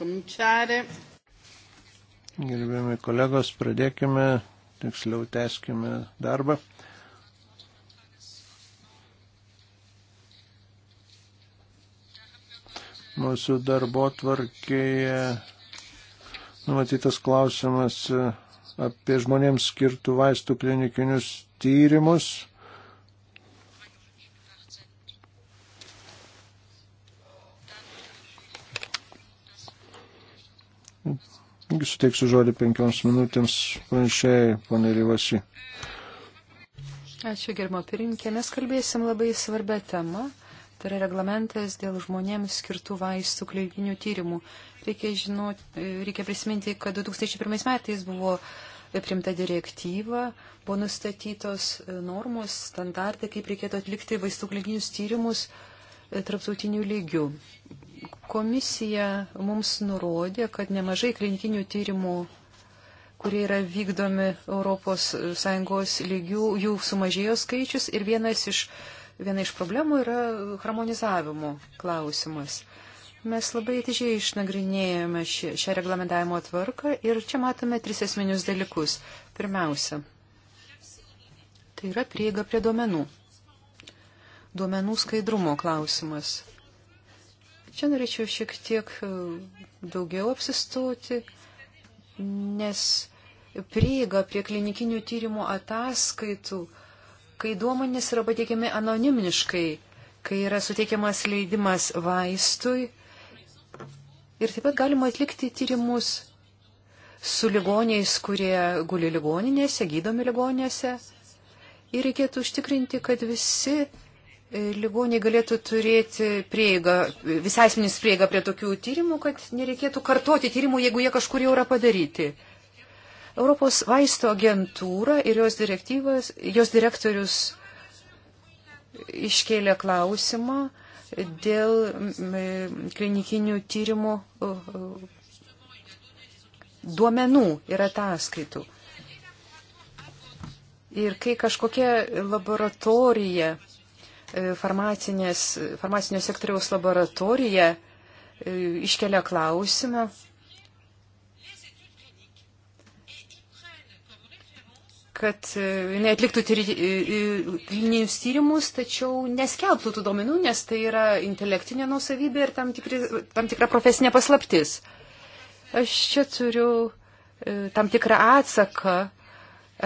cominciare. Gerbėjami kolegos, pradėkime, tiksliau teskime darbą. Mūsų darbo tvarkėje numatytas klausimas apie žmonėms skirtų vaistų klinikinius tyrimus. suteiksiu žodį penkioms minutėms pranešėjai, ponė Ryvasi. Ačiū, germo pirinkė. Mes kalbėsim labai svarbę temą. Tai yra reglamentas dėl žmonėms skirtų vaistų klinikinių tyrimų. Reikia, žinot, reikia prisiminti, kad 2001 metais buvo primta direktyva, buvo nustatytos normos, standartai, kaip reikėtų atlikti vaistų klinikinius tyrimus e, tarptautinių lygių. Komisija mums nurodė, kad nemažai klinikinių tyrimų, kurie yra vykdomi ES lygių, jų sumažėjo skaičius ir vienas iš, viena iš problemų yra harmonizavimo klausimas. Mes labai atidžiai išnagrinėjome šią, šią reglamentavimo tvarką ir čia matome tris esminius dalykus. Pirmiausia, tai yra prieiga prie duomenų. Duomenų skaidrumo klausimas. Čia norėčiau šiek tiek e, daugiau apsistoti, nes prieiga prie klinikinių tyrimų ataskaitų, kai duomenys yra pateikiami anonimiškai, kai yra suteikiamas leidimas vaistui ir taip pat galima atlikti tyrimus su ligoniais, kurie guli ligoninėse, gydomi ligoninėse. Ir reikėtų užtikrinti, kad visi ligoniai galėtų turėti prieigą, visai asmenys prieigą prie tokių tyrimų, kad nereikėtų kartoti tyrimų, jeigu jie kažkur jau yra padaryti. Europos vaisto agentūra ir jos, jos direktorius iškėlė klausimą dėl klinikinių tyrimų duomenų ir ataskaitų. Ir kai kažkokia laboratorija E, farmacinio sektoriaus laboratorija e, iškelia klausimą, kad e, jinai atliktų klininius tyrimus, tačiau neskelbtų tų domenų, nes tai yra intelektinė nusavybė ir tam, tikri, tam tikra profesinė paslaptis. Aš čia turiu tam tikrą atsaką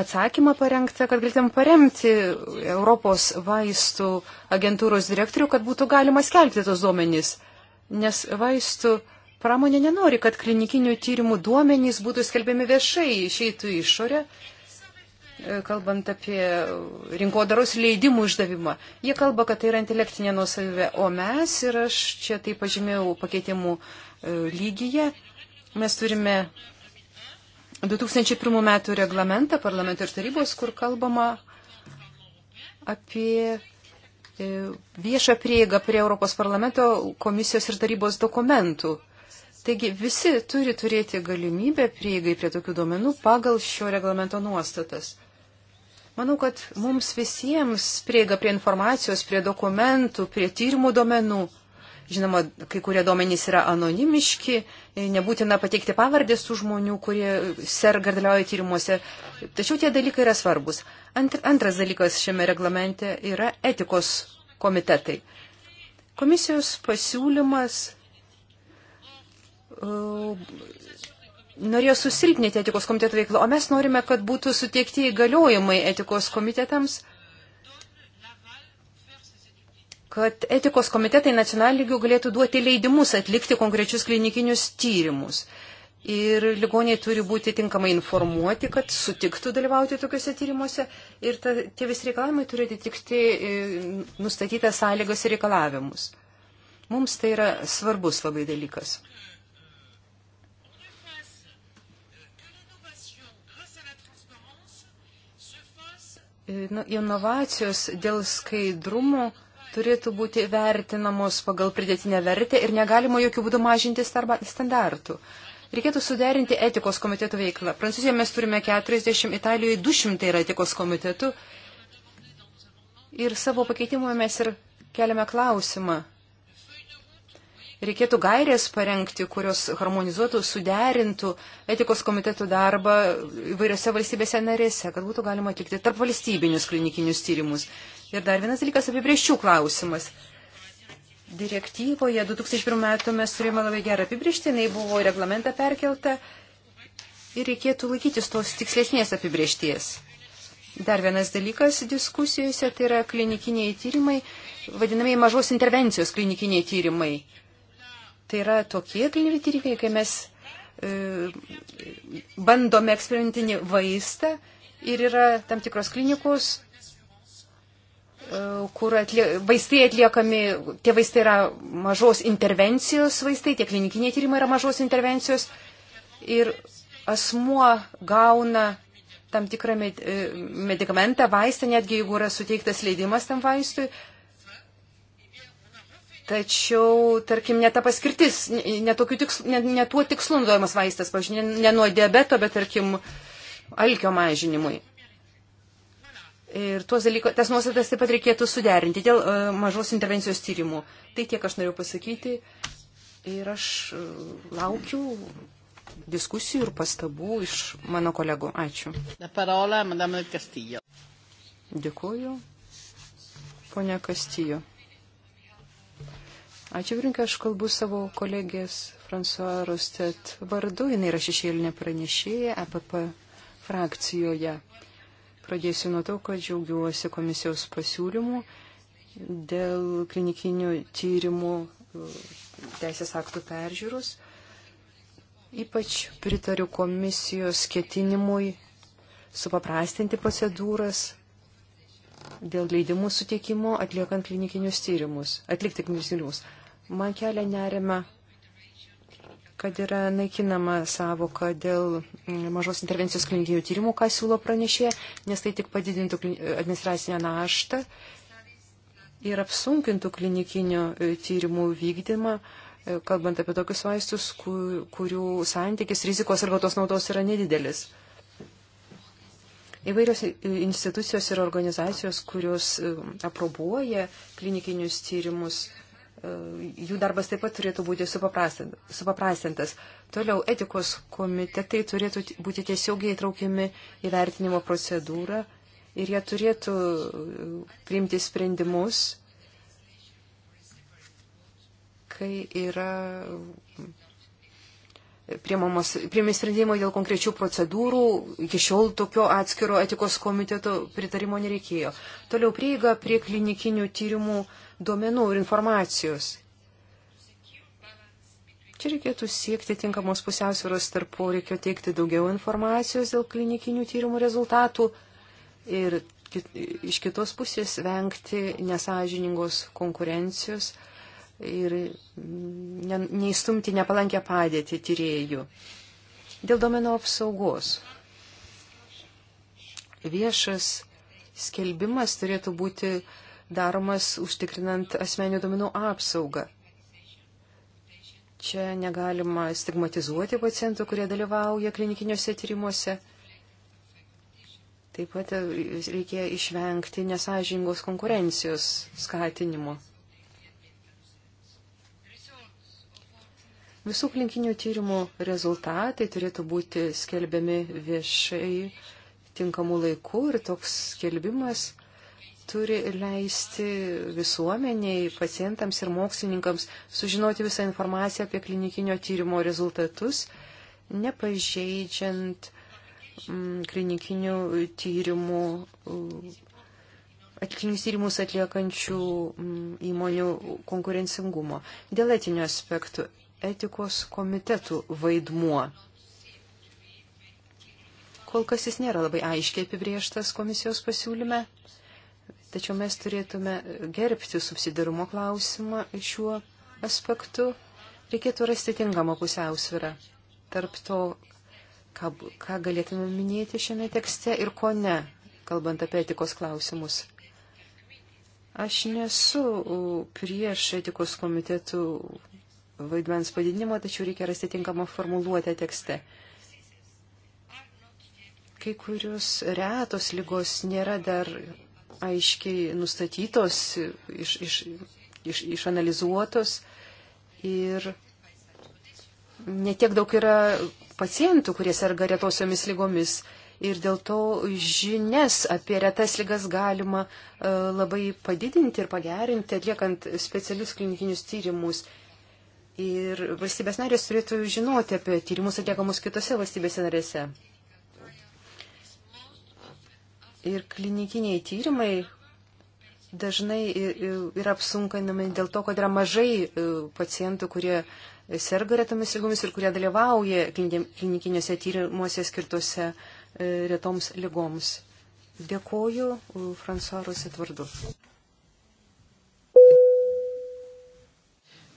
atsakymą parengtą, kad galėtum paremti Europos vaistų agentūros direktorių, kad būtų galima skelbti tos duomenys. Nes vaistų pramonė nenori, kad klinikinių tyrimų duomenys būtų skelbiami viešai, išeitų išorę, e, kalbant apie rinkodaros leidimų išdavimą. Jie kalba, kad tai yra intelektinė nuosavybė, o mes, ir aš čia tai pažymėjau pakeitimų e, lygyje, mes turime 2001 metų reglamentą parlamento ir tarybos, kur kalbama apie e, viešą prieigą prie Europos parlamento komisijos ir tarybos dokumentų. Taigi visi turi turėti galimybę prieigai prie tokių duomenų pagal šio reglamento nuostatas. Manau, kad mums visiems prieiga prie informacijos, prie dokumentų, prie tyrimų duomenų Žinoma, kai kurie duomenys yra anonimiški, e, nebūtina pateikti pavardės tų žmonių, kurie serga ir dalyvauja tyrimuose. Tačiau tie dalykai yra svarbus. Antras dalykas šiame reglamente yra etikos komitetai. Komisijos pasiūlymas e, norėjo susilpninti etikos komiteto veiklą, o mes norime, kad būtų suteikti įgaliojimai etikos komitetams kad etikos komitetai nacionallygių galėtų duoti leidimus atlikti konkrečius klinikinius tyrimus. Ir ligoniai turi būti tinkamai informuoti, kad sutiktų dalyvauti tokiuose tyrimuose. Ir ta, tie visi reikalavimai turi atitikti e, nustatytas sąlygas ir reikalavimus. Mums tai yra svarbus labai dalykas. E, nu, inovacijos dėl skaidrumo turėtų būti vertinamos pagal pridėtinę vertę ir negalima jokių būdų mažinti standartų. Reikėtų suderinti etikos komitetų veiklą. Prancūzijoje mes turime 40, Italijoje 200 yra etikos komitetų. Ir savo pakeitimuoju mes ir keliame klausimą. Reikėtų gairės parengti, kurios harmonizuotų, suderintų etikos komitetų darbą įvairiose valstybėse narėse, kad būtų galima atlikti tarp valstybinius klinikinius tyrimus. Ir dar vienas dalykas apibrieščių klausimas. Direktyvoje 2001 metų mes turėjome labai gerą apibriešti, jinai buvo reglamentą perkelta ir reikėtų laikytis tos tikslesnės apibriešties. Dar vienas dalykas diskusijose tai yra klinikiniai tyrimai, vadinamai mažos intervencijos klinikiniai tyrimai. Tai yra tokie klinikiniai tyrimai, kai mes e, bandome eksperimentinį vaistą ir yra tam tikros klinikos, E, kur atlie, vaistai atliekami, tie vaistai yra mažos intervencijos vaistai, tie klinikiniai tyrimai yra mažos intervencijos ir asmuo gauna tam tikrą med, e, medikamentą, vaistą, netgi jeigu yra suteiktas leidimas tam vaistui. Tačiau, tarkim, ne ta paskirtis, ne, tikslu, ne, ne tuo tikslu naudojamas vaistas, pažiūrėjau, ne, ne nuo diabeto, bet, tarkim, alkio mažinimui. Ir tuos dalyko, tas nuostatas taip pat reikėtų suderinti dėl uh, mažos intervencijos tyrimų. Tai tiek aš norėjau pasakyti. Ir aš uh, laukiu diskusijų ir pastabų iš mano kolegų. Ačiū. Parola, madame Castillo. Dėkuoju. Pone Castillo. Ačiū, Virinka, aš kalbu savo kolegės François Rostet vardu. Jis yra šešėlinė pranešėja EPP frakcijoje. Pradėsiu nuo to, kad džiaugiuosi komisijos pasiūlymų dėl klinikinių tyrimų teisės aktų peržiūros. Ypač pritariu komisijos ketinimui supaprastinti procedūras dėl leidimų suteikimo atliekant klinikinius tyrimus, atlikti klinikinius tyrimus. Man kelia nerima kad yra naikinama savoka dėl mm, mažos intervencijos klinikinių tyrimų, ką siūlo pranešė, nes tai tik padidintų administracinę naštą ir apsunkintų klinikinių e, tyrimų vykdymą, e, kalbant apie tokius vaistus, kurių santykis rizikos ir gautos naudos yra nedidelis. Įvairios e, institucijos ir organizacijos, kurios aprobuoja klinikinius tyrimus, E, jų darbas taip pat turėtų būti supaprastintas. Toliau etikos komitetai turėtų būti tiesiogiai įtraukiami į vertinimo procedūrą ir jie turėtų e, priimti sprendimus, kai yra Priemi sprendimai dėl konkrečių procedūrų, iki šiol tokio atskiro etikos komiteto pritarimo nereikėjo. Toliau prieiga prie klinikinių tyrimų duomenų ir informacijos. Čia reikėtų siekti tinkamos pusiausvėros tarp poreikio teikti daugiau informacijos dėl klinikinių tyrimų rezultatų ir kit, iš kitos pusės vengti nesažiningos konkurencijos ir ne, neįstumti nepalankę padėtį tyriejų. Dėl domeno apsaugos. Viešas skelbimas turėtų būti daromas užtikrinant asmeninių domenų apsaugą. Čia negalima stigmatizuoti pacientų, kurie dalyvauja klinikiniuose tyrimuose. Taip pat e, reikia išvengti nesažingos konkurencijos skatinimo. Visų klinikinių tyrimų rezultatai turėtų būti skelbiami viešai tinkamų laikų ir toks skelbimas turi leisti visuomeniai, pacientams ir mokslininkams sužinoti visą informaciją apie klinikinio tyrimo rezultatus, nepažeidžiant mm, klinikinių tyrimų, mm, atlikinius tyrimus atliekančių mm, įmonių konkurencingumo. Dėl etinių aspektų etikos komitetų vaidmuo. Kol kas jis nėra labai aiškiai apibrieštas komisijos pasiūlyme, tačiau mes turėtume gerbti subsidarumo klausimą šiuo aspektu. Reikėtų rasti tinkamą pusiausvyrą tarp to, ką, ką galėtume minėti šiame tekste ir ko ne, kalbant apie etikos klausimus. Aš nesu prieš etikos komitetų vaidmens padidinimo, tačiau reikia rasti tinkamą formuluotę tekste. Kai kurios retos lygos nėra dar aiškiai nustatytos, iš, iš, iš, išanalizuotos ir netiek daug yra pacientų, kurie serga retosiomis lygomis. Ir dėl to žinias apie retas lygas galima e, labai padidinti ir pagerinti, atliekant specialius klinikinius tyrimus Ir valstybės narės turėtų žinoti apie tyrimus atliekamus kitose valstybėse narėse. Ir klinikiniai tyrimai dažnai yra apsunkanami dėl to, kad yra mažai pacientų, kurie serga retomis lygomis ir kurie dalyvauja klinikiniuose tyrimuose skirtuose retoms lygoms. Dėkoju Fransuarus atvardu.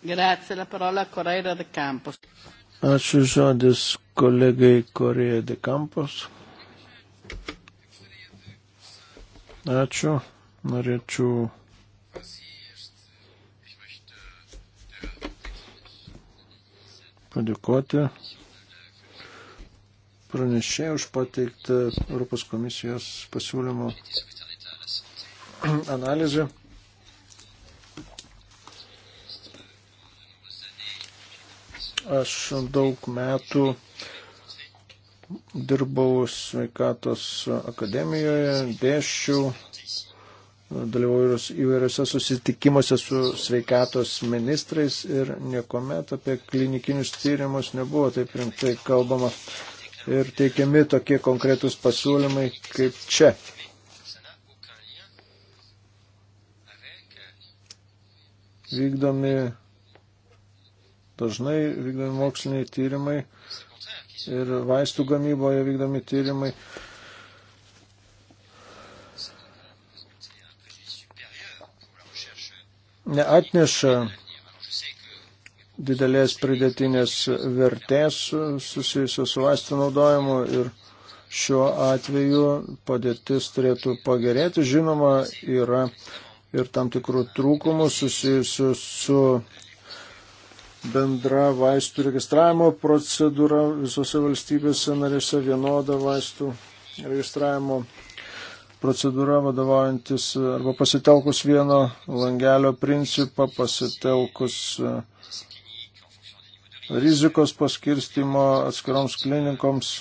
Grazie, la parola Correira de Campos. Ačiū žodis kolegai Korėja de Campos. Ačiū. Norėčiau padėkoti pranešėjai už pateiktą Europos komisijos pasiūlymo analizę. Aš daug metų dirbau sveikatos akademijoje, dėščiau, dalyvauju įvairiose susitikimuose su sveikatos ministrais ir niekuomet apie klinikinius tyrimus nebuvo taip rimtai kalbama ir teikiami tokie konkretus pasiūlymai kaip čia. Vykdomi Dažnai vykdomi moksliniai tyrimai ir vaistų gamyboje vykdomi tyrimai. Neatneša didelės pridėtinės vertės susijusios su vaistų naudojimu ir šiuo atveju padėtis turėtų pagerėti. Žinoma, yra ir tam tikrų trūkumų susijusių su bendra vaistų registravimo procedūra visose valstybėse narėse vienoda vaistų registravimo procedūra vadovaujantis arba pasitelkus vieno langelio principą, pasitelkus e, rizikos paskirstimo atskiroms klinikoms.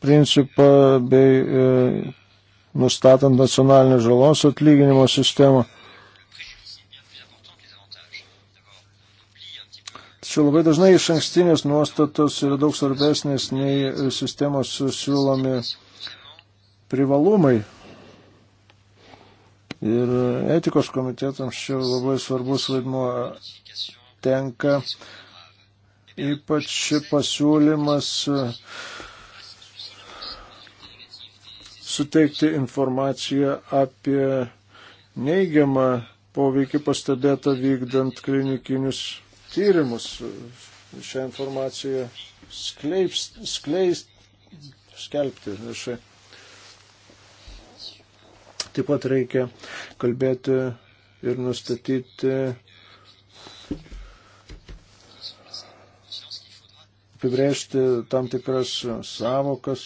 principą bei e, nustatant nacionalinę žalos atlyginimo sistemą. Tačiau labai dažnai iš ankstinės nuostatos yra daug svarbesnės nei sistemos siūlomi privalumai. Ir etikos komitetams čia labai svarbus vaidmuo tenka ypač pasiūlymas uh, suteikti informaciją apie neigiamą poveikį pastebėtą vykdant klinikinius tyrimus. Šią informaciją skleips, skleis, skelbti viešai. Taip pat reikia kalbėti ir nustatyti apibrėžti tam tikras savokas,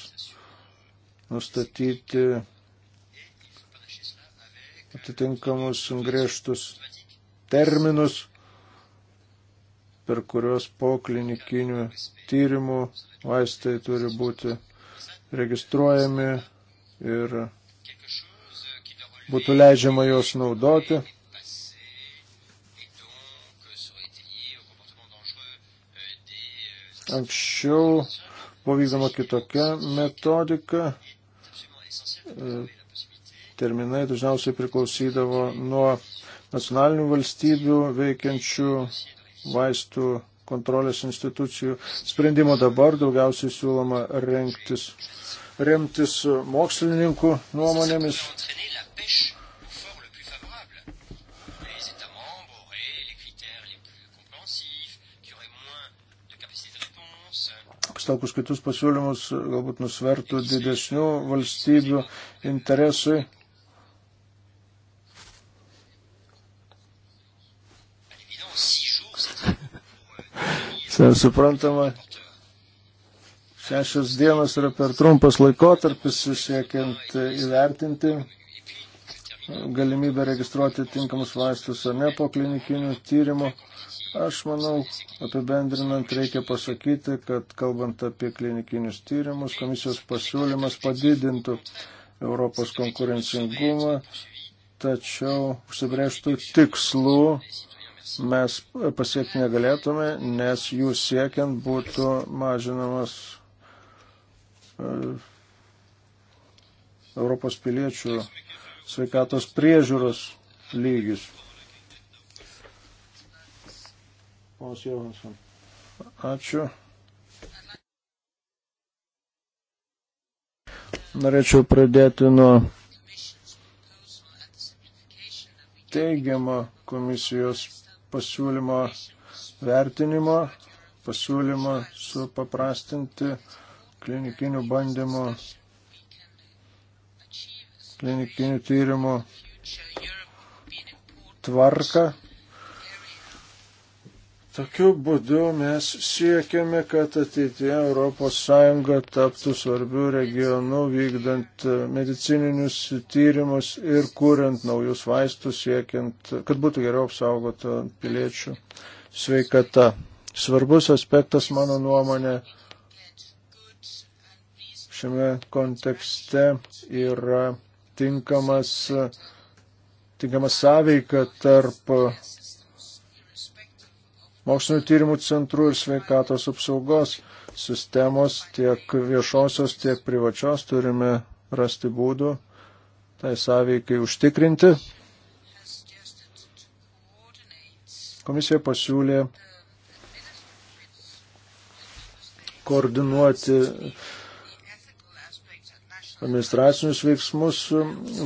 nustatyti atitinkamus griežtus terminus, per kuriuos po klinikinių tyrimų vaistai turi būti registruojami ir būtų leidžiama juos naudoti. Anksčiau buvo vykdoma kitokia metodika, terminai dažniausiai priklausydavo nuo nacionalinių valstybių veikiančių vaistų kontrolės institucijų sprendimo dabar daugiausiai siūloma rengtis, remtis mokslininkų nuomonėmis pasitelkus kitus pasiūlymus, galbūt nusvertų didesnių valstybių interesui. Suprantama, šešios dienos yra per trumpas laikotarpis, siekiant įvertinti galimybę registruoti tinkamus vaistus ar ne po klinikinių tyrimų. Aš manau, apibendrinant reikia pasakyti, kad kalbant apie klinikinius tyrimus, komisijos pasiūlymas padidintų Europos konkurencingumą, tačiau užsibrėžtų tikslų mes pasiekti negalėtume, nes jų siekiant būtų mažinamas e, Europos piliečių sveikatos priežiūros lygis. Ponas Johansson. Ačiū. Norėčiau pradėti nuo teigiamo komisijos pasiūlymo vertinimo, pasiūlymo supaprastinti klinikinių bandymų, klinikinių tyrimų tvarką Tokiu būdu mes siekiame, kad ateityje ES taptų svarbių regionų vykdant medicininius tyrimus ir kuriant naujus vaistus, siekiant, kad būtų geriau apsaugota piliečių sveikata. Svarbus aspektas, mano nuomonė, šiame kontekste yra tinkamas, tinkamas sąveika tarp mokslinio tyrimų centrų ir sveikatos apsaugos sistemos, tiek viešosios, tiek privačios turime rasti būdų tai sąveikai užtikrinti. Komisija pasiūlė koordinuoti administracinius veiksmus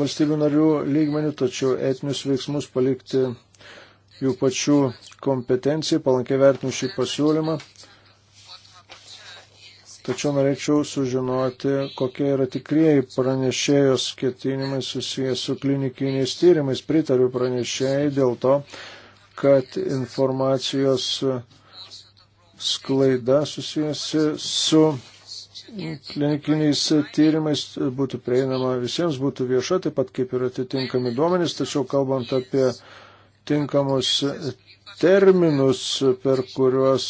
valstybių narių lygmenių, tačiau etinius veiksmus palikti jų pačių kompetencijai, palankiai vertinu šį pasiūlymą. Tačiau norėčiau sužinoti, kokie yra tikrieji pranešėjos ketinimai susijęs su klinikiniais tyrimais. Pritariu pranešėjai dėl to, kad informacijos sklaida susijusi su klinikiniais tyrimais būtų prieinama visiems, būtų vieša, taip pat kaip ir atitinkami duomenys, tačiau kalbant apie tinkamus terminus, per kuriuos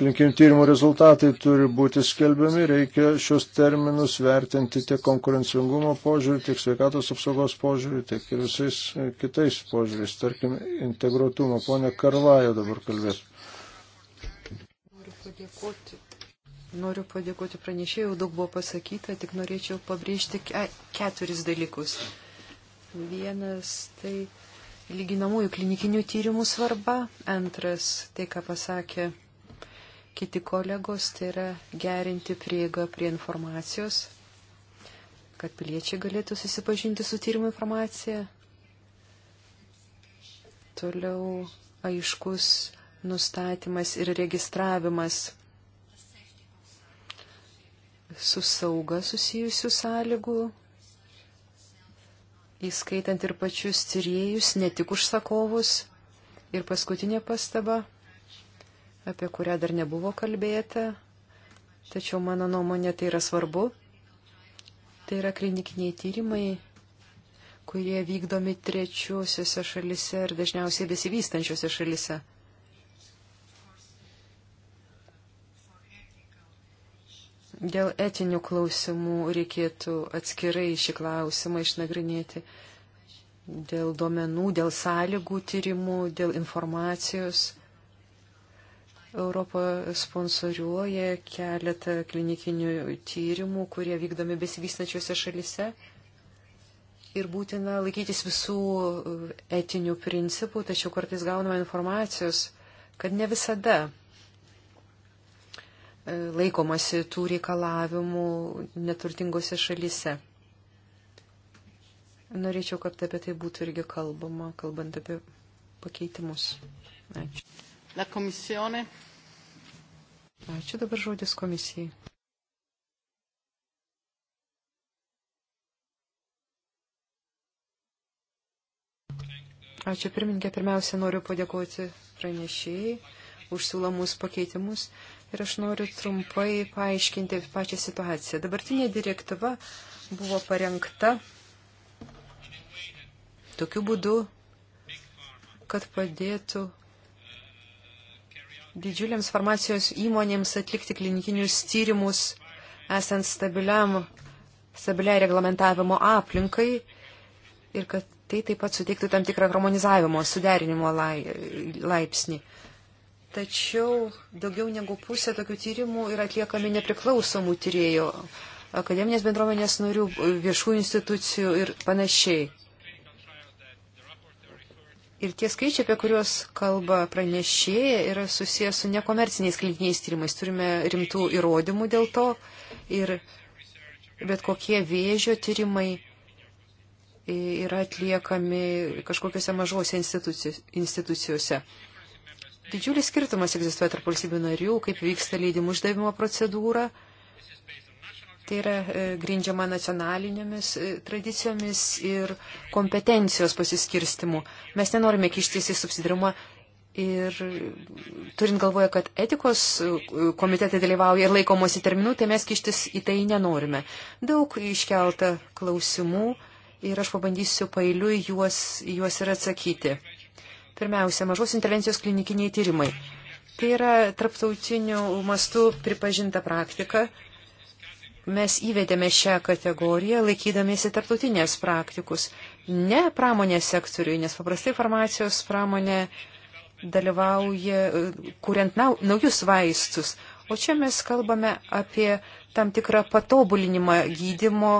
klinikinių tyrimų rezultatai turi būti skelbiami, reikia šios terminus vertinti tiek konkurencingumo požiūrį, tiek sveikatos apsaugos požiūrį, tiek ir visais kitais požiūriais, tarkim, integruotumo. Pone Karvajo dabar kalbės. Noriu padėkoti. Noriu padėkoti pranešėjų, daug buvo pasakyta, tik norėčiau pabrėžti keturis dalykus. Vienas tai lyginamųjų klinikinių tyrimų svarba. Antras, tai ką pasakė kiti kolegos, tai yra gerinti prieigą prie informacijos, kad piliečiai galėtų susipažinti su tyrimo informacija. Toliau aiškus nustatymas ir registravimas su sauga susijusių sąlygų įskaitant ir pačius tyriejus, ne tik užsakovus. Ir paskutinė pastaba, apie kurią dar nebuvo kalbėta, tačiau mano nuomonė tai yra svarbu. Tai yra klinikiniai tyrimai, kurie vykdomi trečiuosiuose šalise ir dažniausiai besivystančiuose šalise. Dėl etinių klausimų reikėtų atskirai šį klausimą išnagrinėti. Dėl duomenų, dėl sąlygų tyrimų, dėl informacijos. Europa sponsoriuoja keletą klinikinių tyrimų, kurie vykdomi besivystančiose šalise ir būtina laikytis visų etinių principų, tačiau kartais gauname informacijos, kad ne visada E, laikomasi tų reikalavimų neturtingose šalise. Norėčiau, kad apie tai būtų irgi kalbama, kalbant apie pakeitimus. Ačiū. La komisione. Ačiū dabar žodis komisijai. Ačiū pirmininkė, pirmiausia noriu padėkoti pranešėjai už siūlomus pakeitimus ir aš noriu trumpai paaiškinti pačią situaciją. Dabartinė direktyva buvo parengta tokiu būdu, kad padėtų didžiuliams farmacijos įmonėms atlikti klinikinius tyrimus, esant stabiliam, stabiliai reglamentavimo aplinkai ir kad tai taip pat suteiktų tam tikrą harmonizavimo, suderinimo lai, laipsnį. Tačiau daugiau negu pusė tokių tyrimų yra atliekami nepriklausomų tyriejų, akademinės bendruomenės narių, viešų institucijų ir panašiai. Ir tie skaičiai, apie kuriuos kalba pranešėja, yra susijęs su nekomerciniais klinikiniais tyrimais. Turime rimtų įrodymų dėl to. Ir bet kokie vėžio tyrimai yra atliekami kažkokiuose mažose institucijose. Didžiulis skirtumas egzistuoja tarp valstybių narių, kaip vyksta leidimų išdavimo procedūra. Tai yra e, grindžiama nacionalinėmis e, tradicijomis ir kompetencijos pasiskirstimu. Mes nenorime kištis į subsidirimą ir e, turint galvoje, kad etikos komitetai dalyvauja ir laikomosi terminų, tai mes kištis į tai nenorime. Daug iškelta klausimų ir aš pabandysiu pailiui juos, juos ir atsakyti. Pirmiausia, mažos intervencijos klinikiniai tyrimai. Tai yra tarptautinių mastų pripažinta praktika. Mes įvedėme šią kategoriją laikydamėsi tarptautinės praktikus, ne pramonės sektoriui, nes paprastai farmacijos pramonė dalyvauja, kuriant naujus vaistus. O čia mes kalbame apie tam tikrą patobulinimą gydimo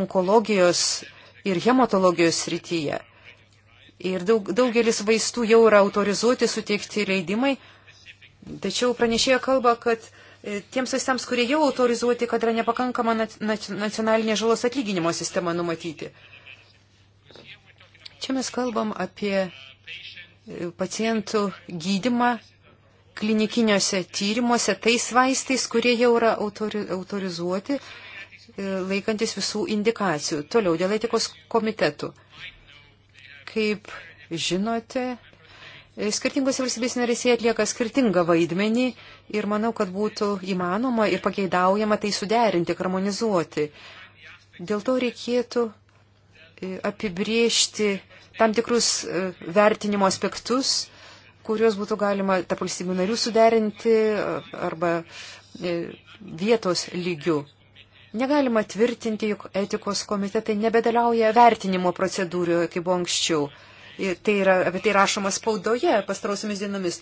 onkologijos ir hematologijos srityje ir daug, daugelis vaistų jau yra autorizuoti, suteikti leidimai. Tačiau pranešėjo kalba, kad e, tiems vaistams, kurie jau autorizuoti, kad yra nepakankama nacionalinė žalos atlyginimo sistema numatyti. Čia mes kalbam apie e, pacientų gydimą klinikiniuose tyrimuose tais vaistais, kurie jau yra autori, autorizuoti, e, laikantis visų indikacijų. Toliau dėl etikos komitetų. Kaip žinote, skirtingose valstybės narėse atlieka skirtingą vaidmenį ir manau, kad būtų įmanoma ir pageidaujama tai suderinti, harmonizuoti. Dėl to reikėtų e, apibriežti tam tikrus e, vertinimo aspektus, kuriuos būtų galima tarp valstybių narių suderinti e, arba vietos lygių. Negalima tvirtinti, juk etikos komitetai nebedaliauja vertinimo procedūrijoje, kaip buvo anksčiau. Ir tai yra, apie tai rašoma spaudoje pastarosiamis dienomis.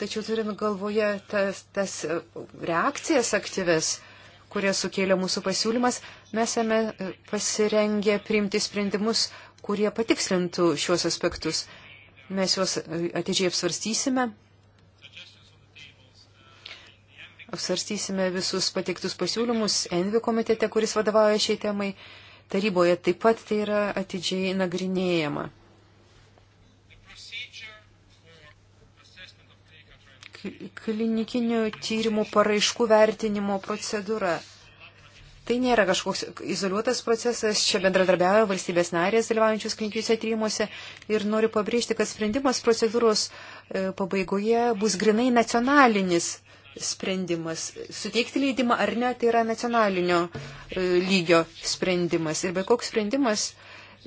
Tačiau turint galvoje tas, tas e, reakcijas aktyves, kurie sukėlė mūsų pasiūlymas, mes esame e, pasirengę priimti sprendimus, kurie patikslintų šiuos aspektus. Mes juos e, atidžiai apsvarstysime apsvarstysime visus pateiktus pasiūlymus Envi komitete, kuris vadovauja šiai temai. Taryboje taip pat tai yra atidžiai nagrinėjama. Klinikinių tyrimų paraiškų vertinimo procedūra. Tai nėra kažkoks izoliuotas procesas, čia bendradarbiavo valstybės narės dalyvaujančios klinikiniuose tyrimuose ir noriu pabrėžti, kad sprendimas procedūros e, pabaigoje bus grinai nacionalinis sprendimas. Suteikti leidimą ar ne, tai yra nacionalinio e, lygio sprendimas. Ir bet koks sprendimas,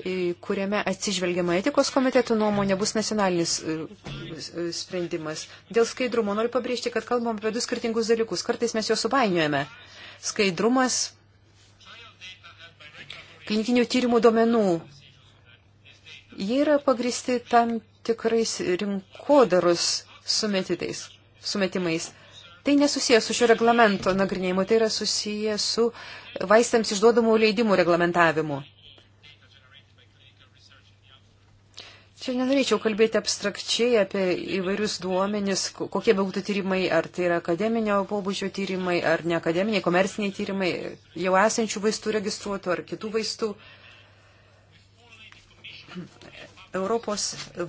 e, kuriame atsižvelgiama etikos komitetų nuomonė, bus nacionalinis e, sprendimas. Dėl skaidrumo noriu pabrėžti, kad kalbam apie du skirtingus dalykus. Kartais mes juos subainiojame. Skaidrumas klinikinių tyrimų duomenų. Jie yra pagristi tam tikrais rinkodaros sumetitais, sumetimais. Tai nesusijęs su šio reglamento nagrinėjimu, tai yra susijęs su vaistams išduodamų leidimų reglamentavimu. Čia nenorėčiau kalbėti abstrakčiai apie įvairius duomenis, kokie būtų tyrimai, ar tai yra akademinio pobūdžio tyrimai, ar ne akademiniai, komerciniai tyrimai, jau esančių vaistų registruotų ar kitų vaistų. Uh, Europos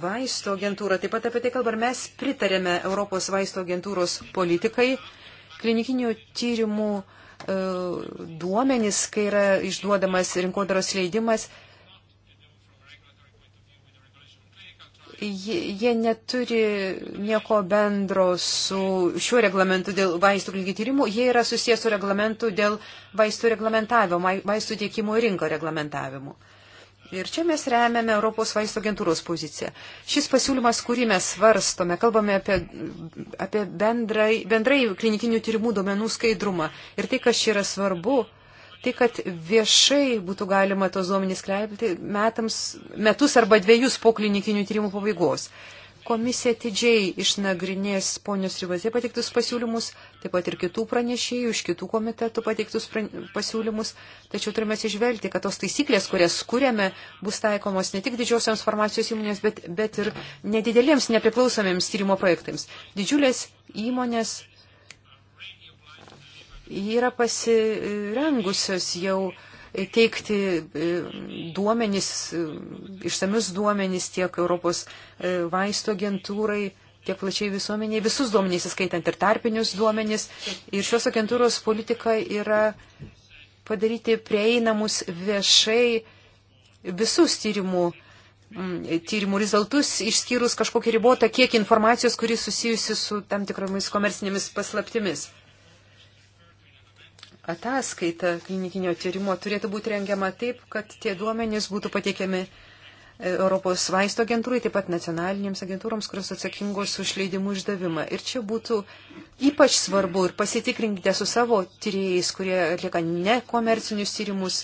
vaisto agentūra taip pat apie tai kalba, ar mes pritarėme Europos vaisto agentūros politikai klinikinių tyrimų e, duomenys, kai yra išduodamas rinkodaros leidimas, jie neturi nieko bendro su šiuo reglamentu dėl vaistų klinikinių tyrimų, jie yra susijęs su reglamentu dėl vaistų reglamentavimo, vaistų tiekimo rinko reglamentavimu. Ir čia mes remiame Europos vaistų agentūros poziciją. Šis pasiūlymas, kurį mes svarstome, kalbame apie, apie bendrai, bendrai klinikinių tyrimų duomenų skaidrumą. Ir tai, kas čia yra svarbu, tai, kad viešai būtų galima tos duomenys kleipti metams, metus arba dviejus po klinikinių tyrimų pabaigos. Komisija atidžiai išnagrinės ponios Rivazė pateiktus pasiūlymus, taip pat ir kitų pranešėjų iš kitų komitetų pateiktus pasiūlymus, tačiau turime atsižvelgti, kad tos taisyklės, kurias skūrėme, bus taikomos ne tik didžiosioms farmacijos įmonės, bet, bet ir nedidelėms nepriklausomiems tyrimo projektams. Didžiulės įmonės yra pasirengusios jau uh, teikti e, duomenys, e, išsamius duomenys tiek Europos e, vaisto agentūrai tiek plačiai visuomeniai, visus duomenys, įskaitant ir tarpinius duomenys. Ir šios agentūros politika yra padaryti prieinamus viešai visus tyrimų, tyrimų rezultus, išskyrus kažkokį ribotą kiekį informacijos, kuris susijusi su tam tikromis komercinėmis paslaptimis ataskaita klinikinio tyrimo turėtų būti rengiama taip, kad tie duomenys būtų pateikiami Europos vaisto agentūrai, taip pat nacionalinėms agentūroms, kurios atsakingos už leidimų išdavimą. Ir čia būtų ypač svarbu ir pasitikrinkite su savo tyrėjais, kurie atlieka nekomercinius tyrimus.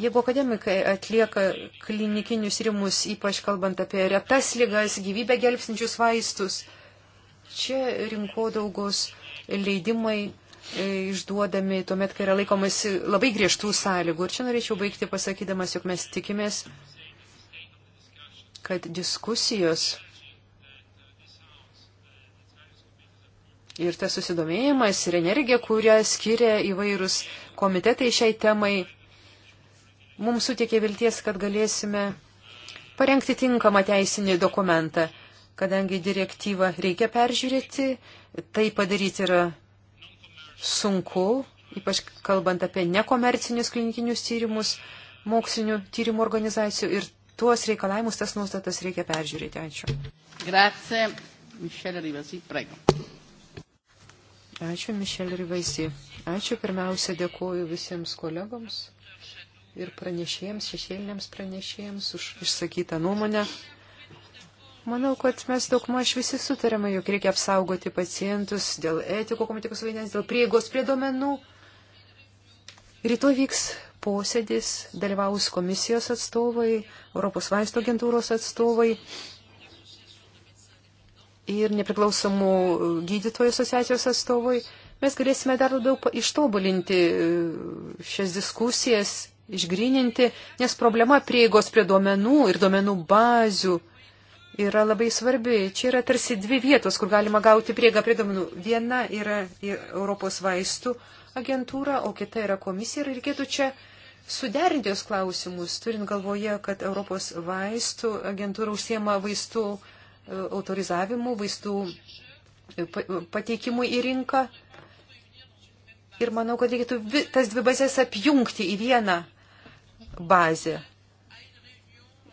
Jeigu akademikai atlieka klinikinius tyrimus, ypač kalbant apie retas lygas, gyvybę gelbsinčius vaistus, čia rinkodaugos leidimai E, išduodami tuomet, kai yra laikomasi labai griežtų sąlygų. Ir čia norėčiau baigti pasakydamas, jog mes tikimės, kad diskusijos ir tas susidomėjimas ir energija, kurią skiria įvairūs komitetai šiai temai, mums sutikė vilties, kad galėsime parengti tinkamą teisinį dokumentą, kadangi direktyvą reikia peržiūrėti, tai padaryti yra sunku, ypač kalbant apie nekomercinius klinikinius tyrimus, mokslinių tyrimų organizacijų ir tuos reikalavimus, tas nuostatas reikia peržiūrėti. Ačiū. Grazie. Mišelė Rivasi, prego. Ačiū, Mišelė Rivasi. Ačiū. Pirmiausia, dėkuoju visiems kolegoms ir pranešėjams, šešėliniams pranešėjams už išsakytą nuomonę. Manau, kad mes daugmaž visi sutarėme, jog reikia apsaugoti pacientus dėl etiko komitikos vaidmens, dėl prieigos prie domenų. Rytoj vyks posėdis, dalyvaus komisijos atstovai, Europos vaisto agentūros atstovai ir nepriklausomų gydytojų asociacijos atstovai. Mes galėsime dar labiau ištobulinti e, šias diskusijas, išgrininti, nes problema prieigos prie duomenų ir duomenų bazių yra labai svarbi. Čia yra tarsi dvi vietos, kur galima gauti priega prie domenų. Viena yra Europos vaistų agentūra, o kita yra komisija ir reikėtų čia suderinti jos klausimus, turint galvoje, kad Europos vaistų agentūra užsiema vaistų e, autorizavimu, vaistų e, pateikimu į rinką. Ir manau, kad reikėtų tas dvi bazės apjungti į vieną bazę.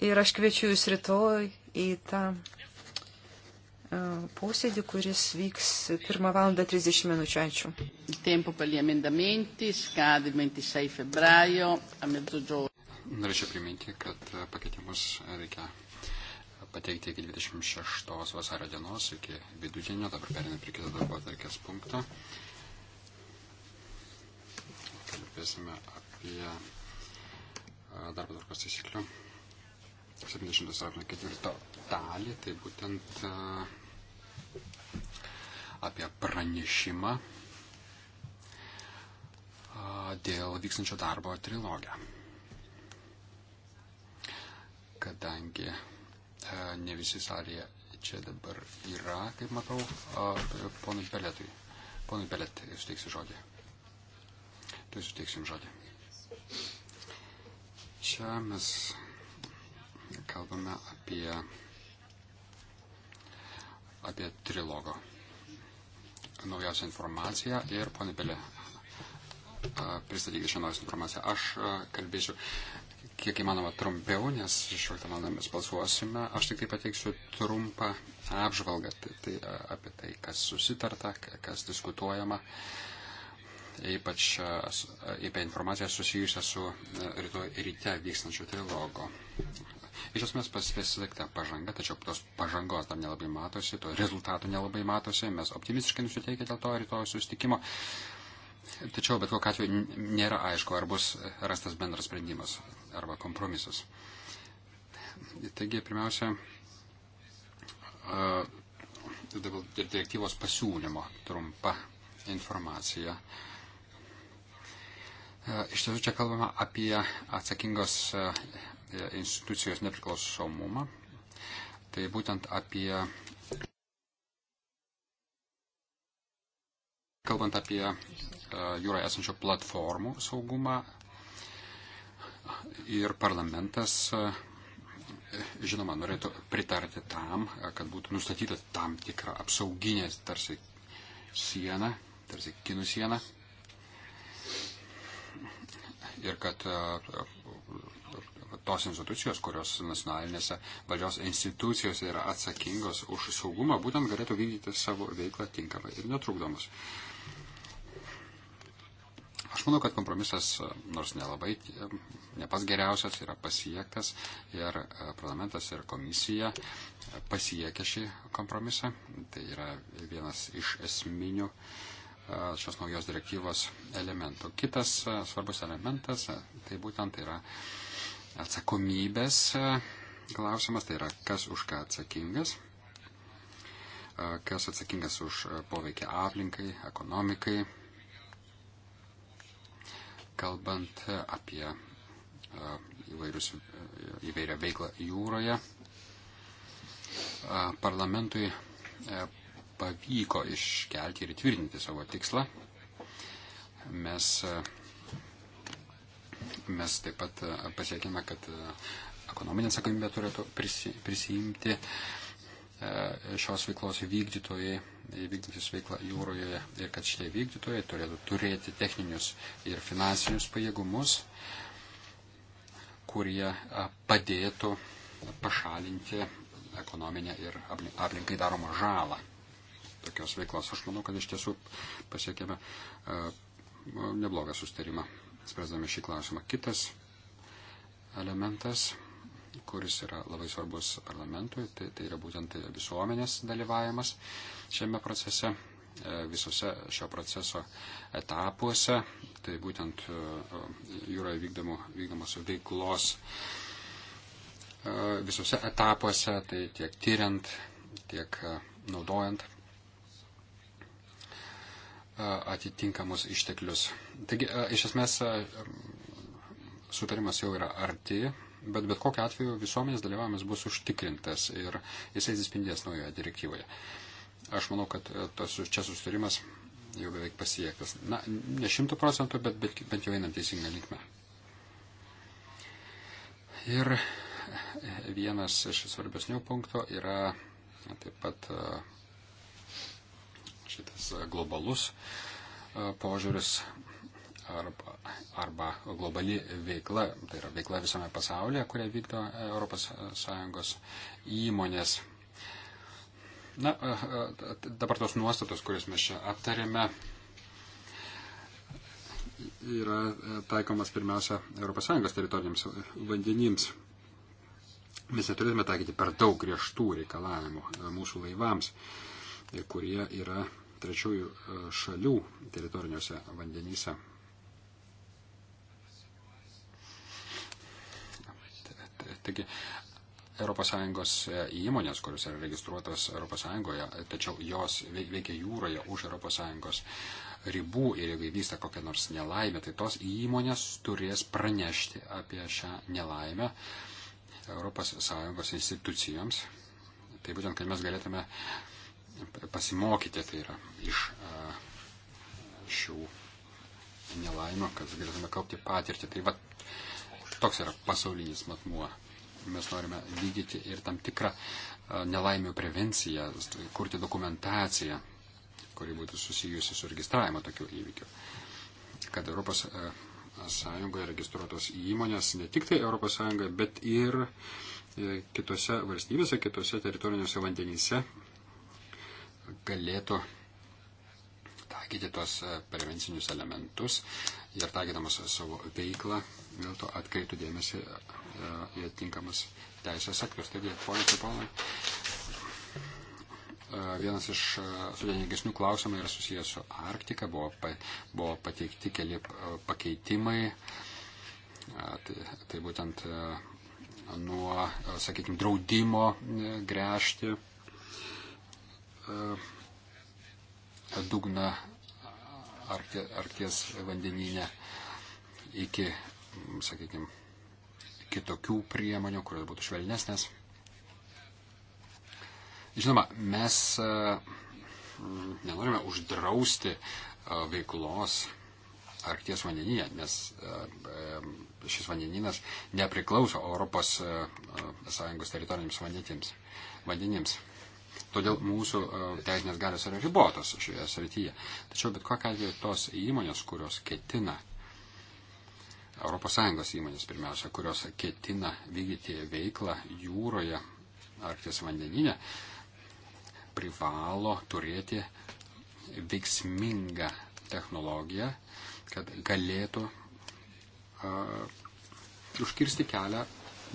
Ir aš kviečiu jūs rytoj į tą e, posėdį, kuris vyks 1 val. 30 minučių. Ačiū. Tempo per gli emendamenti scade 26 febbraio a mezzogiorno. Norėčiau priminti, kad e, pakeitimus reikia e, pateikti iki 26 vasario dienos, iki vidudienio, dabar perinam prie kito darbo atvarkės punkto. Kalbėsime apie darbo tvarkos taisyklių 70 straipsnio ketvirto dalį, tai būtent e, apie pranešimą e, dėl vykstančio darbo trilogę. Kadangi e, ne visi salėje čia dabar yra, kaip matau, ponui Beletui. Ponui Belet, suteiksiu žodį. Tai suteiksim žodį. Čia mes kalbame apie, apie trilogo naujausią informaciją ir ponė Belė pristatykite šią naujausią informaciją. Aš kalbėsiu kiek įmanoma trumpiau, nes 16 val. mes balsuosime. Aš tik tai pateiksiu trumpą apžvalgą tai, tai, apie tai, kas susitarta, kas diskutuojama, ypač apie informaciją susijusią su rytoj ryte vykstančiu trilogu. Iš esmės pasiekta pažanga, tačiau tos pažangos dar nelabai matosi, to rezultato nelabai matosi, mes optimistiškai nusiteikę dėl to rytoj susitikimo. Tačiau bet kokiu atveju nėra aišku, ar bus rastas bendras sprendimas arba kompromisas. Taigi, pirmiausia, direktyvos pasiūlymo trumpa informacija. Iš tiesų čia kalbama apie atsakingos E, institucijos nepriklausomumą. Tai būtent apie. Kalbant apie e, jūroje esančių platformų saugumą ir parlamentas, e, žinoma, norėtų pritarti tam, kad būtų nustatyta tam tikra apsauginė tarsi siena, tarsi kinų siena, ir kad tos institucijos, kurios nacionalinėse valdžios institucijos yra atsakingos už saugumą, būtent galėtų vykdyti savo veiklą tinkamai ir netrukdomus. Aš manau, kad kompromisas, e, nors nelabai, e, ne pas geriausias, yra pasiektas ir e, parlamentas ir komisija pasiekė šį kompromisą. Tai yra vienas iš esminių šios naujos direktyvos elementų. Kitas svarbus elementas, tai būtent yra atsakomybės e, klausimas, tai yra kas už ką atsakingas, e, kas atsakingas už e, poveikį aplinkai, ekonomikai, kalbant apie įvairius, įvairią veiklą jūroje. Parlamentui pavyko iškelti ir įtvirtinti savo tikslą. Mes Mes taip pat e, pasiekime, kad e, ekonominė atsakomybė turėtų prisi, prisijimti e, šios veiklos vykdytojai, vykdantis veiklą jūroje ir kad šitie vykdytojai turėtų turėti techninius ir finansinius pajėgumus, kurie padėtų pašalinti ekonominę ir aplinkai daromą žalą tokios veiklos. Aš manau, kad iš tiesų pasiekėme neblogą sustarimą spręsdami šį klausimą. Kitas elementas, kuris yra labai svarbus parlamentui, tai, tai yra būtent visuomenės dalyvavimas šiame procese, e, visose šio proceso etapuose, tai būtent e, jūroje vykdomo, vykdomos veiklos e, visose etapuose, tai tiek tyriant, tiek naudojant atitinkamus išteklius. Taigi, iš esmės, sutarimas jau yra arti, bet bet kokiu atveju visuomenės dalyvavimas bus užtikrintas ir jisai atsispindės naujoje direktyvoje. Aš manau, kad tas čia sustarimas jau beveik pasiektas. Na, ne šimtų procentų, bet bent jau einant teisingą linkmę. Ir vienas iš svarbesnių punktų yra taip pat uh, šitas globalus e, požiūris arba, arba globali veikla, tai yra veikla visame pasaulyje, kurią vykdo ES įmonės. Na, e, e, dabar tos nuostatos, kurias mes čia aptarėme, yra taikomas pirmiausia ES teritoriniams vandenims. Mes neturėtume taikyti per daug griežtų reikalavimų mūsų laivams, kurie yra trečiųjų e, šalių teritoriniuose vandenyse. Taigi, ES e, įmonės, kurios yra registruotos ES, tačiau jos veikia jūroje už ES ribų ir jeigu įvyksta kokia nors nelaimė, tai tos įmonės turės pranešti apie šią nelaimę ES institucijoms. Tai būtent, kad mes galėtume uh, pasimokyti, tai yra iš šių nelaimio, kad galėtume kaupti patirtį. Tai va, toks yra pasaulinis matmuo. Mes norime vykdyti ir tam tikrą nelaimių prevenciją, kurti dokumentaciją, kuri būtų susijusi su registravimo tokių įvykių. Kad Europos Sąjungoje registruotos įmonės ne tik tai Europos Sąjungoje, bet ir e, kitose valstybėse, kitose teritorinėse vandenyse galėtų taikyti tos e, prevencinius elementus ir taikydamas savo veiklą dėl to atkreiptų dėmesį e, į atinkamas teisės aktus. Taigi, ponas ir ponai, e, vienas iš sudėtingesnių klausimų yra susijęs su Arktika, buvo, pa, buvo pateikti keli pakeitimai, tai, tai būtent nuo, sakykime, draudimo gręžti dugną Arkties vandenyne iki, sakykime, kitokių priemonių, kurios būtų švelnesnės. Žinoma, mes e, nenorime uždrausti e, veiklos Arkties vandenyje, nes e, šis vandeninas nepriklauso Europos Sąjungos teritoriniams vandenims. vandenims todėl mūsų e, teisinės galios yra ribotos šioje srityje. Tačiau bet kokia atveju tos įmonės, kurios ketina, ES įmonės pirmiausia, kurios ketina vykdyti veiklą jūroje, Arkties vandeninė, privalo turėti veiksmingą technologiją, kad galėtų uh, užkirsti kelią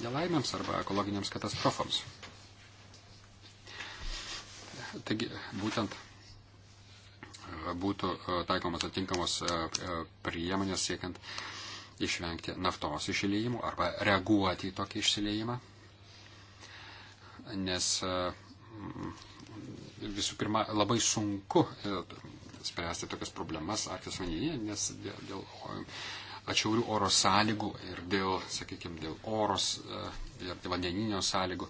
nelaimėms arba ekologiniams katastrofoms. Taigi, būtent e, būtų e, taikomas atinkamos e, priemonės siekiant išvengti naftos išsileimų arba reaguoti į tokį išsileimą. Nes visų pirma, labai sunku spręsti tokias problemas Arktis vandenyje, nes dėl, dėl atšiaurių oro sąlygų ir dėl, sakykime, dėl oros ir vandeninio sąlygų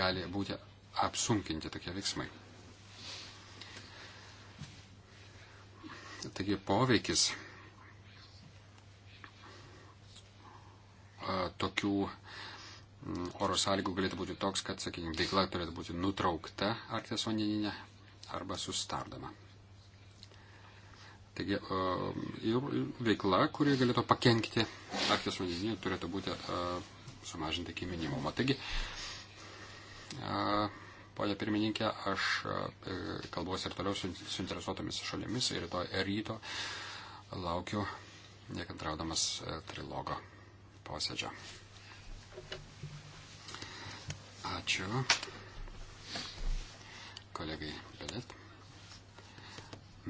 gali būti apsunkinti tokie veiksmai. Taigi poveikis tokių oro sąlygų galėtų būti toks, kad, sakykime, veikla turėtų būti nutraukta Arkties vandeninė arba sustardoma. Taigi, ir veikla, kuri galėtų pakenkti Arkties vandeninė, turėtų būti sumažinta iki minimumo. Taigi, Pone pirmininkė, aš e, kalbuosi ir toliau su suinteresuotomis šalimis ir rytoj ryto laukiu nekantraudamas e, trilogo posėdžio. Ačiū kolegai Belet.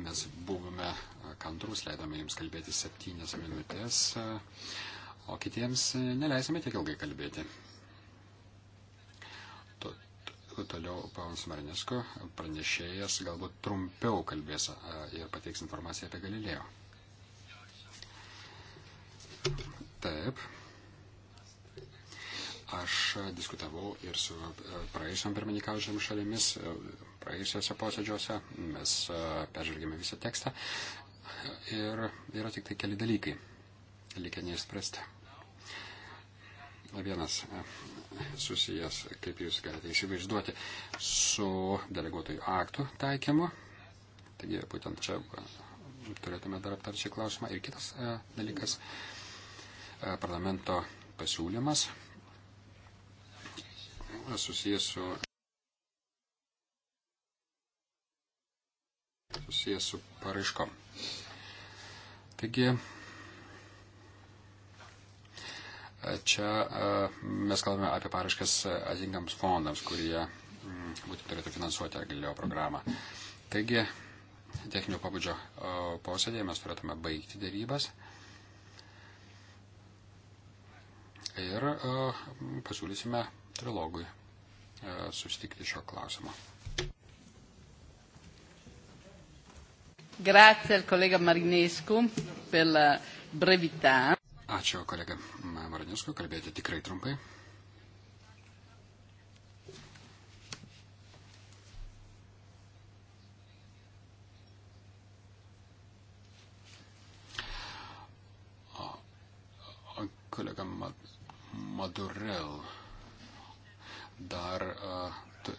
Mes buvome kantrus, leidome jums kalbėti septynias minutės, o kitiems neleisime tiek ilgai kalbėti. Toliau Paulius Marinesko, pranešėjas, galbūt trumpiau kalbės ir pateiks informaciją apie Galilėjo. Taip. Aš diskutavau ir su praėjusiam pirmininkaujančiam šalimis, praėjusiuose posėdžiuose, mes peržvelgėme visą tekstą ir yra tik tai keli dalykai, likę neišspręsti. Vienas e, susijęs, kaip jūs galite įsivaizduoti, su deleguotojų aktų taikymu. Taigi būtent čia e, turėtume dar aptarti klausimą. Ir kitas e, dalykas - parlamento pasiūlymas susijęs su susijęs su paraiškom. Taigi, Čia e, mes kalbame apie paraškas atitinkams fondams, kurie mm, būtent turėtų finansuoti Galileo programą. Taigi, techninio pabudžio e, posėdėje mes turėtume baigti dėrybas ir e, pasiūlysime trilogui susitikti šio klausimo. Grazie al collega Marinescu per la brevità. Ačiū, kolega Varaniusku, kalbėti tikrai trumpai. kolega Madurel dar uh,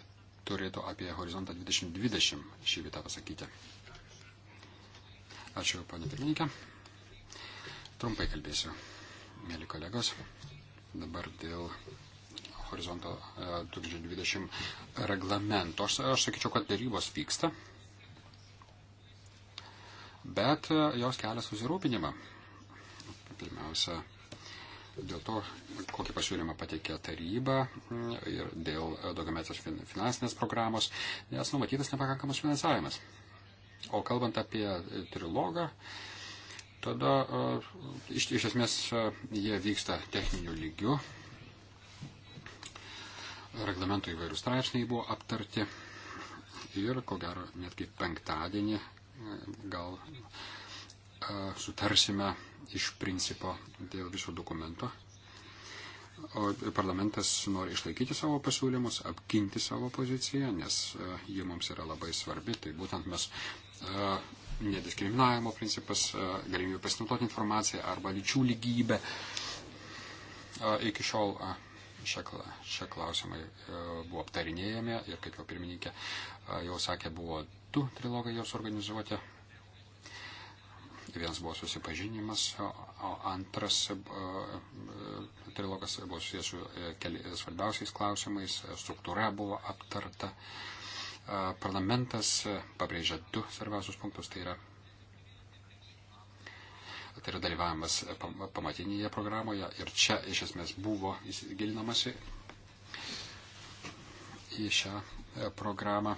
turėtų apie horizontą 2020 šį vietą pasakyti. Ačiū, panė pirmininkė. Trumpai kalbėsiu, mėly kolegos. Dabar dėl horizonto 2020 e, reglamento. Aš, aš sakyčiau, kad darybos vyksta, bet e, jos kelia susirūpinimą. Pirmiausia, dėl to, kokį pasiūlymą pateikė taryba ir dėl daugiametės finansinės programos, nes numatytas nepakankamas finansavimas. O kalbant apie trilogą, uh, Tada iš, iš esmės jie vyksta techniniu lygiu. Reglamento įvairių straipsniai buvo aptarti ir, ko gero, netgi penktadienį gal sutarsime iš principo dėl viso dokumento. O parlamentas nori išlaikyti savo pasiūlymus, apginti savo poziciją, nes jie mums yra labai svarbi. Tai būtent mes nediskriminavimo principas, e, galimybė pasinaudoti informaciją arba lyčių lygybė. E, iki šiol e, šie klausimai buvo aptarinėjami ir, kaip jau pirmininkė jau sakė, buvo du trilogai jos organizuoti. Vienas buvo susipažinimas, o antras trilogas buvo susijęs su keli svarbiausiais klausimais, struktūra buvo aptarta. Uh, Parlamentas pabrėžia du svarbiausius punktus, tai yra, tai yra dalyvavimas pamatinėje programoje ir čia iš esmės buvo įsigilinamasi į šią e, programą.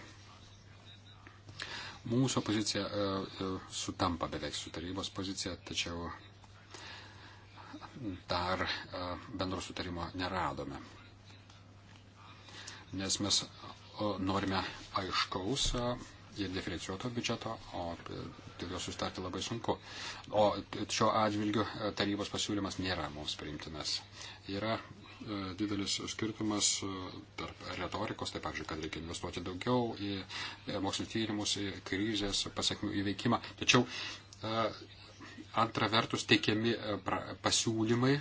Mūsų pozicija e, e, sutampa beveik su tarybos pozicija, tačiau dar bendro sutarimo neradome. Nes mes norime aiškaus e, ir diferencijuoto biudžeto, o dėl jo sustarti labai sunku. O šiuo atžvilgiu e, tarybos pasiūlymas nėra mums priimtinas. Yra e, didelis skirtumas tarp retorikos, tai pavyzdžiui, kad reikia investuoti daugiau į mokslinį tyrimus, į krizės pasiekmių įveikimą. Tačiau antra vertus teikiami pasiūlymai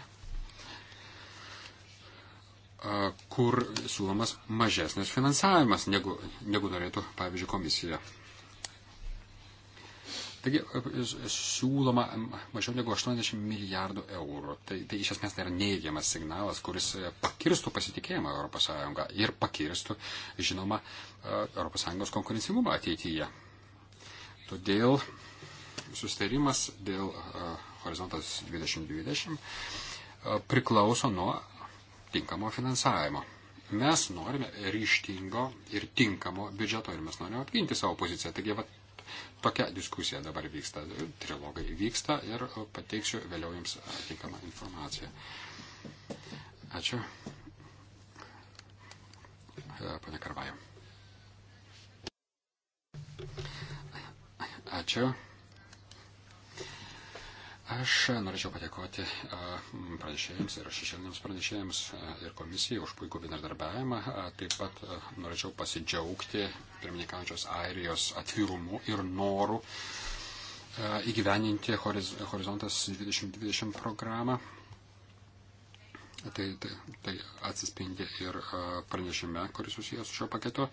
kur siūlomas mažesnis finansavimas, negu, negu norėtų, pavyzdžiui, komisija. Taigi siūloma mažiau negu 80 milijardų eurų. Tai, tai iš esmės tai yra neigiamas signalas, kuris e, pakirstų pasitikėjimą ES ir pakirstų, žinoma, ES konkurencingumą ateityje. Todėl sustarimas dėl Horizontas 2020 priklauso nuo tinkamo finansavimo. Mes norime ryštingo ir tinkamo biudžeto ir mes norime apginti savo poziciją. Taigi, va, tokia diskusija dabar vyksta, trilogai vyksta ir pateiksiu vėliau jums tinkamą informaciją. Ačiū. Pane Karvajo. Ačiū. Aš norėčiau padėkoti pranešėjams ir šešėliniams pranešėjams ir komisijai už puikų bendradarbiavimą. Taip pat norėčiau pasidžiaugti pirmininkaujančios Airijos atvirumu ir noru įgyveninti Horizontas 2020 programą. Tai, tai, tai atsispindi ir pranešime, kuris susijęs su šio paketu.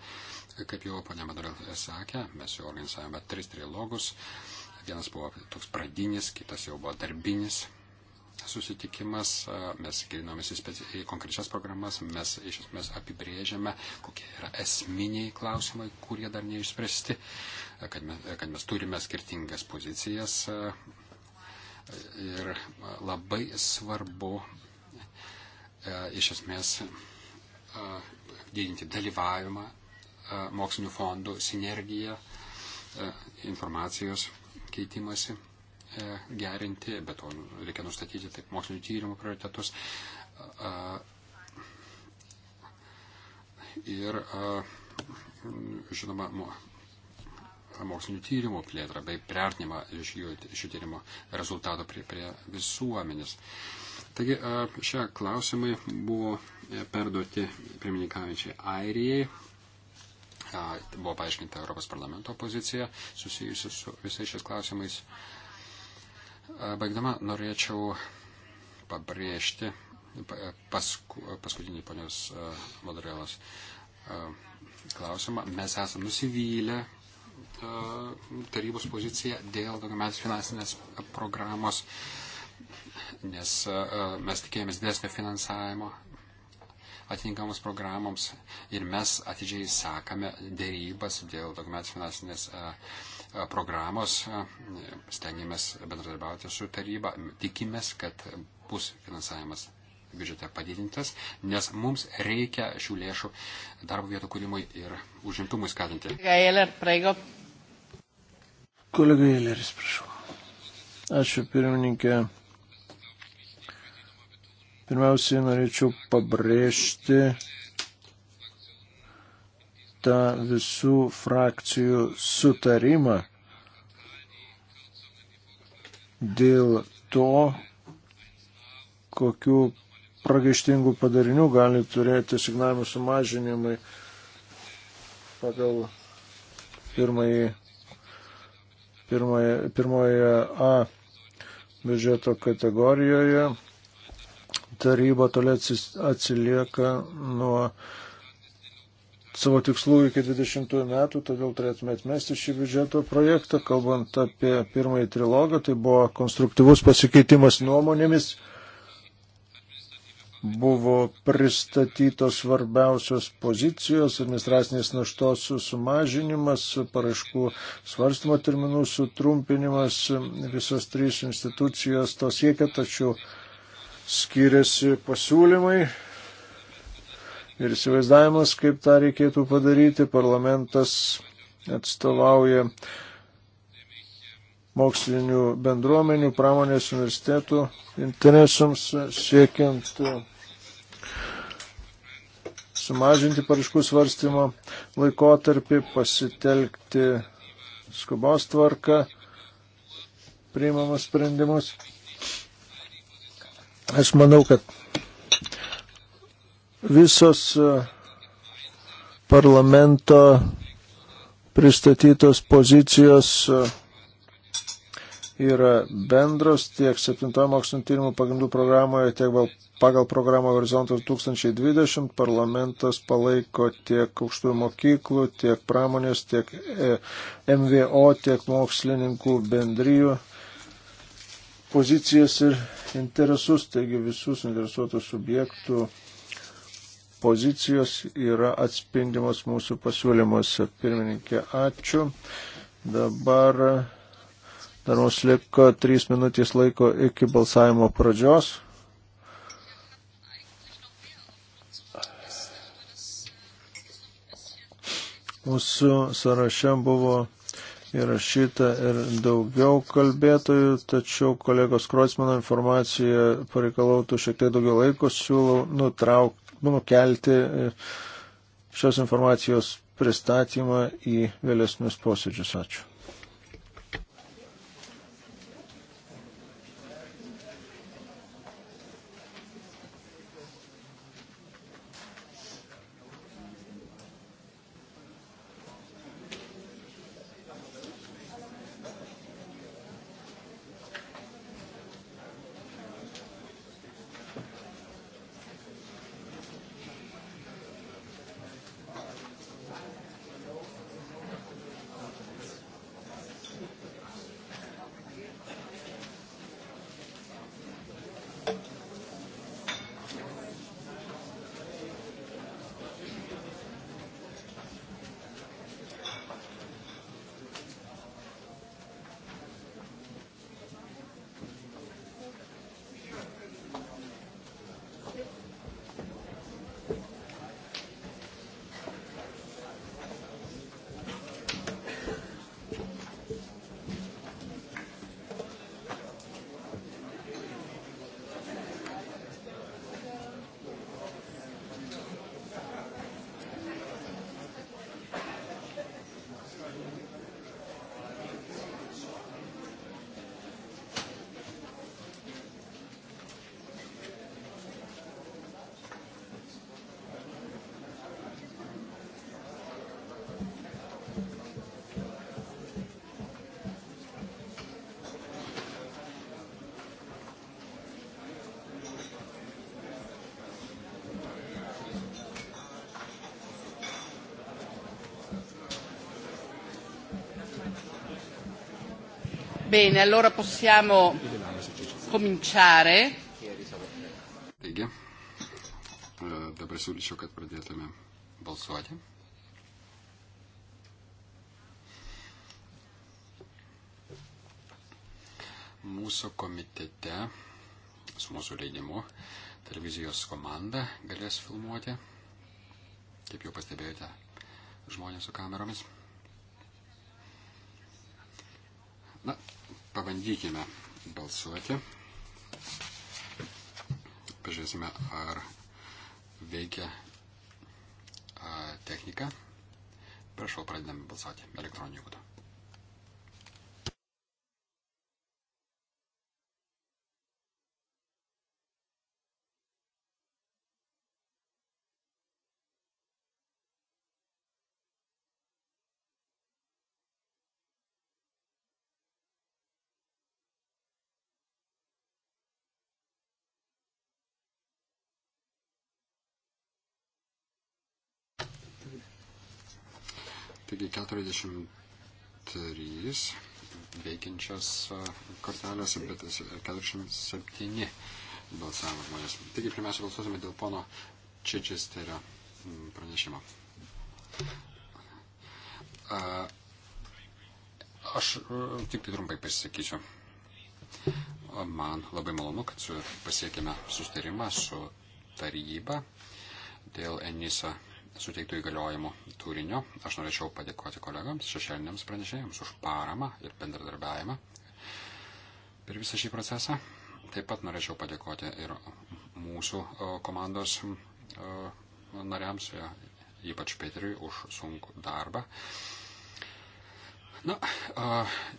Kaip jau ponia Madurėl sakė, mes jau organizavome tris trilogus. Uh, Vienas buvo toks pradinis, kitas jau buvo darbinis susitikimas, mes gilinomės į, į konkrečias programas, mes iš esmės apibrėžiame, kokie yra esminiai klausimai, kurie dar neišspręsti, kad mes, kad mes turime skirtingas pozicijas ir labai svarbu e, iš esmės e, didinti dalyvavimą e, mokslinių fondų sinergiją informacijos keitimasi e, gerinti, bet to reikia nustatyti taip mokslinio tyrimų prioritetus. Ir, žinoma, mokslinio tyrimo plėtrą bei priartinimą šių tyrimo rezultatų prie, prie visuomenės. Taigi šie klausimai buvo e, perduoti pirmininkaujančiai Airijai buvo paaiškinta Europos parlamento pozicija susijusi su visais šiais klausimais. Baigdama norėčiau pabrėžti pasku, paskutinį ponios vadovėlas klausimą. Mes esame nusivylę tarybos poziciją dėl daugiametės finansinės programos, nes mes tikėjomės didesnio finansavimo, atitinkamus programoms ir mes atidžiai sekame dėrybas dėl dokumentų finansinės e, e, programos, e, stengiamės bendradarbiauti su taryba, tikimės, kad bus finansavimas biudžete padidintas, nes mums reikia šių lėšų darbo vietų kūrimui ir užimtumui skatinti. Kolega Eileris, prašau. Ačiū pirmininkė. Pirmiausiai norėčiau pabrėžti tą visų frakcijų sutarimą dėl to, kokiu pragaištingų padarinių gali turėti signavimų sumažinimai pagal pirmąjį, pirmąjį, pirmoje A biudžeto kategorijoje taryba toliau atsilieka nuo savo tikslų iki 20 metų, todėl turėtume atmesti šį biudžeto projektą. Kalbant apie pirmąjį trilogą, tai buvo konstruktyvus pasikeitimas nuomonėmis, buvo pristatytos svarbiausios pozicijos, administracinės naštos sumažinimas, paraiškų svarstymo terminų sutrumpinimas, visos trys institucijos to siekia, tačiau skiriasi pasiūlymai ir įsivaizdavimas, kaip tą reikėtų padaryti. Parlamentas atstovauja mokslinių bendruomenių, pramonės universitetų interesams siekiant sumažinti paraškų svarstymo laikotarpį, pasitelkti skubos tvarką priimamas sprendimus. Aš manau, kad visos e, parlamento pristatytos pozicijos e, yra bendros tiek 7 mokslinio tyrimų pagrindų programoje, tiek pagal programą Horizontas 2020 parlamentas palaiko tiek aukštųjų mokyklų, tiek pramonės, tiek e, MVO, tiek mokslininkų bendryjų pozicijas ir interesus, taigi visų suinteresuotų subjektų pozicijos yra atspindimos mūsų pasiūlymuose. Pirmininkė, ačiū. Dabar dar mums liko 3 minutės laiko iki balsavimo pradžios. Mūsų sąraše buvo įrašyta ir daugiau kalbėtojų, tačiau kolegos Krocmano informacija pareikalautų šiek tiek daugiau laiko, siūlau nutraukti, nukelti e, šios informacijos pristatymą į vėlesnius posėdžius. Ačiū. Bene, allora possiamo cominciare. Taigi, eh, dabar siūlyčiau, kad pradėtume balsuoti. Mūsų komitete, su mūsų leidimu, televizijos komanda galės filmuoti, kaip jau pastebėjote, žmonės su kameromis. Pabandykime balsuoti. Pažiūrėsime, ar veikia a, technika. Prašau, pradedame balsuoti elektroniniu būdu. 23 veikiančias kortelės, bet 47 balsavo žmonės. Taigi pirmiausia balsuosime dėl pono Čečesterio pranešimo. Aš tik tai trumpai pasisakysiu. Man labai malonu, kad pasiekėme sustarimą su taryba dėl Enisa suteiktų įgaliojimų turinio. Aš norėčiau padėkoti kolegams, šešėliniams pranešėjams už paramą ir bendradarbiavimą per visą šį procesą. Taip pat norėčiau padėkoti ir mūsų komandos nariams, e, ypač Petriui, už sunkų darbą. Na,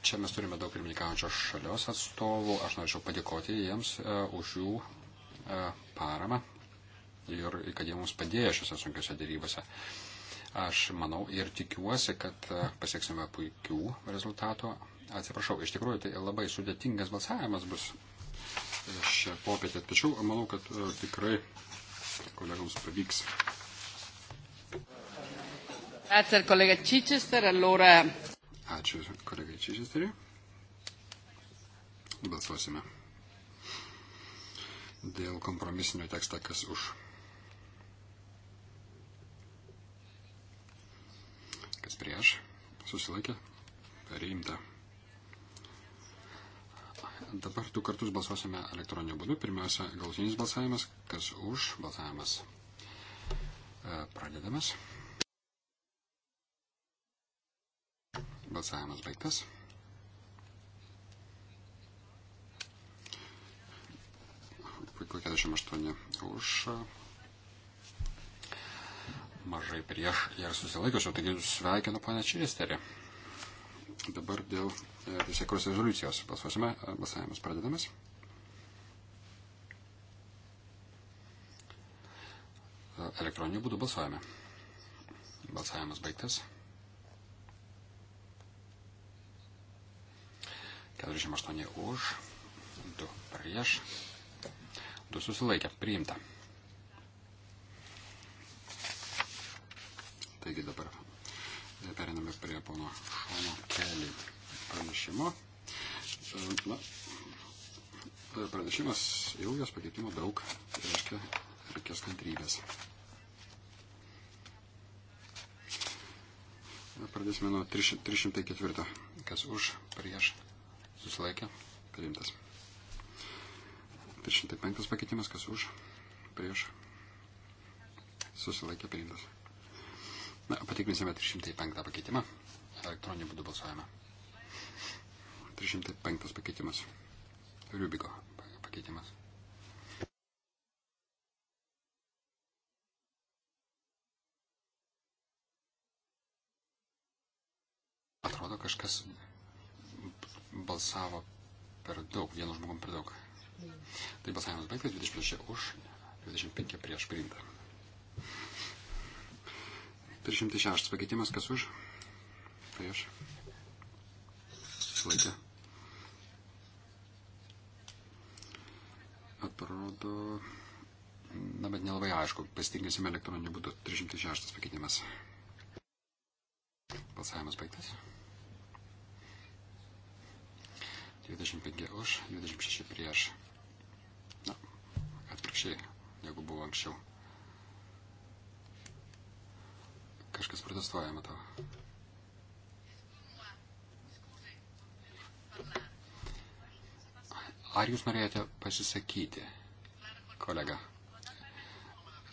čia mes turime daug pirmininkaujančios šalios atstovų. Aš norėčiau padėkoti jiems e, už jų e, paramą ir kad jie mums padėjo šiuose sunkiuose dėrybose. Aš manau ir tikiuosi, kad e, pasieksime puikių rezultatų. Atsiprašau, iš tikrųjų tai labai sudėtingas balsavimas bus šią popietę, tačiau manau, kad e, tikrai kolegams pavyks. Grazie al collega Chichester, allora. Ačiū kolegai Čižesteriui. Balsuosime. Dėl kompromisinio teksto, kas už. kas prieš, susilaikė, priimta. Dabar du kartus balsuosime elektroniniu būdu. Pirmiausia, galutinis balsavimas, kas už balsavimas. E, pradedamas. Balsavimas baigtas. Puiku 48 už mažai prieš ir susilaikiusių, taigi sveikinu ponę Čiristerį. Dabar dėl e, teisėkos rezoliucijos balsuosime, balsavimas pradedamas. Elektroniniu būdu balsuojame. Balsavimas baigtas. 48 už, 2 prieš, 2 susilaikė, priimta. Taigi dabar periname prie pono Šono Kelį pranešimo. Na, pranešimas ilgas, pakeitimo daug, tai reiškia, reikės kantrybės. Pradėsime nuo 304, kas už, prieš, susilaikė, priimtas. 305 pakeitimas, kas už, prieš, susilaikė, priimtas. Na, patikrinsime 305 pakeitimą. Elektroniniu būdu balsuojame. 305 pakeitimas. Rubiko pakeitimas. Atrodo, kažkas balsavo per daug, vienu žmogum per daug. Tai balsavimas baigtas, 26 už, 25 prieš priimtą. 306 pakeitimas, kas už? Prieš. Sulaikė. Atrodo, na, bet nelabai aišku, pasitinkinsime elektroniniu būdu. 306 pakeitimas. Balsavimas baigtas. 25 už, 26 prieš. Na, atvirkščiai, negu buvo anksčiau. Kažkas protestuoja, matau. Ar jūs norėjote pasisakyti, kolega,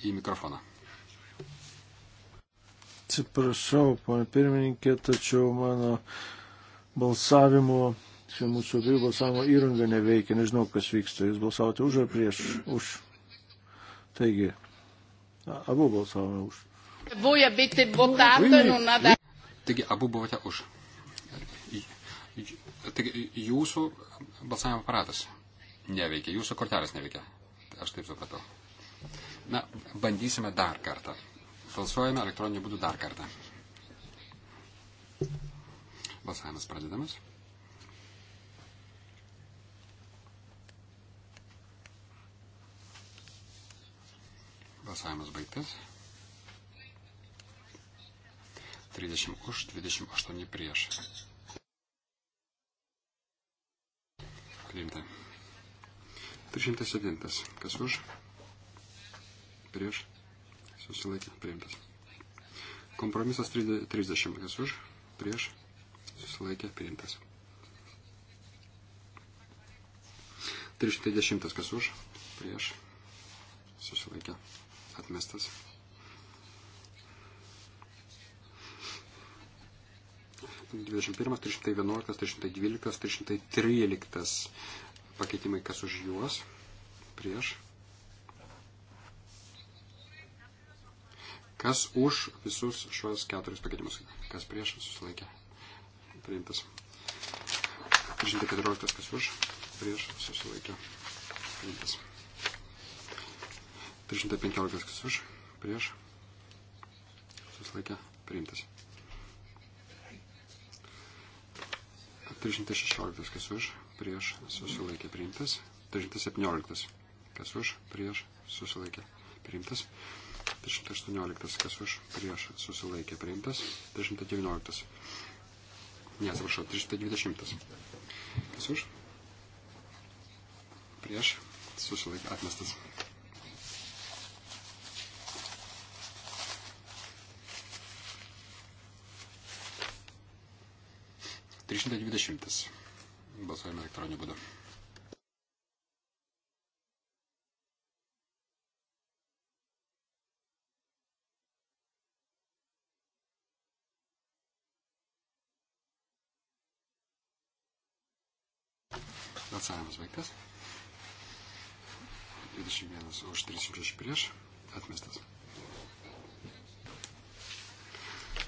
į mikrofoną? Atsiprašau, ponė pirmininkė, tačiau mano balsavimo, čia mūsų abiejų balsavimo įranga neveikia, nežinau, kas vyksta. Jūs balsavote už ar prieš? Už. Taigi, abu balsavome už. Voi avete votato in e una data. Taigi abu buvote už. Taigi jūsų balsavimo aparatas neveikia, jūsų kortelės neveikia. Aš taip supratau. Na, bandysime dar kartą. Balsuojame elektroniniu būdu dar kartą. Balsavimas pradedamas. Balsavimas baigtas. 30 už, 28 prieš. Priimta. 307. Kas už? Prieš. Susilaikė. Priimtas. Kompromisas 30. Kas už? Prieš. Susilaikė. Priimtas. 310. Kas už? Prieš. Susilaikė. Atmestas. 321, 311, 312, 313 pakeitimai, kas už juos, prieš. Kas už visus šios keturis pakeitimus, kas prieš, susilaikė. Priimtas. 314, kas už, prieš, susilaikė. Priimtas. 315, kas už, prieš, susilaikė. Priimtas. 316 kas už, prieš susilaikė priimtas. 317 kas už, prieš susilaikė priimtas. 318 kas už, prieš susilaikė priimtas. 319. Neatsiprašau, 320. Kas už? Prieš susilaikė atmestas. 320. Balsuojame elektroniniu būdu. Balsavimas baigtas. 21 už 36 prieš. Atmestas.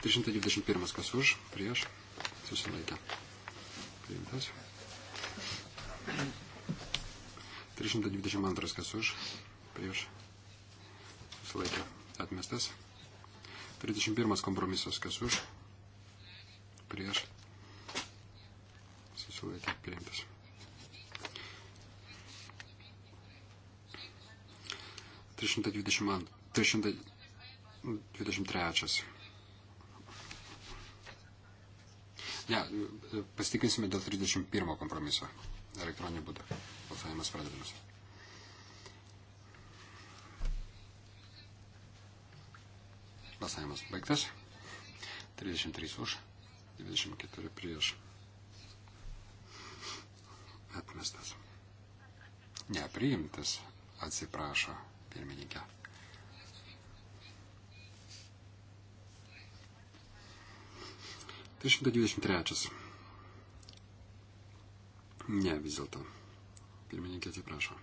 321 kas už, prieš, susilaikė. Priimtas. 322 kas už, prieš, susilaikė, atmestas. 31 kompromisas kas už, prieš, susilaikė, priimtas. Trišimtai dvidešimt trečias Ne, pasitikinsime dėl 31 kompromiso elektroninį būdą. Balsavimas pradedamas. Balsavimas baigtas. 33 už, 24 prieš. Atmestas. Nepriimtas, atsiprašo pirmininkė. 323. Ne, vis dėlto. Pirmininkė atsiprašo.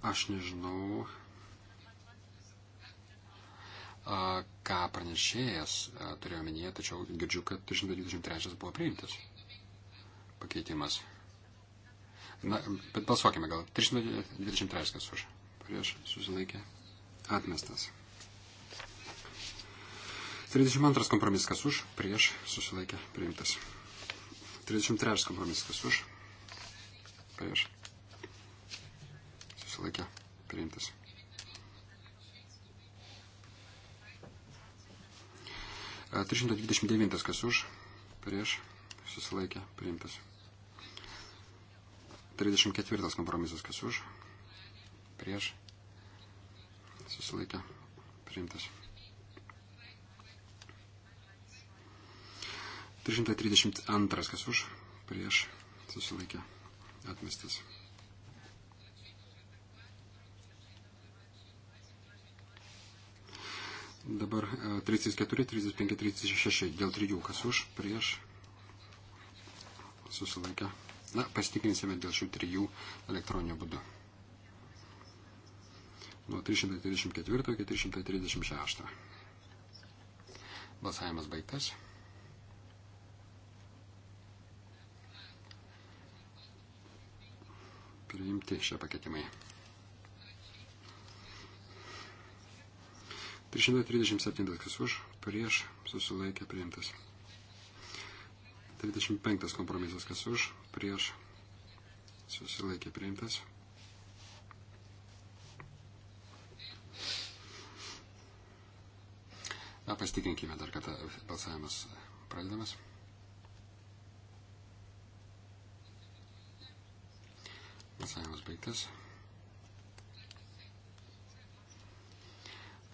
Aš nežinau, ką pranešėjas turėjo minėti, tačiau girdžiu, kad 323 buvo priimtas pakeitimas. Na, bet balsuokime gal. 323 kas už. Prieš susilaikė. Atmestas. 32 kompromisas kas už. Prieš susilaikė. Priimtas. 33 kompromisas kas už. Prieš susilaikė. Priimtas. 329 kas už. Prieš susilaikė. Priimtas. 34 kompromisas, kas už, prieš, susilaikė, priimtas. 332 kas už, prieš, susilaikė, atmestas. 34, 35, 36 dėl trijų, kas už, prieš, susilaikę, Na, pasitikrinsime dėl šių trijų elektroninių būdų. Nuo 334 iki 336. Balsavimas baigtas. Priimti šie pakeitimai. 337 kas už, prieš, susilaikė priimtas. 35 kompromisas, kas už, prieš, susilaikė priimtas. Na, pasitikinkime dar kartą balsavimas pradedamas. Balsavimas baigtas.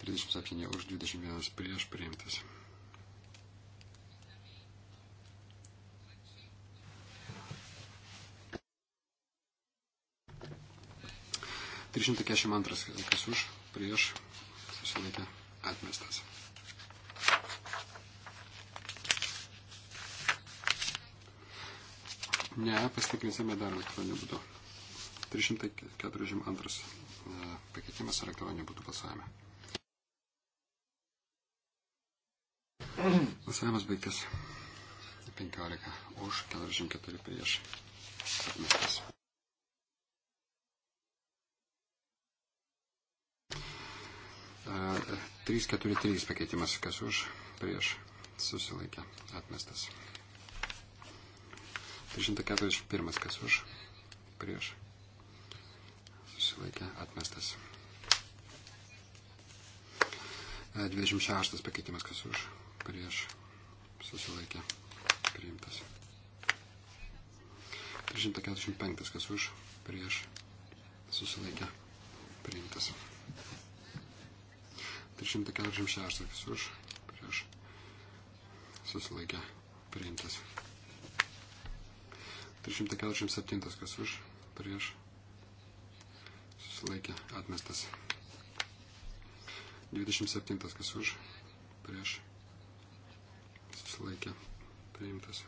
37 už 21 prieš priimtas. 342 kas už, prieš, susilaikė atmestas. Ne, pasitikrinsime dar elektroniniu būdu. 342 e, pakeitimas elektroniniu būdu balsavime. Balsavimas baigtas. 15 už, 44 prieš. Atmestas. 343 pakeitimas, kas už, prieš, susilaikė, atmestas. 341, kas už, prieš, susilaikė, atmestas. 26 pakeitimas, kas už, prieš, susilaikė, priimtas. 345, kas už, prieš, susilaikė, priimtas. 346 už, prieš susilaikę priimtas. 347 kas už, prieš susilaikę atmestas. 27 kas už, prieš susilaikę priimtas.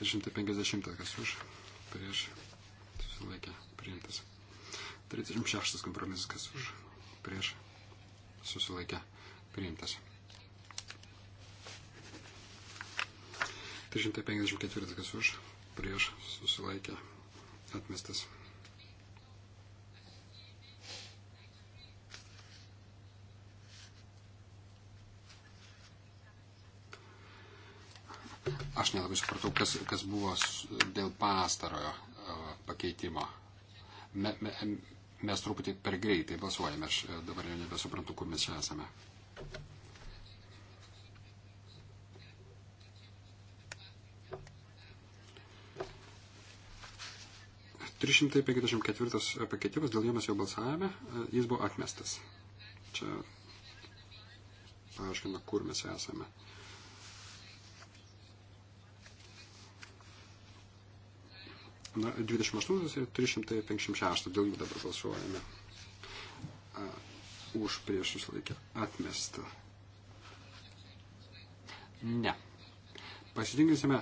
350 kas už, prieš susilaikę priimtas. 36 kompromisas, kas už, prieš, susilaikė, priimtas. 354 kas už, prieš, susilaikė, atmestas. Aš nelabai supratau, kas, kas buvo dėl pastarojo pakeitimo. Me, me, mes truputį per greitai balsuojame, aš e, dabar jau nebesuprantu, kur mes čia esame. Trišimtai penkiasdešimt ketvirtas e, pakeitimas, dėl jo mes jau balsavome, e, jis buvo atmestas. Čia paaiškina, kur mes esame. Na, 28 ir 356, dėl jų dabar balsuojame. A, už prieš susilaikę atmestą. Ne. Pasirinkinsime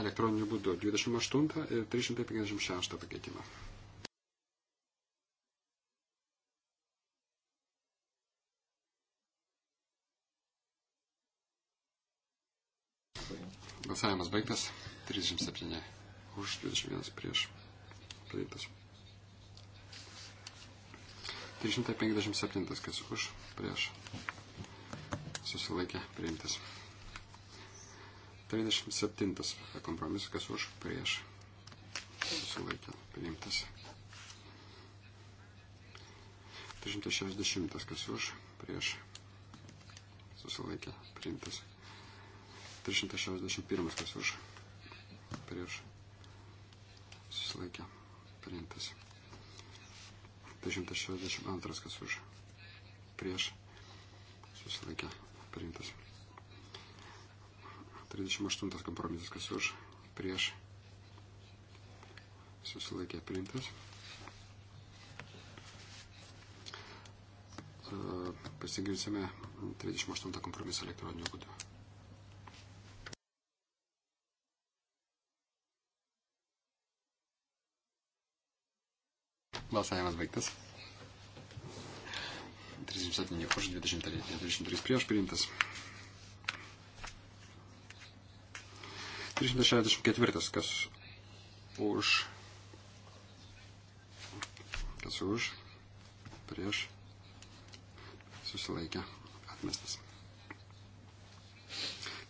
elektroniniu būdu 28 ir 356 pakeitimą. Balsavimas baigtas. 37 už, 21 prieš. Priimtas. 357 kas už, prieš. Susilaikė, priimtas. 37 kompromisas kas už, prieš. Susilaikė, priimtas. 360 kas už, prieš. Susilaikė, priimtas. 361 kas už prieš susilaikė priimtas. 362 kas už prieš susilaikė priimtas. 38 kompromisas kas už prieš susilaikė priimtas. Pasigirsime 38 kompromisą elektroniniu būdu. Balsavimas baigtas. 37 už 23, 23 prieš priimtas. 364, kas už, kas už, prieš, susilaikė, atmestas.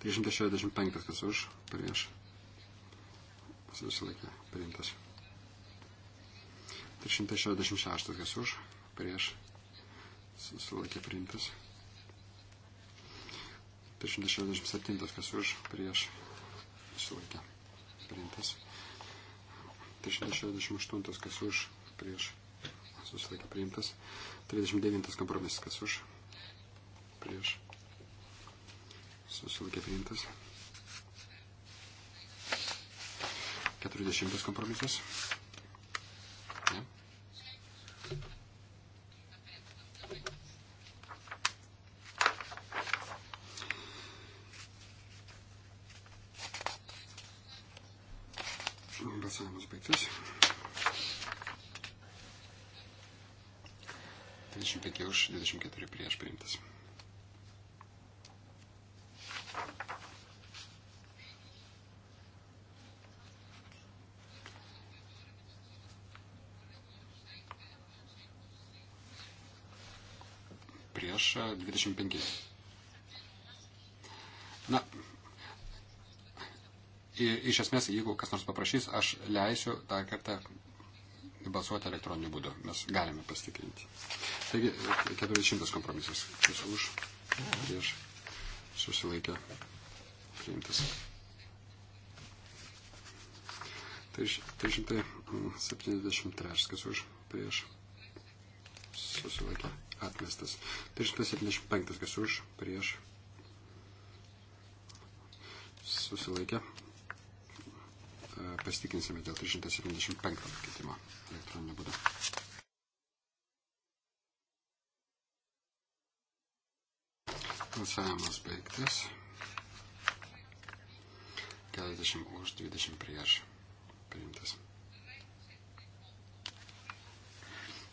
365, kas už, prieš, susilaikė, priimtas. 166 kas už, prieš susilaikė priimtas. 167 kas už, prieš susilaikė priimtas. 368 kas už, prieš susilaikė priimtas. 39 kompromisas kas už, prieš susilaikė priimtas. 40 kompromisas. Ne. prieš 25. Na, iš esmės, jeigu kas nors paprašys, aš leisiu tą kartą balsuoti elektroniniu būdu. Mes galime pasitikrinti. Taigi, 40 kompromisas. Kas už, prieš, susilaikė, priimtas. 373. Mm, kas už, prieš, susilaikė, atmestas. 375 kas už, prieš susilaikė. E, Pasitikinsime dėl 375 pakeitimo elektroninio būdu. Balsavimas baigtas. 40 už, 20 prieš. Priimtas.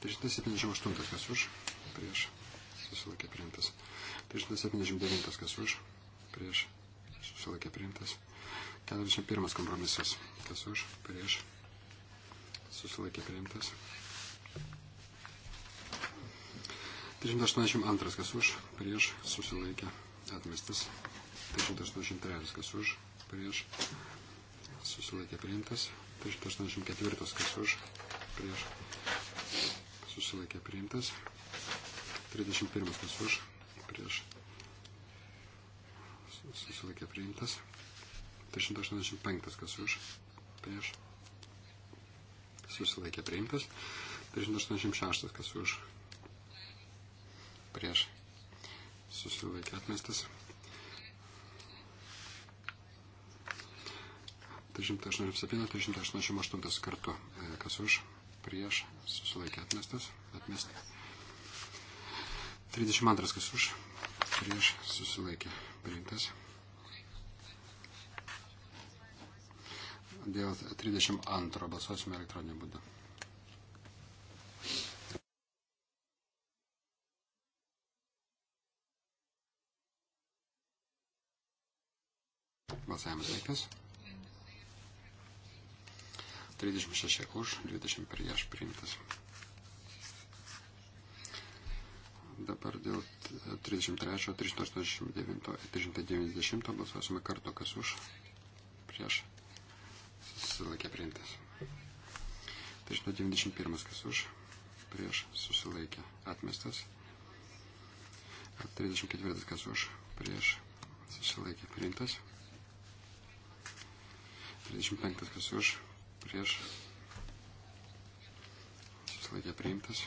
378 kas už prieš susilaikė priimtas. 379 kas už, prieš susilaikė priimtas. 41 kompromisas kas už, prieš susilaikė priimtas. 382 kas už, prieš susilaikė atmestas. 383 kas už, prieš susilaikė priimtas. 384 kas už, prieš susilaikė priimtas. 31 kas už, prieš susilaikė priimtas. 385 kas už, prieš susilaikė priimtas. 386 kas už, prieš susilaikė atmestas. 387, 388 kartu, e, kas už, prieš, susilaikė atmestas, atmestas. 32 kas už, prieš susilaikė priimtas. Dėl 32 balsuosime elektroninį būdą. Balsavimas baigtas. 36 už, 20 prieš priimtas. Dabar dėl 33, 389 ir 390 balsuosime kartu, kas už, prieš, susilaikė priimtas. 391, kas už, prieš, susilaikė atmestas. 34, kas už, prieš, susilaikė priimtas. 35, kas už, prieš, susilaikė priimtas.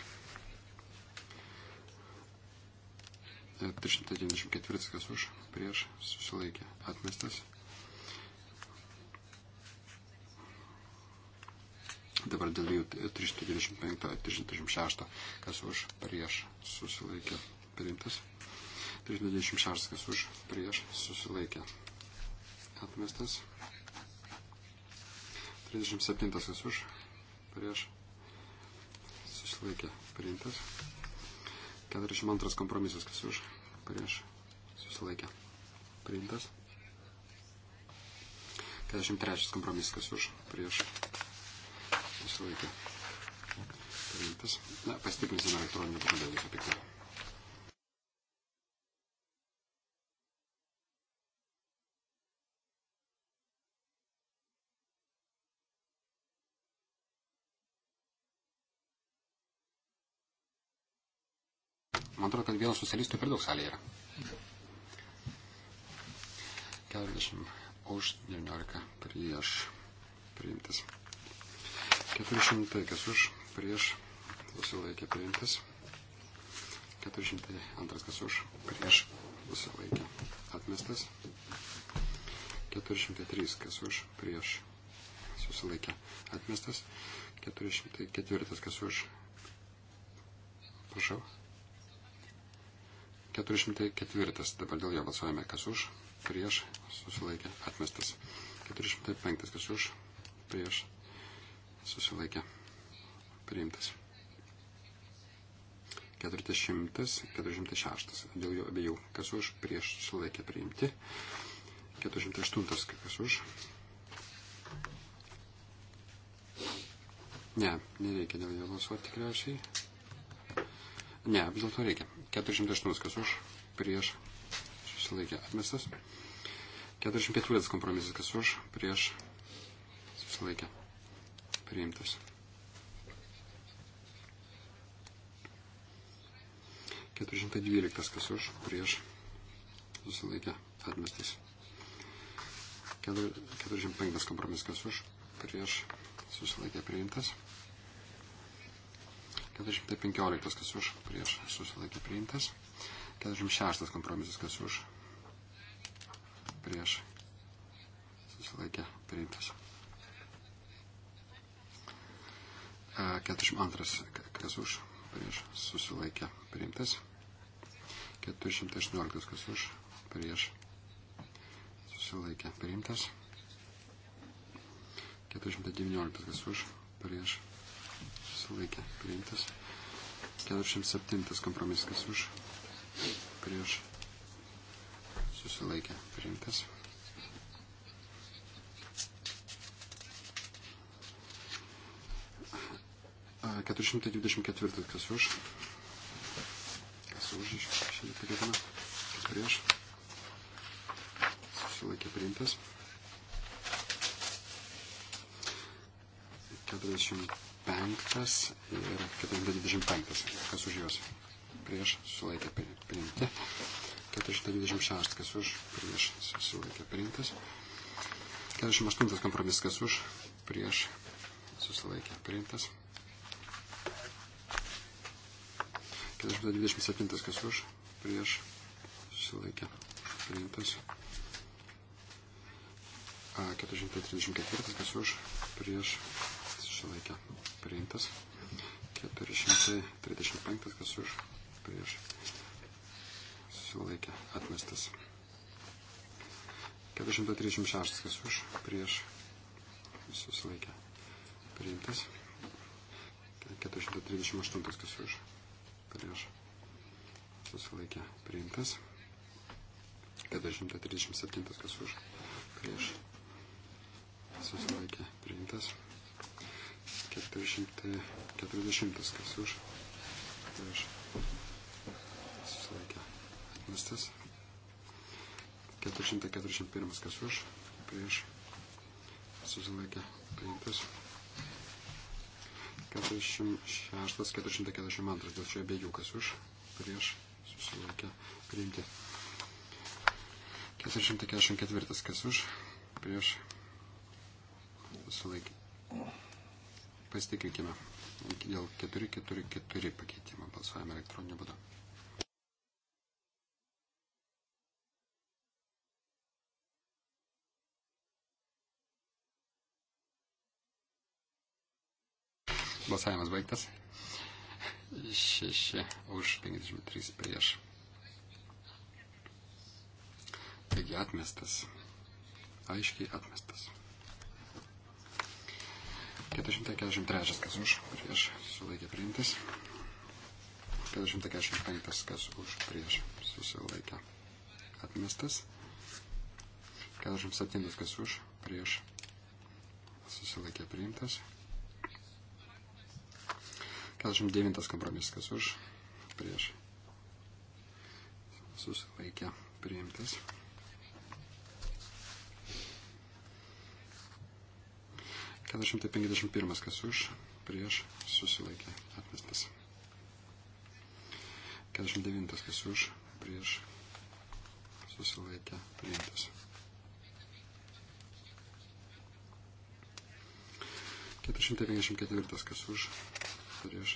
394 kas už, prieš, susilaikė, atmestas. Dabar dėl jų 325, 336 kas už, prieš, susilaikė, priimtas. 326 kas už, prieš, susilaikė, atmestas. 37 kas už, prieš, susilaikė, priimtas. 42 kompromisas, kas už, prieš, susilaikė, priimtas. 43 kompromisas, kas už, prieš, susilaikė, priimtas. Na, pasitikrinsime elektroninį būdą dėl viso pikto. Man atrodo, kad vienas socialistų per daug salėje yra. 40 už 19 prieš priimtis. 400 kas už prieš susilaikė priimtis. 402 kas už prieš susilaikė atmestas. 403 kas už prieš susilaikė atmestas. 404 kas už. Prašau. 404. Dabar dėl jo balsuojame, kas už, prieš, susilaikė, atmestas. 405. Kas už, prieš, susilaikė, priimtas. 40, 406. Dėl jo abiejų, kas už, prieš, susilaikė, priimti. 408. Kas už. Ne, nereikia dėl jo balsuoti tikriausiai. Ne, vis dėlto reikia. 408 kas už, prieš, susilaikė atmestas. 45 kompromisas kas už, prieš, susilaikė priimtas. 412 kas už, prieš, susilaikė atmestas. 405 kompromisas kas už, prieš, susilaikė priimtas. 415 kas už, prieš susilaikė priimtas. 46 kompromisas kas už, prieš susilaikė priimtas. 42 e, kas už, prieš susilaikė priimtas. 418 kas už, prieš susilaikė priimtas. 419 kas už, prieš susilaikė priimtas. 47 kompromisas už prieš susilaikė priimtas. A, 424 kas už. Kas už iš šį pakeitimą. Kas prieš. Susilaikė priimtas. 40. 25 ir 425, kas už juos prieš sulaikė priimti, 426, kas už prieš sulaikė priimtas, 48 kompromisas, kas už prieš susilaikė priimtas, 427, kas už prieš susilaikė priimtas, 434, kas už prieš susilaikė priimtas. 435, kas už, prieš, susilaikė atmestas. 436, kas už, prieš, susilaikė priimtas. 438, kas už, prieš, susilaikė priimtas. 437, kas už, prieš, susilaikė priimtas. 440, kas už, prieš, susilaikė, atmestas. 441, kas už, prieš, susilaikė, priimtas. 46, 442, dėl čia abiejų, kas už, prieš, susilaikė, priimti. 444, kas už, prieš, susilaikė. Pasitikrinkime dėl 444 pakeitimo. Balsuojame elektroniniu būdu. Balsavimas baigtas. 6 už 53 prieš. Taigi atmestas. Aiškiai atmestas. 443 kas už, prieš susilaikė priimtas. 445 kas už, prieš susilaikė atmestas. 47 kas už, prieš susilaikė priimtas. 49 kompromisas kas už, prieš susilaikė priimtas. 451 kas už, prieš susilaikė atmestas. 49 kas už, prieš susilaikė priimtas. 454 kas už, prieš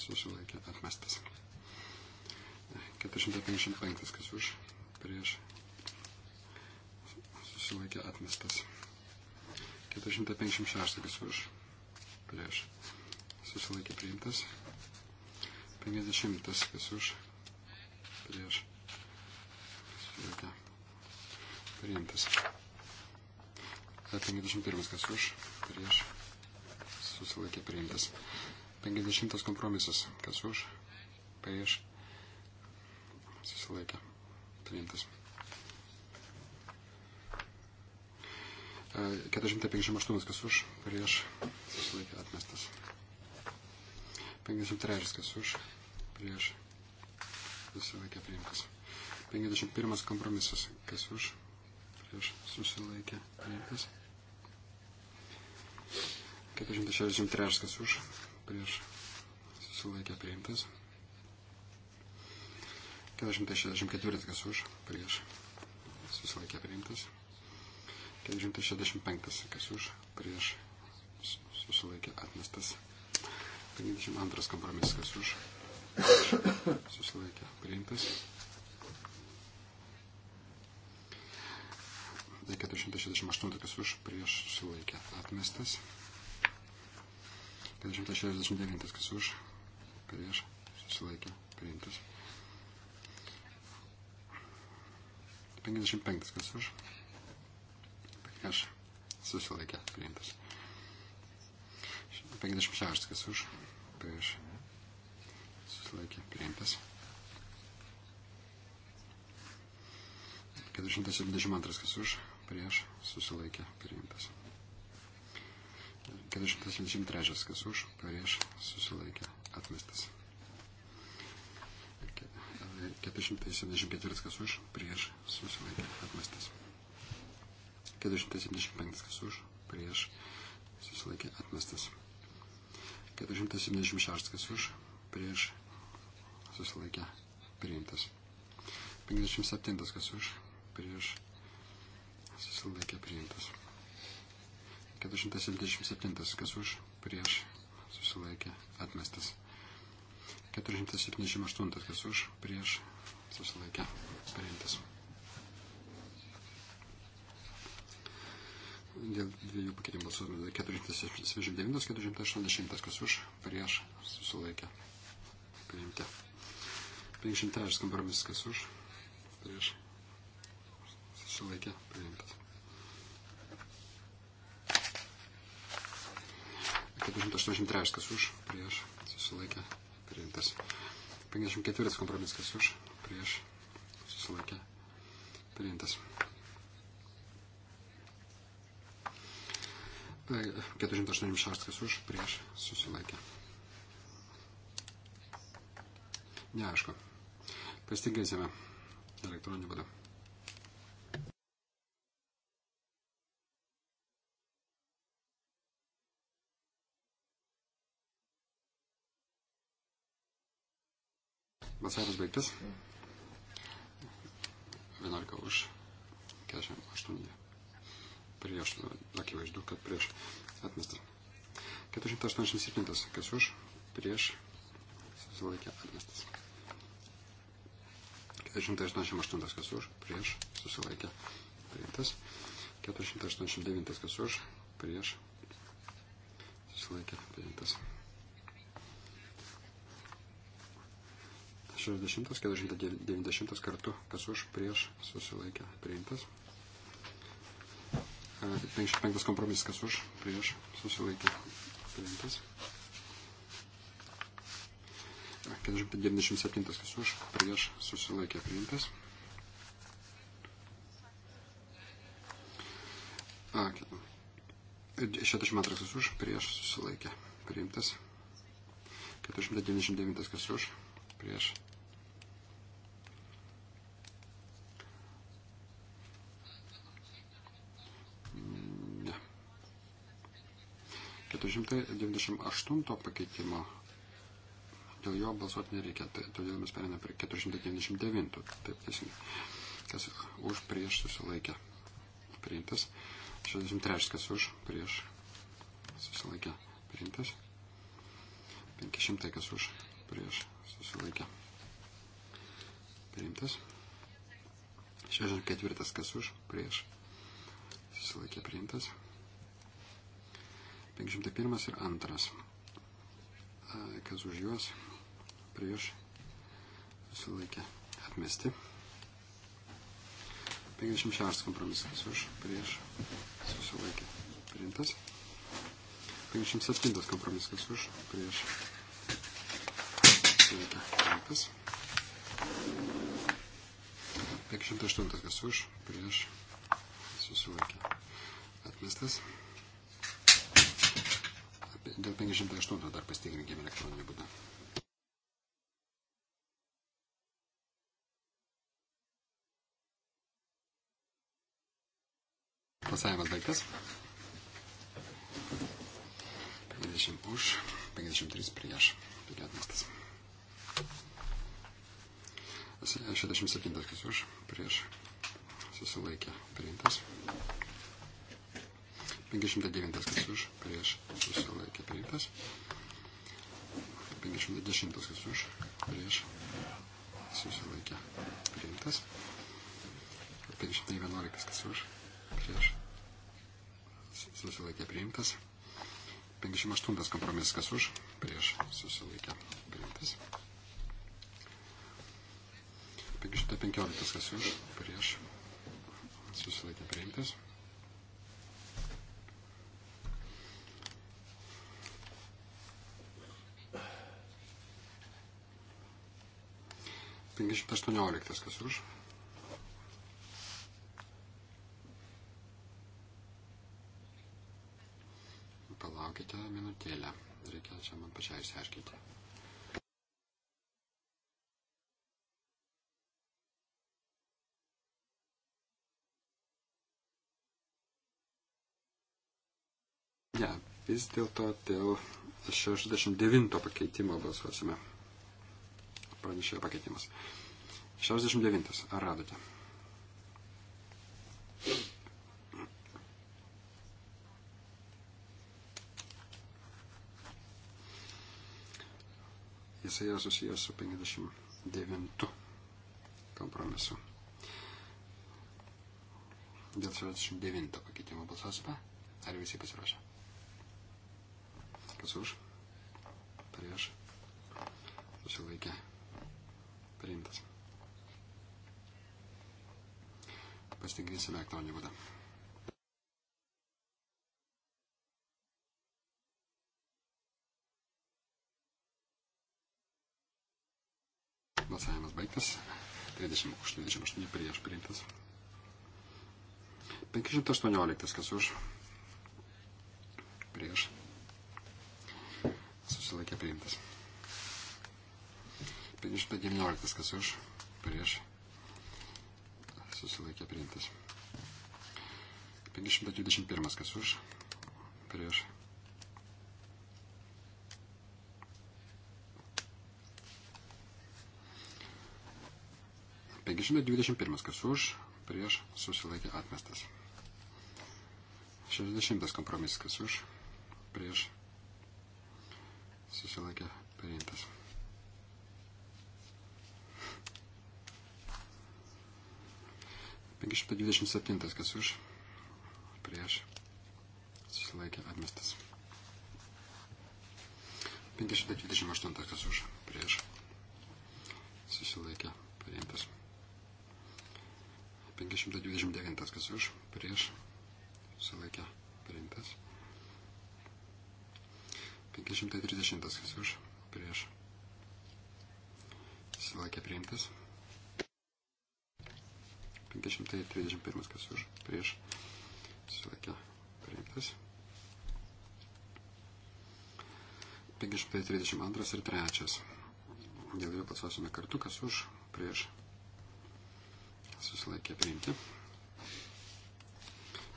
susilaikė atmestas. 455 kas už, prieš susilaikė atmestas. 456 kas už prieš susilaikė priimtas. 50 kas už prieš susilaikė priimtas. 51 kas už prieš susilaikė priimtas. 50 kompromisas kas už prieš susilaikė priimtas. 458 kas už, prieš, susilaikė atmestas. 53 kas už, prieš, susilaikė priimtas. 51 kompromisas kas už, prieš, susilaikė priimtas. 463 kas už, prieš, susilaikė priimtas. 464 kas už, prieš, susilaikė priimtas. 465, kas už, prieš, susilaikė atmestas. 52 kompromisas, kas už, prieš, susilaikė priimtas. 468, kas už, prieš, susilaikė atmestas. 469, kas už, prieš, susilaikė priimtas. 55, kas už, prieš susilaikė priimtas. 56 kas už prieš susilaikė priimtas. 472 kas už prieš susilaikė priimtas. 473 kas už prieš susilaikė atmestas. 474 kas už prieš susilaikė atmestas. 475 kas už, prieš, susilaikė atmestas. 476 kas už, prieš, susilaikė priimtas. 57 kas už, prieš, susilaikė priimtas. 477 kas už, prieš, susilaikė atmestas. 478 kas už, prieš, susilaikė priimtas. dėl dviejų pakeitimų su 479-480, kas už, prieš, susilaikė, priimti. 53 kompromisas, kas už, prieš, susilaikė, priimti. 483 kas už, prieš, susilaikė, priimtas. 54 kompromisas, kas už, prieš, susilaikė, priimtas. 486 už prieš susilaikė. Neaišku. Pastingėsime elektroninį būdą. Balsavimas baigtas. 11 už 48 prieš, akivaizdu, kad prieš atmestą. 487, kas už, prieš, susilaikė atmestas. 488, kas už, prieš, susilaikė priimtas. 489, kas už, prieš, susilaikė priimtas. 60, 490 kartu, kas už, prieš, susilaikė priimtas. 55 kompromisas, kas už, prieš, susilaikė, priimtas. 497 kas už, prieš, susilaikė, priimtas. A, 62 kas už, prieš, susilaikė, priimtas. 499 kas už, prieš, 498 pakeitimo. Dėl jo balsuoti nereikia, tai, todėl mes perėmėme prie 499. Taip teisingai. Kas už prieš susilaikė. Priimtas. 63. Kas už prieš susilaikė. Priimtas. 500. Kas už prieš susilaikė. Priimtas. 64. Kas už prieš susilaikė. Priimtas. 501 ir 2. Kas už juos prieš sulaikė atmesti. 56 kompromisas už prieš susilaikė priimtas. 57 kompromisas už prieš susilaikė priimtas. 508 kas už prieš susilaikė atmestas. Dėl 508 dar pasitikrinkime elektroninį būdą. Balsavimas baigtas. 50 už, 53 prieš. Taigi atmestas. 67 kas už, prieš. Susilaikė. Priimtas. 509 kas už, prieš susilaikė priimtas. 510 kas už, prieš susilaikė priimtas. 511 kas už, prieš susilaikė priimtas. 58 kompromisas kas už, prieš susilaikė priimtas. 515 kas už, prieš susilaikė priimtas. 518 kas už. Palaukite minutėlę. Reikia čia man pačiai išsiaiškinti. Ne, vis dėlto dėl 69 pakeitimo balsuosime pranešėjo pakeitimas. 69. Ar radote? Jisai yra susijęs su 59 kompromisu. Dėl 69 pakeitimo balsuosime. Ar visi pasiruošę? Kas už? Prieš. Susilaikė priimtas. Pasitikrinsime elektroninį būdą. Balsavimas baigtas. 30 už 28 prieš priimtas. 518 kas už. Prieš. Susilaikė priimtas. 519 kas už, prieš, susilaikė priimtas. 521 kas už, prieš. Penkišimtas dvidešimt pirmas, kas už, prieš, susilaikė atmestas. Šešdešimtas kompromisas, kas už, prieš, susilaikė priimtas. 527 kas už, prieš, susilaikė atmestas. 528 kas už, prieš, susilaikė priimtas. 529 kas už, prieš, susilaikė priimtas. 530 kas už, prieš, susilaikė priimtas. 531 kas už prieš susilaikė priimtas. 532 ir 3. Dėl jų balsuosime kartu, kas už prieš susilaikė priimti.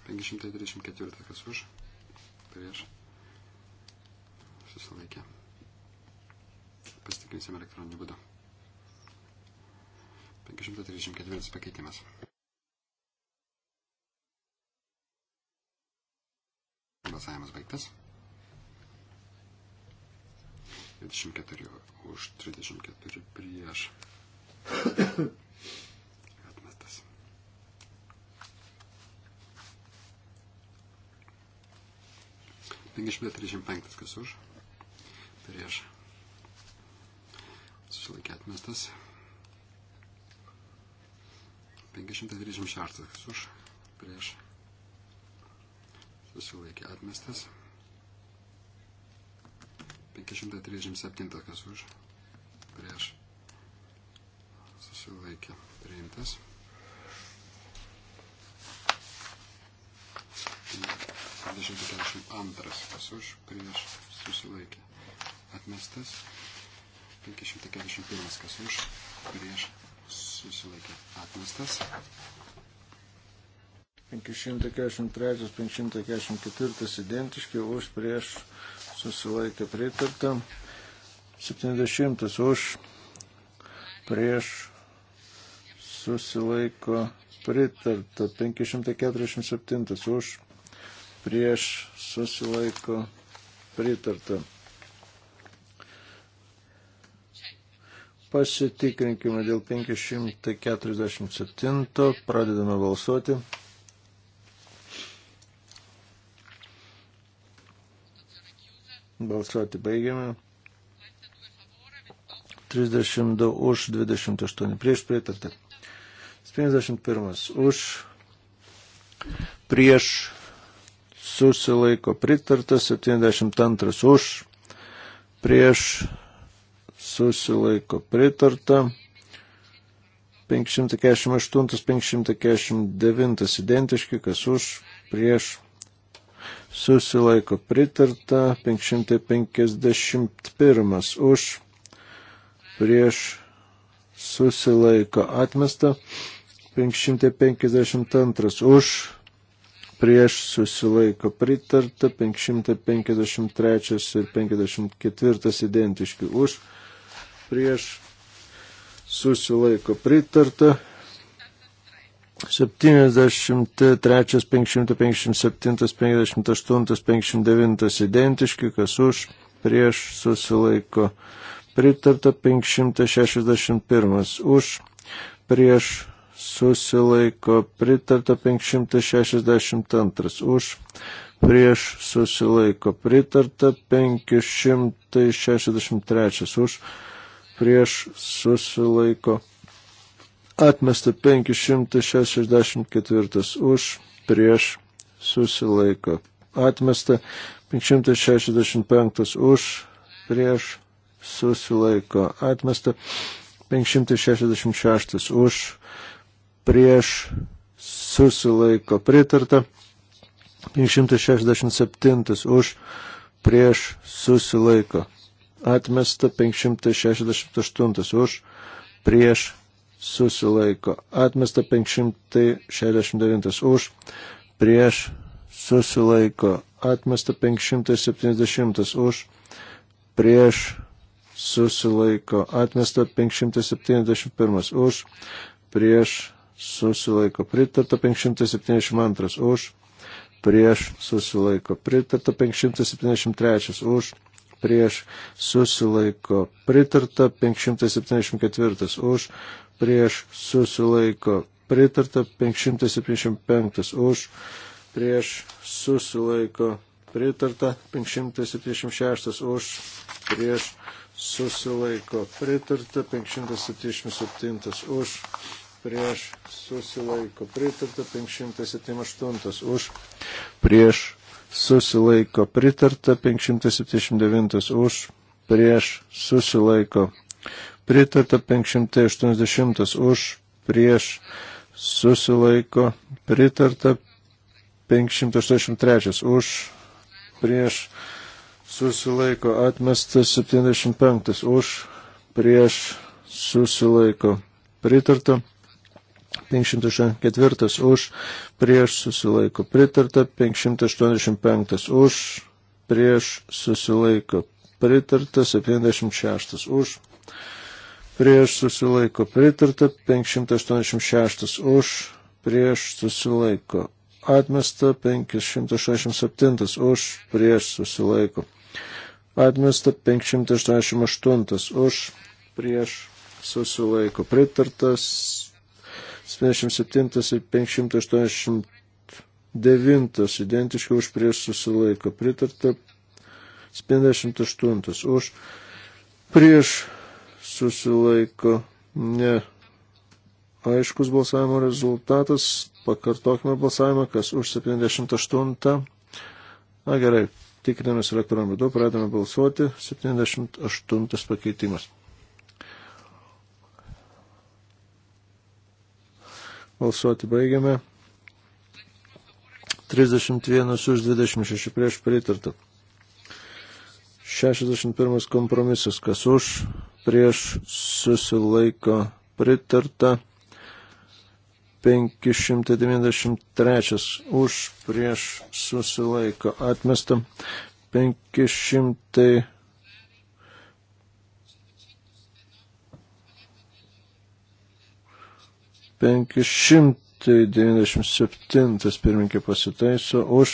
534 kas už prieš susilaikė. Pasitikrinsime elektroninį būdą. 534 pakeitimas. Balsavimas baigtas. 24 už 34 prieš. Atmestas. Penkišimtas trisdešimt penktas kas už. Prieš. Susilaikė atmestas. 536 kas už prieš susilaikė atmestas. 537 kas už prieš susilaikė priimtas. 542 kas už prieš susilaikė atmestas. 541 kas už prieš susilaikė atmestas. 543, 544 identiški, už prieš susilaikė pritarta. 70 už prieš susilaiko pritarta. 547 už prieš susilaiko pritarta. Pasitikrinkime dėl 547. Pradedame balsuoti. Balsuoti baigiame. 32 už, 28 prieš pritartą. 51 už, prieš susilaiko pritartas, 72 už, prieš susilaiko pritarta. 548-549 identiški, kas už, prieš, susilaiko pritarta. 551 už, prieš, susilaiko atmesta. 552 už, prieš susilaiko pritarta, 553 ir 54 identiški už, prieš susilaiko pritarta. 73, 557, 58, 59 identiški, kas už, prieš susilaiko pritarta 561, už, prieš susilaiko pritarta 562, už, prieš susilaiko pritarta 563, už prieš susilaiko atmesta 564 už prieš susilaiko atmesta 565 už prieš susilaiko atmesta 566 už prieš susilaiko pritarta 567 už prieš susilaiko atmesta 568 už, prieš susilaiko. Atmesta 569 už, prieš susilaiko. Atmesta 570 už, prieš susilaiko. Atmesta 571 už, prieš susilaiko. Pritarta 572 už, prieš susilaiko. Pritarta 573 už prieš susilaiko pritarta, 574 už prieš susilaiko pritarta, 575 už prieš susilaiko pritarta, 576 už prieš susilaiko pritarta, 577 už prieš susilaiko pritarta, 578 už prieš susilaiko pritarta, 579 už, prieš susilaiko pritarta, 580 už, prieš susilaiko pritarta, 583 už, prieš susilaiko atmestas, 75 už, prieš susilaiko pritarta. 504 už, prieš susilaiko pritarta, 585 už, prieš susilaiko pritarta, 76 už, prieš susilaiko pritarta, 586 už, prieš susilaiko atmesta, 567 už, prieš susilaiko atmesta, 588 už, prieš susilaiko pritartas. 77 ir 589 identiškai už prieš susilaiko pritarta 58 už prieš susilaiko ne aiškus balsavimo rezultatas pakartokime balsavimą kas už 78 na gerai tikrinamės elektroniniu būdu pradedame balsuoti 78 pakeitimas Balsuoti baigiame. 31 už 26 prieš pritartą. 61 kompromisas, kas už, prieš susilaiko pritarta. 593 už, prieš susilaiko atmesta. 500. 597 pirmininkė pasitaiso už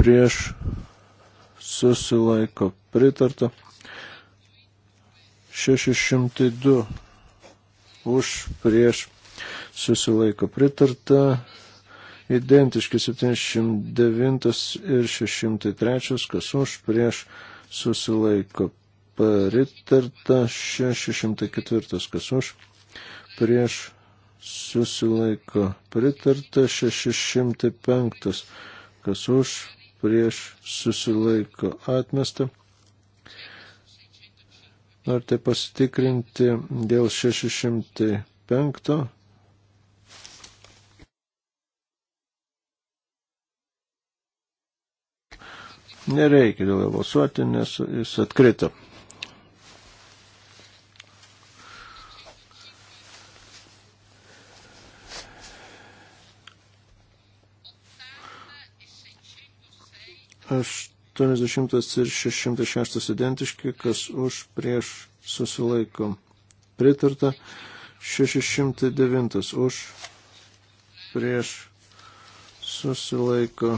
prieš susilaiko pritarta 602 už prieš susilaiko pritarta identiški 709 ir 603 kas už prieš susilaiko pritarta 604 kas už prieš susilaiko pritarta 605, kas už prieš susilaiko atmesta. Norite pasitikrinti dėl 605. Nereikia dėl jo balsuoti, nes jis atkrito. 80 ir 606 identiški, kas už prieš susilaiko. Pritarta 609 už prieš susilaiko.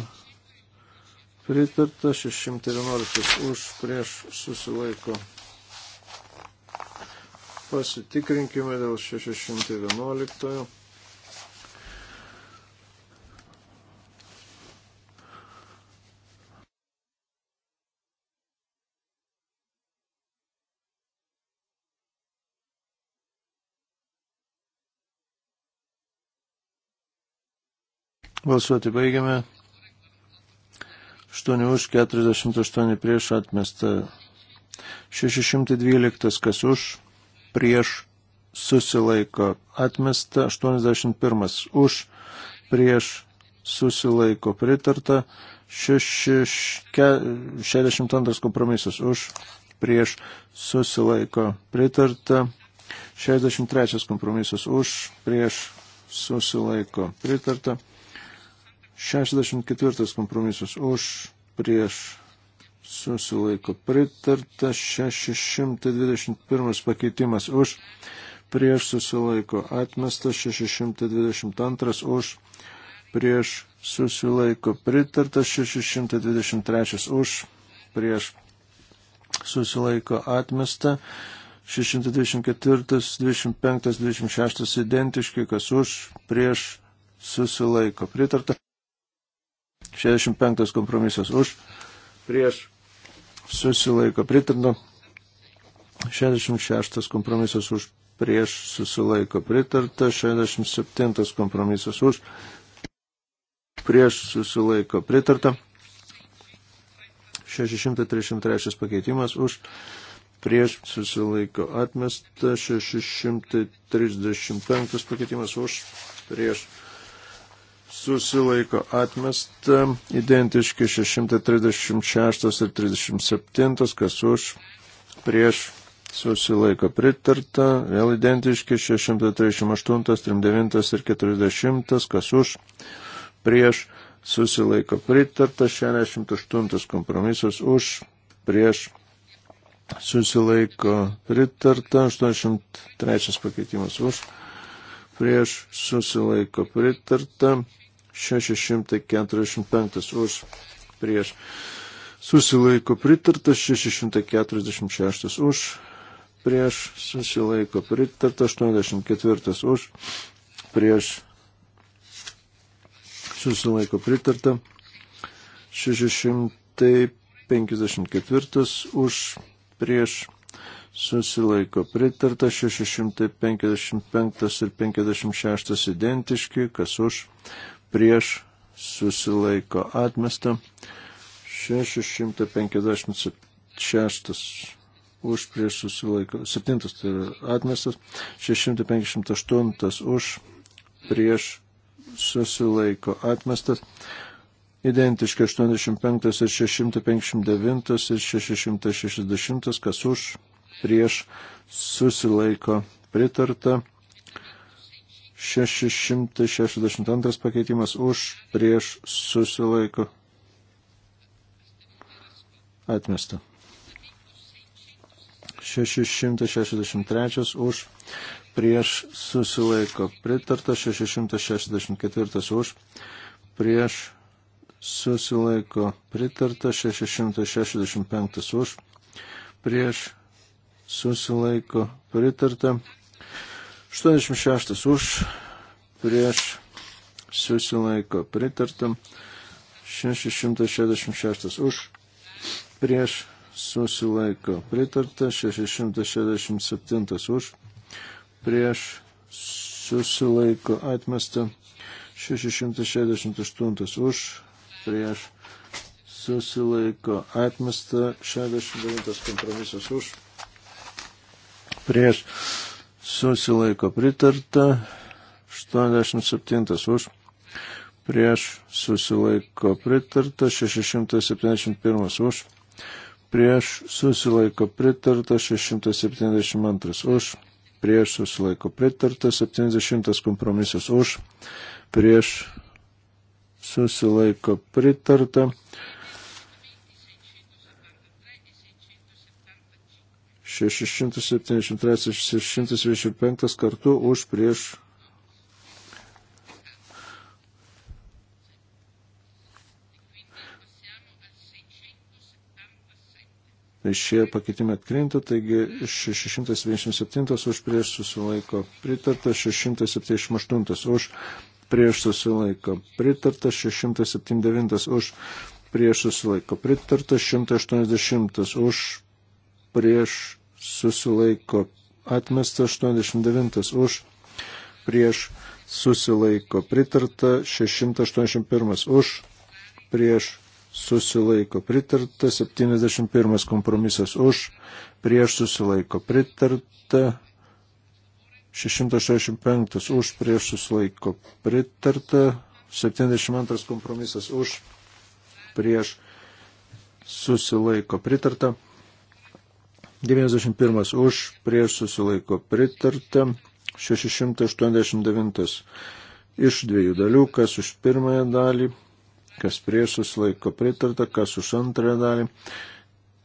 Pritarta 611 už prieš susilaiko. Pasitikrinkime dėl 611. Balsuoti baigiame. 8 už, 48 prieš atmesta. 612 kas už, prieš susilaiko atmesta. 81 už, prieš susilaiko pritarta. 62 kompromisas už, prieš susilaiko pritarta. 63 kompromisas už, prieš susilaiko pritarta. 64 kompromisas už prieš susilaiko pritarta 621 pakeitimas už prieš susilaiko atmestas 622 už prieš susilaiko pritartas 623 už prieš susilaiko atmesta 624, 25, 26 identiški, kas už prieš susilaiko pritarta. 65 kompromisas už, prieš susilaiko pritarno, 66 kompromisas už, prieš susilaiko pritarta, 67 kompromisas už, prieš susilaiko pritarta, 633 pakeitimas už, prieš susilaiko atmesta, 635 pakeitimas už, prieš susilaiko atmesta, identiški 636 ir 37, kas už, prieš susilaiko pritarta, vėl identiški 638, 39 ir 40, kas už, prieš susilaiko pritarta, 68 kompromisas už, prieš susilaiko pritarta, 83 pakeitimas už prieš susilaiko pritarta, 645 už prieš susilaiko pritartas 646 už prieš susilaiko pritartas 84 už prieš susilaiko pritarta 654 už prieš susilaiko pritarta 655 ir 56 identiški, kas už prieš susilaiko atmesta. 656 už prieš susilaiko. 7 tai yra atmestas. 658 už prieš susilaiko atmestas. Identiški 85 ir 659 ir 660, kas už prieš susilaiko pritarta. 662 pakeitimas už prieš susilaiko atmesta. 663 už prieš susilaiko pritarta, 664 už prieš susilaiko pritarta, 665 už prieš susilaiko pritarta. 86 už, prieš susilaiko pritartam. 666 už, prieš susilaiko pritarta. 667 už, prieš susilaiko atmesta. 668 už, prieš susilaiko atmesta. 69 kompromisas už, prieš susilaiko pritarta, 87 už, prieš susilaiko pritarta, 671 už, prieš susilaiko pritarta, 672 už, prieš susilaiko pritarta, 70 kompromisas už, prieš susilaiko pritarta, 673-625 kartu už prieš šie pakeitimai atkrinta, taigi 677 už prieš susilaiko pritarta, 678 už prieš susilaiko pritarta, 679 už prieš susilaiko pritarta, 180 už prieš susilaiko atmesta 89 už, prieš susilaiko pritarta 681 už, prieš susilaiko pritarta 71 kompromisas už, prieš susilaiko pritarta 665 už, prieš susilaiko pritarta 72 kompromisas už, prieš susilaiko pritarta 91 už, prieš susilaiko pritarta, 689 iš dviejų dalių, kas už pirmąją dalį, kas prieš susilaiko pritarta, kas už antrąją dalį,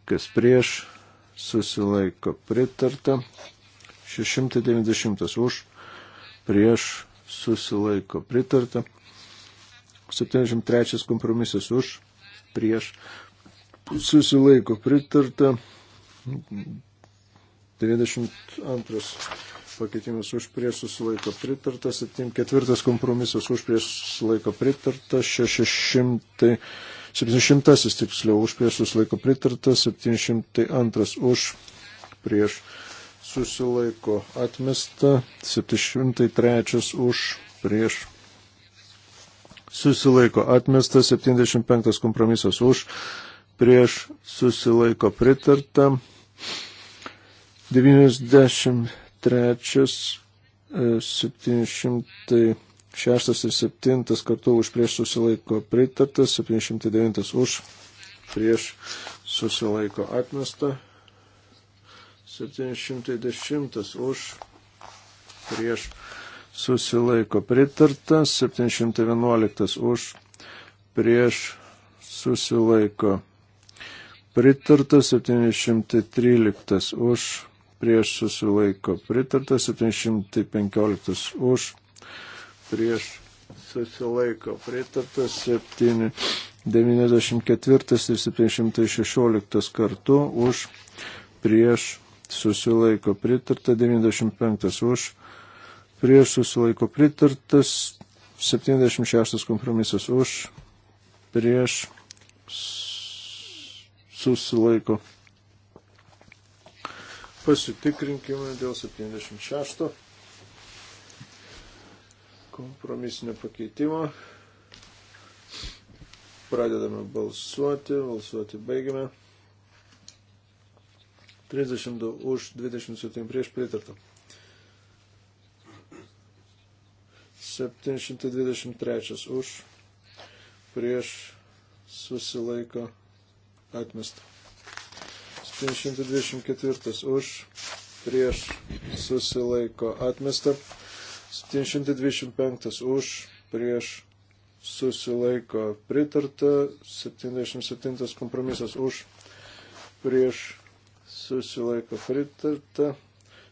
kas prieš susilaiko pritarta, 690 už, prieš susilaiko pritarta, 73 kompromisas už, prieš susilaiko pritarta. 92 pakeitimas už prieš susilaiko pritartas, 74 kompromisas už prieš susilaiko pritartas, 600, 700 tiksliau už prieš susilaiko pritartas, 702 už prieš susilaiko atmesta, 703 už prieš susilaiko atmesta, 75 kompromisas už prieš susilaiko pritarta. 93, 706 e, ir 7 kartu už prieš susilaiko pritarta, 709 už prieš susilaiko atmesta, 710 už prieš susilaiko pritarta, 711 už prieš susilaiko pritarta pritarta 713 už, prieš susilaiko pritarta 715 už, prieš susilaiko pritarta 7. 94 ir 716 kartu už, prieš susilaiko pritarta 95 už, prieš susilaiko pritartas 76 kompromisas už, prieš susilaiko. Pasitikrinkime dėl 76 kompromisinio pakeitimo. Pradedame balsuoti, balsuoti baigiame. 32 už, 27 prieš pritartą. 723 už, prieš susilaiko atmesta. 724 už, prieš susilaiko atmesta. 725 už, prieš susilaiko pritarta. 77 kompromisas už, prieš susilaiko pritarta.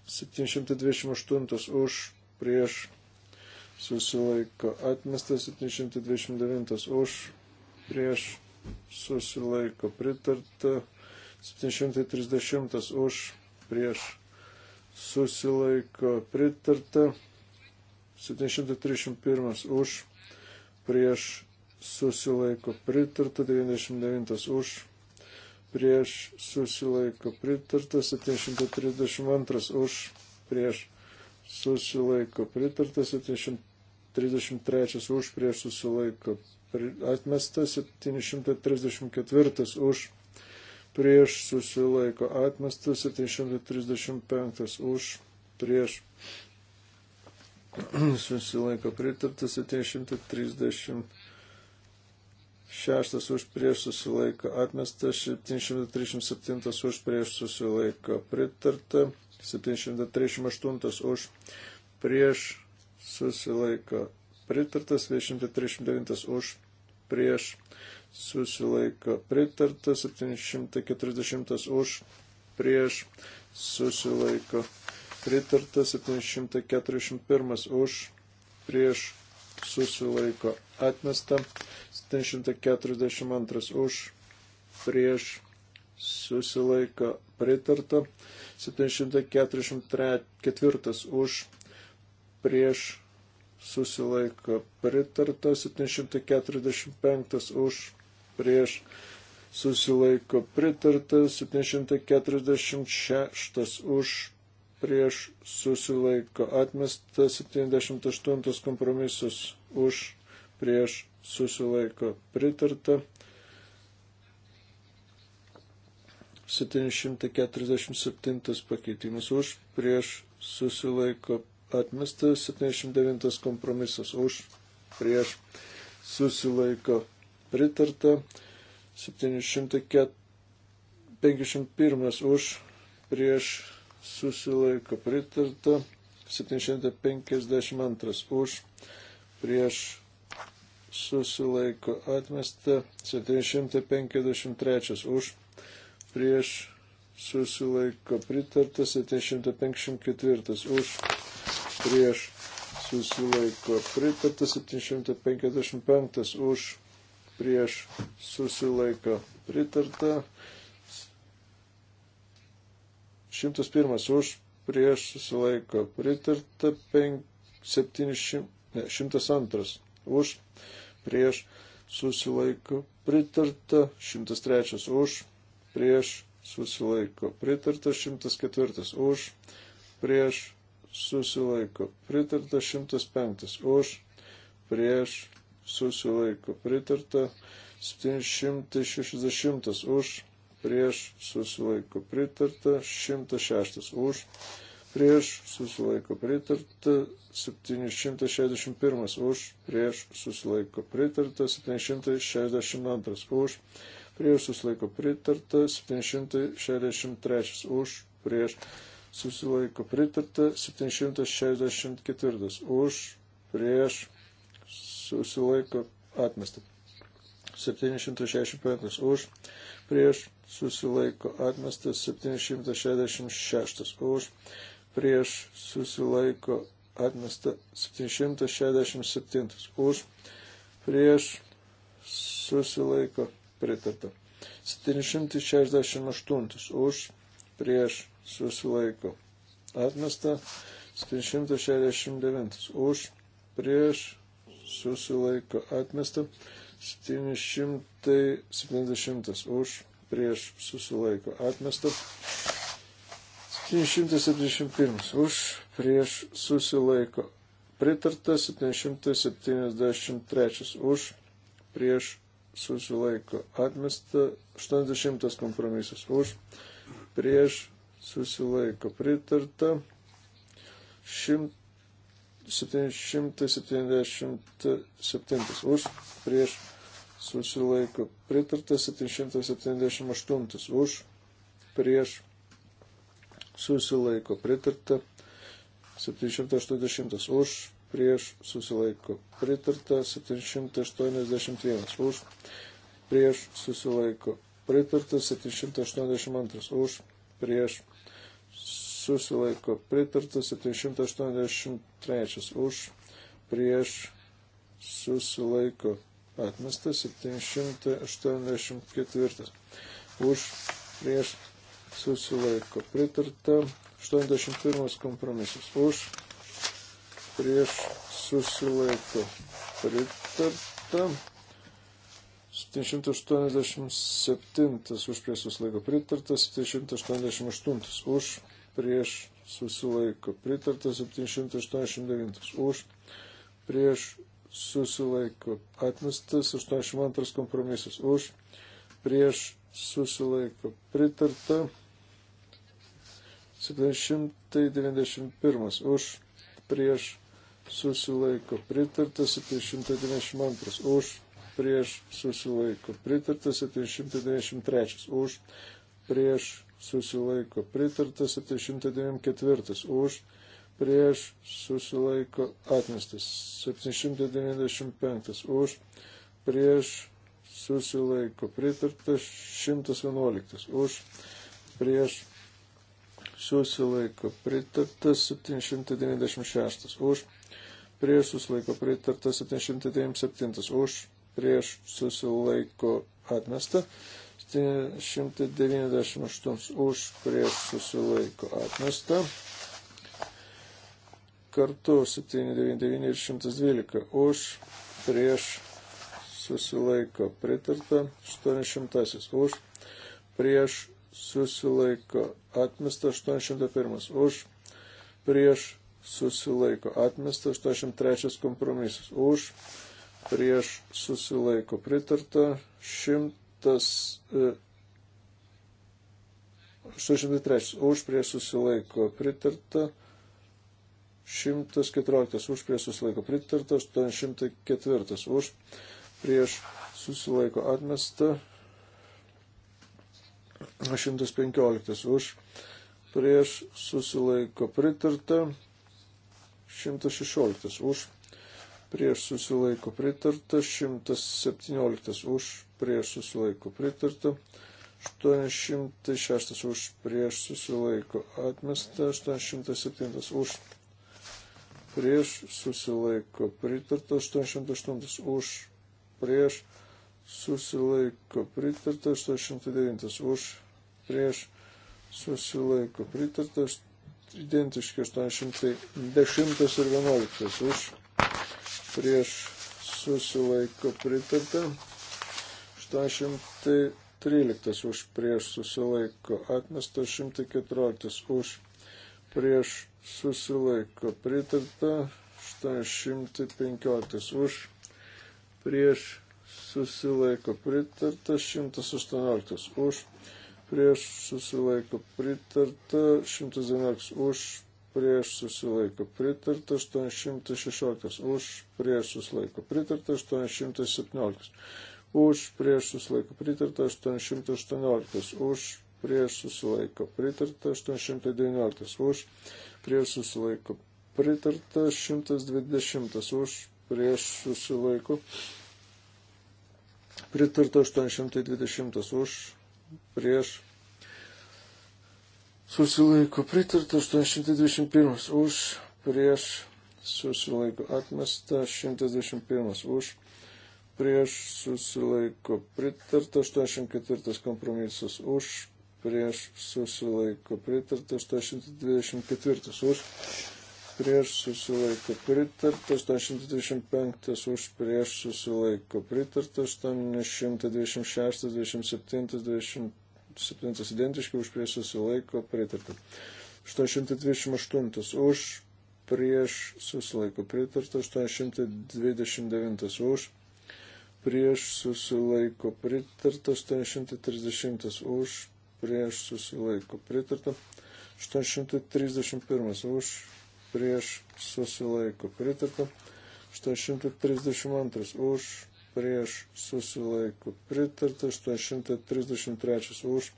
728 už, prieš susilaiko atmesta. 729 už, prieš susilaiko pritarta. 730 už prieš susilaiko pritarta. 731 už prieš susilaiko pritarta. 99 už prieš susilaiko pritarta. 732 už prieš susilaiko pritarta. 733 už prieš susilaiko atmestas, 734 už, prieš susilaiko atmestas, 735 už, prieš susilaiko pritartas, 736 už, prieš susilaiko atmestas, 737 už, prieš susilaiko pritarta, 738 už, prieš susilaiko pritartas, 239 už, prieš susilaiko pritartas, 740 už, prieš susilaiko pritartas, 741 už, prieš susilaiko atmesta, 742 už, prieš susilaiko pritarta, 744 už, prieš susilaiko pritarta, 745 už prieš susilaiko pritarta, 746 už prieš susilaiko atmesta, 78 kompromisus už prieš susilaiko pritarta. 747 pakeitimas už prieš susilaiko atmestas 79 kompromisas už, prieš susilaiko pritarta, 751 už, prieš susilaiko pritarta, 752 už, prieš susilaiko atmesta, 753 už, prieš susilaiko pritarta, 754 už prieš susilaiko pritarta, 755 už prieš susilaiko pritarta, 101 už prieš susilaiko pritarta, 702 už prieš susilaiko pritarta, 103 už prieš susilaiko pritarta, 104 už prieš susilaiko. Pritarta 105 už, prieš susilaiko. Pritarta 760 už, prieš susilaiko. Pritarta 106 už, prieš susilaiko. Pritarta 761 už, prieš susilaiko. Pritarta 762 už prieš susilaiko pritarta, 763 už, prieš susilaiko pritarta 764 už, prieš susilaiko atmesta. 765 už, prieš susilaiko atmestas 766 už, prieš susilaiko atmesta 767 už, prieš susilaiko pritarta 768 už, prieš susilaiko. Atmesta 769 už, prieš susilaiko. Atmesta 770 už, prieš susilaiko. Atmesta 771 už, prieš susilaiko. Pritarta 773 už, prieš susilaiko. Atmesta 80 kompromisas už, prieš susilaiko pritarta. 777 už, prieš susilaiko pritarta. 778 už, prieš susilaiko pritarta. 780 už, prieš susilaiko pritarta. 781 už, prieš susilaiko pritarta. 782 už prieš susilaiko pritarta 783 už prieš susilaiko atmestas 784 už prieš susilaiko pritarta 81 kompromisas už prieš susilaiko pritarta 787 už prieš susilaiko pritartas, 788 už prieš susilaiko pritartas, 789 už prieš susilaiko atmestas, 82 kompromisas už prieš susilaiko pritarta, 791 už prieš susilaiko pritarta, 792 už prieš susilaiko pritarta 793, už prieš susilaiko pritarta 794, už prieš susilaiko atmestas 795, už prieš susilaiko pritarta 111, už prieš susilaiko pritarta 796, už prieš susilaiko pritarta 797, už prieš susilaiko atmesta. 198 už prieš susilaiko atmesta. Kartu 799 ir 112 už prieš susilaiko pritarta. 800 už prieš susilaiko atmesta. 801 už prieš susilaiko atmesta. 803 kompromisas už prieš prieš susilaiko pritarta, 103 e, už prieš susilaiko pritarta, 114 už prieš susilaiko pritarta, 804 už prieš susilaiko atmesta, 115 už prieš susilaiko pritarta, 116 už prieš susilaiko pritarta, 117 už, prieš susilaiko pritarta, 806 už, prieš susilaiko atmesta, 807 už, prieš susilaiko pritarta, 808 už, prieš susilaiko pritarta, 809 už, prieš susilaiko pritarta, identiški 810 ir 11 už prieš susilaiko pritarta, 813 už prieš susilaiko atmesta, 114 už prieš susilaiko pritarta, 815 už prieš susilaiko pritarta, 118 už prieš susilaiko pritarta, 119 už prieš susilaiko pritarta 816, už prieš susilaiko pritarta 817, už prieš susilaiko pritarta 818, už prieš susilaiko pritarta 819, už prieš susilaiko pritarta 120, už prieš susilaiko pritarta 820, už prieš susilaiko pritarta 821 už, prieš susilaiko atmesta 121 už, prieš susilaiko pritarta 84 kompromisas už, prieš susilaiko pritarta 824 už prieš susilaiko pritartas, 125 už prieš susilaiko pritartas, 126, 27, 28, 7 identiški, už prieš susilaiko pritarta. 828 už prieš susilaiko pritarta, 829 už prieš susilaiko pritarta, 830 už prieš susilaiko pritarta, 831 už prieš susilaiko pritarta, 832 už prieš susilaiko pritarta, 833 už,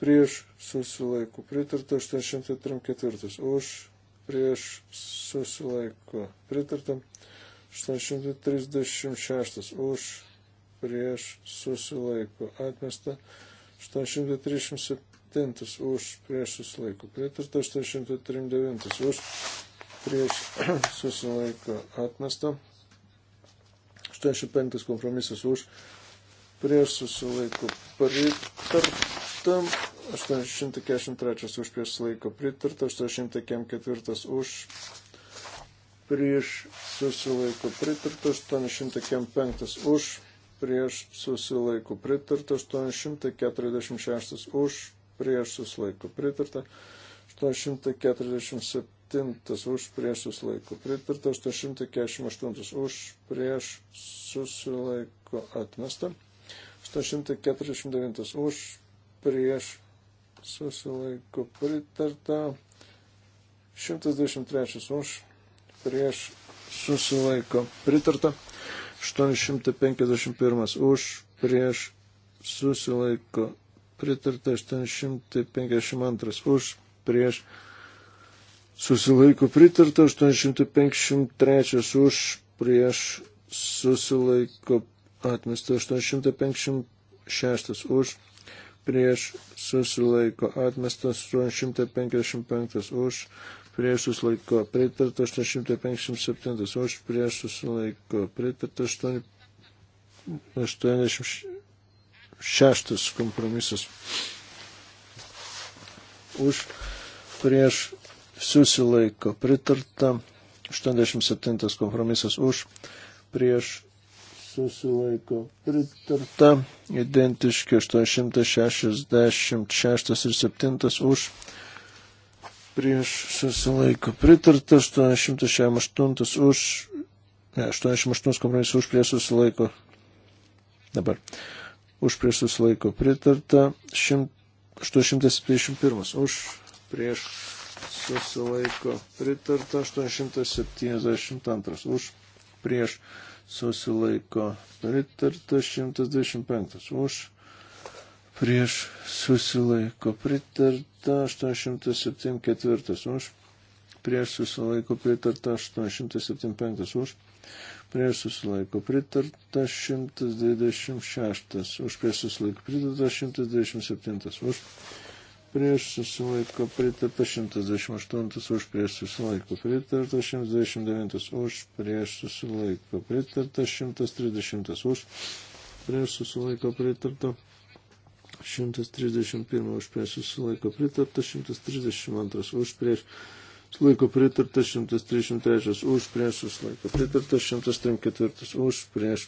prieš susilaiko pritarta, 834 už, prieš susilaiko pritarta, 836 už, prieš susilaiko atmesta, 837 už, prieš susilaiko pritarta, 839 už, prieš susilaiko atmesta. 85 kompromisas už, prieš susilaiko pritarta, 843 už prieš susilaiko pritarta, 804 už, prieš susilaiko pritarta, 805 už, prieš susilaiko pritarta, 846 už, prieš susilaiko pritarta, 847 už prieš susilaiko pritarta, 848 už prieš susilaiko atmesta, 849 už prieš susilaiko pritarta, 123 už prieš susilaiko pritarta, 851 už prieš susilaiko pritarta, 852 už prieš susilaiko pritarta susilaiko pritarta, 853 už, prieš susilaiko atmesta, 856 už, prieš susilaiko atmesta, 855 už, prieš susilaiko pritarta, 857 už, prieš susilaiko pritarta, 86 kompromisas už prieš susilaiko pritarta. 87 kompromisas už, prieš susilaiko pritarta. Identiški 866 ir 7 už, prieš susilaiko pritarta. 868 už, ne, 88 kompromisas už, prieš susilaiko. Dabar. Už prieš susilaiko pritarta. 100. 871 už prieš susilaiko pritarta, 872 už, prieš susilaiko pritarta, 125 už, prieš susilaiko pritarta, 874 už, prieš susilaiko pritarta, 875 už. Prieš susilaiko pritarta 126, už prieš susilaiko pritarta 127, už prieš susilaiko pritarta, 128 už prieš susilaiko pritarta, 129 už prieš susilaiko pritarta, 130 už prieš susilaiko pritarta. 131 už prieš susilaiko pritarta, 132 už prieš susilaiko pritarta, 133 už prieš susilaiko pritarta, 134 už prieš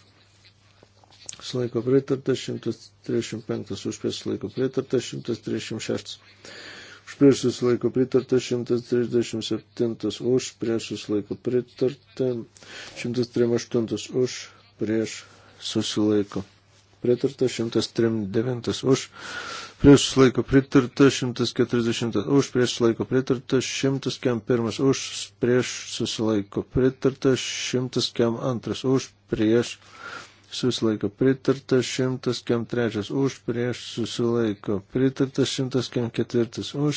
susilaiko pritarta, 135 už prieš susilaiko pritarta, 136 už prieš susilaiko pritarta, 137 už prieš susilaiko pritarta, 138 už prieš susilaiko pritarta, 139 už prieš susilaiko pritarta, 140 už prieš susilaiko pritarta, 101 už prieš susilaiko pritarta, 102 už prieš susilaiko pritarta 103 už, prieš susilaiko pritarta 104 už,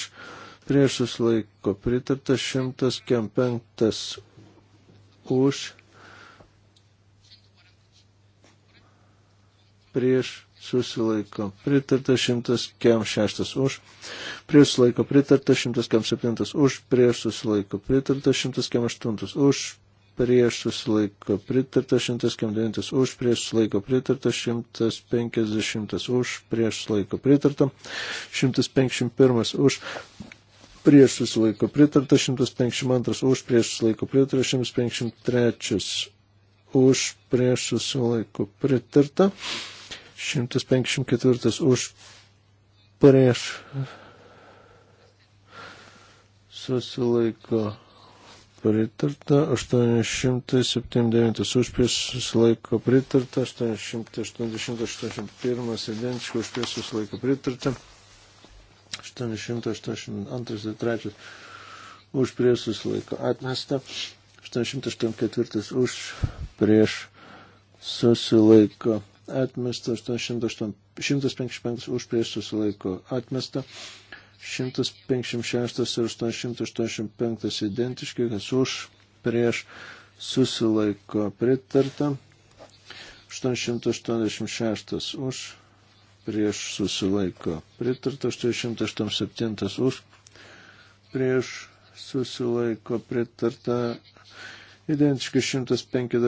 prieš susilaiko pritarta 105 už, prieš susilaiko pritarta 106 už, prieš susilaiko pritarta 107 už, prieš susilaiko pritarta 108 už, prieš susilaiko pritarta, 109 už prieš susilaiko pritarta, 150 už prieš susilaiko pritarta, 151 už prieš susilaiko pritarta, 152 už prieš susilaiko pritarta, 153 už prieš susilaiko pritarta, 154 už prieš susilaiko pritarta pritarta, 879 už prieš susilaiko pritarta, 881 identiškai už prieš susilaiko pritarta, 882 3 už prieš susilaiko atmesta, 884 už prieš susilaiko atmesta, 855 už prieš susilaiko atmesta. 156 ir 885 identiški, kas už, prieš, susilaiko pritarta. 886 už, prieš, susilaiko pritarta. 887 už, prieš, susilaiko pritarta. Identiški 157 ir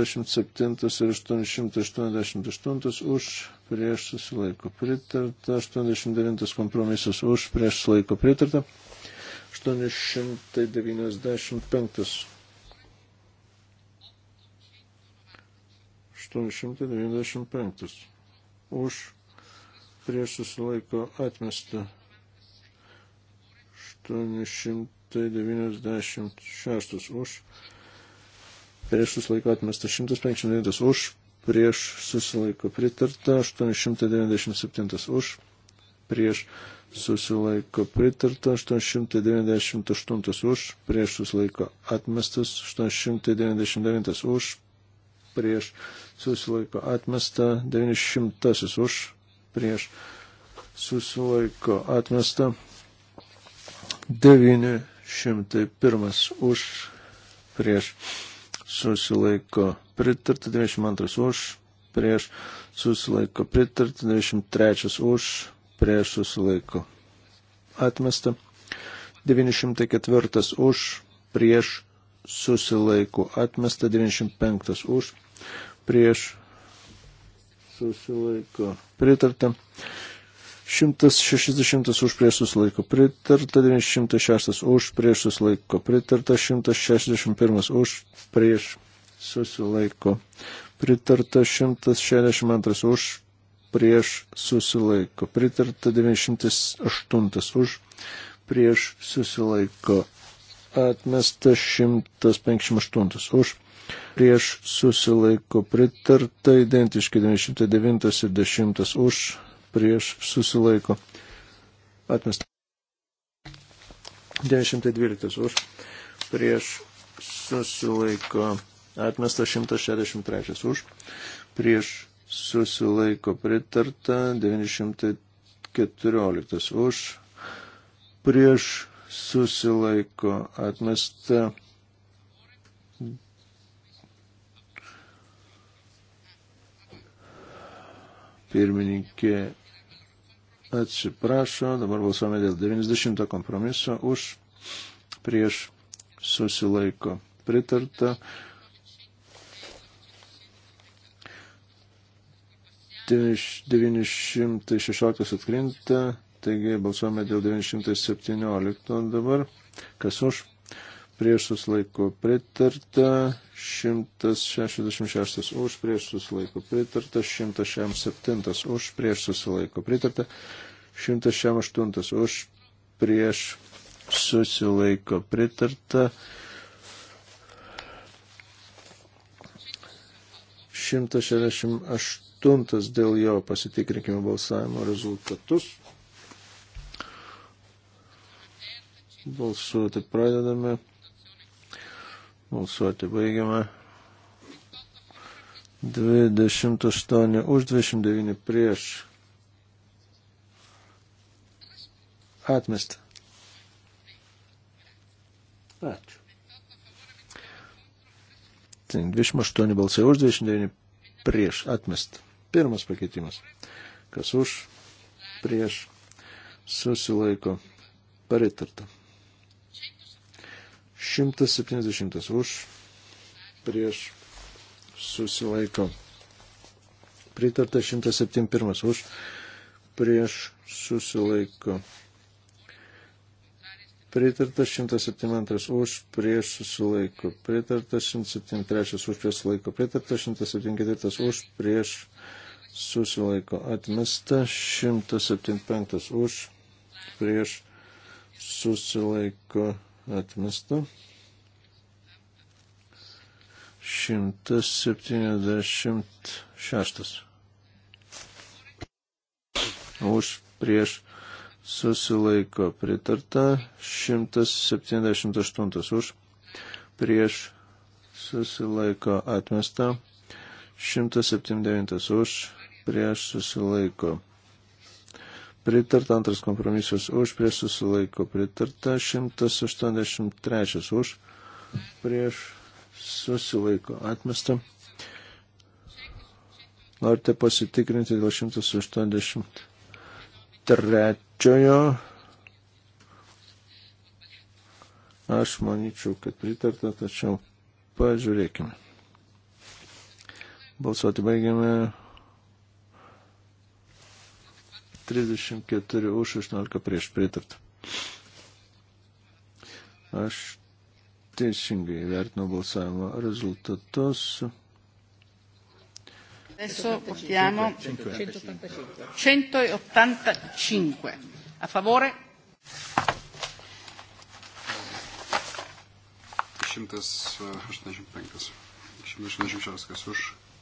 888 už, prieš susilaiko pritarta, 89 kompromisas už prieš susilaiko pritarta, 895. 895. Už prieš susilaiko atmesta 896 už prieš susilaiko atmesta 159 už prieš susilaiko pritarta, 897 už, prieš susilaiko pritarta, 898 už, prieš susilaiko atmestas, 899 už, prieš susilaiko atmesta, 900 už, prieš susilaiko atmesta, 901 už, prieš susilaiko atmesta susilaiko pritarta, 92 už, prieš susilaiko pritarta, 93 už, prieš susilaiko atmesta, 904 už, prieš susilaiko atmesta, 95 už, prieš susilaiko pritarta. 160 už prieš susilaiko pritarta, 906 už prieš susilaiko pritarta, 161 už prieš susilaiko pritarta, 162 už prieš susilaiko pritarta, 908 už prieš susilaiko atmesta, 158 už prieš susilaiko pritarta, identiški 909 ir 10 už prieš susilaiko. Atmesta. 912 už prieš susilaiko. Atmesta 163 už prieš susilaiko pritarta 914 už prieš susilaiko atmesta pirmininkė atsiprašo, dabar balsuojame dėl 90 kompromiso už prieš susilaiko pritarta. 916 atkrinta, taigi balsuojame dėl 917 dabar. Kas už? prieš susilaiko pritarta, 166 už prieš susilaiko pritarta, 167 už prieš susilaiko pritarta, 168 už prieš susilaiko pritarta, 168 dėl jo pasitikrinkime balsavimo rezultatus. Balsuoti pradedame. Balsuoti baigiame. 28 už 29 prieš. Atmesta. Ačiū. 28 tai balsai už 29 prieš. Atmesta. Pirmas pakeitimas. Kas už prieš susilaiko. Paritarta. 170 už prieš susilaiko. Pritarta 171 už prieš susilaiko. Pritartas 172 už prieš susilaiko. Pritartas 173 už prieš susilaiko. Pritartas 174 už prieš susilaiko. Atmesta 175 už prieš susilaiko atmesta. 176. Už prieš susilaiko pritarta. 178. Už prieš susilaiko atmesta. 179. Už prieš susilaiko pritarta, antras kompromisas už, prieš susilaiko pritarta, 183 už, prieš susilaiko atmesta. Norite pasitikrinti dėl 183. Aš manyčiau, kad pritarta, tačiau pažiūrėkime. Balsuoti baigiame. 34 už 18 prieš pritartą. Aš teisingai vertinau balsavimo rezultatus. Adesso votiamo 185. 185. A favore? 185. 186 už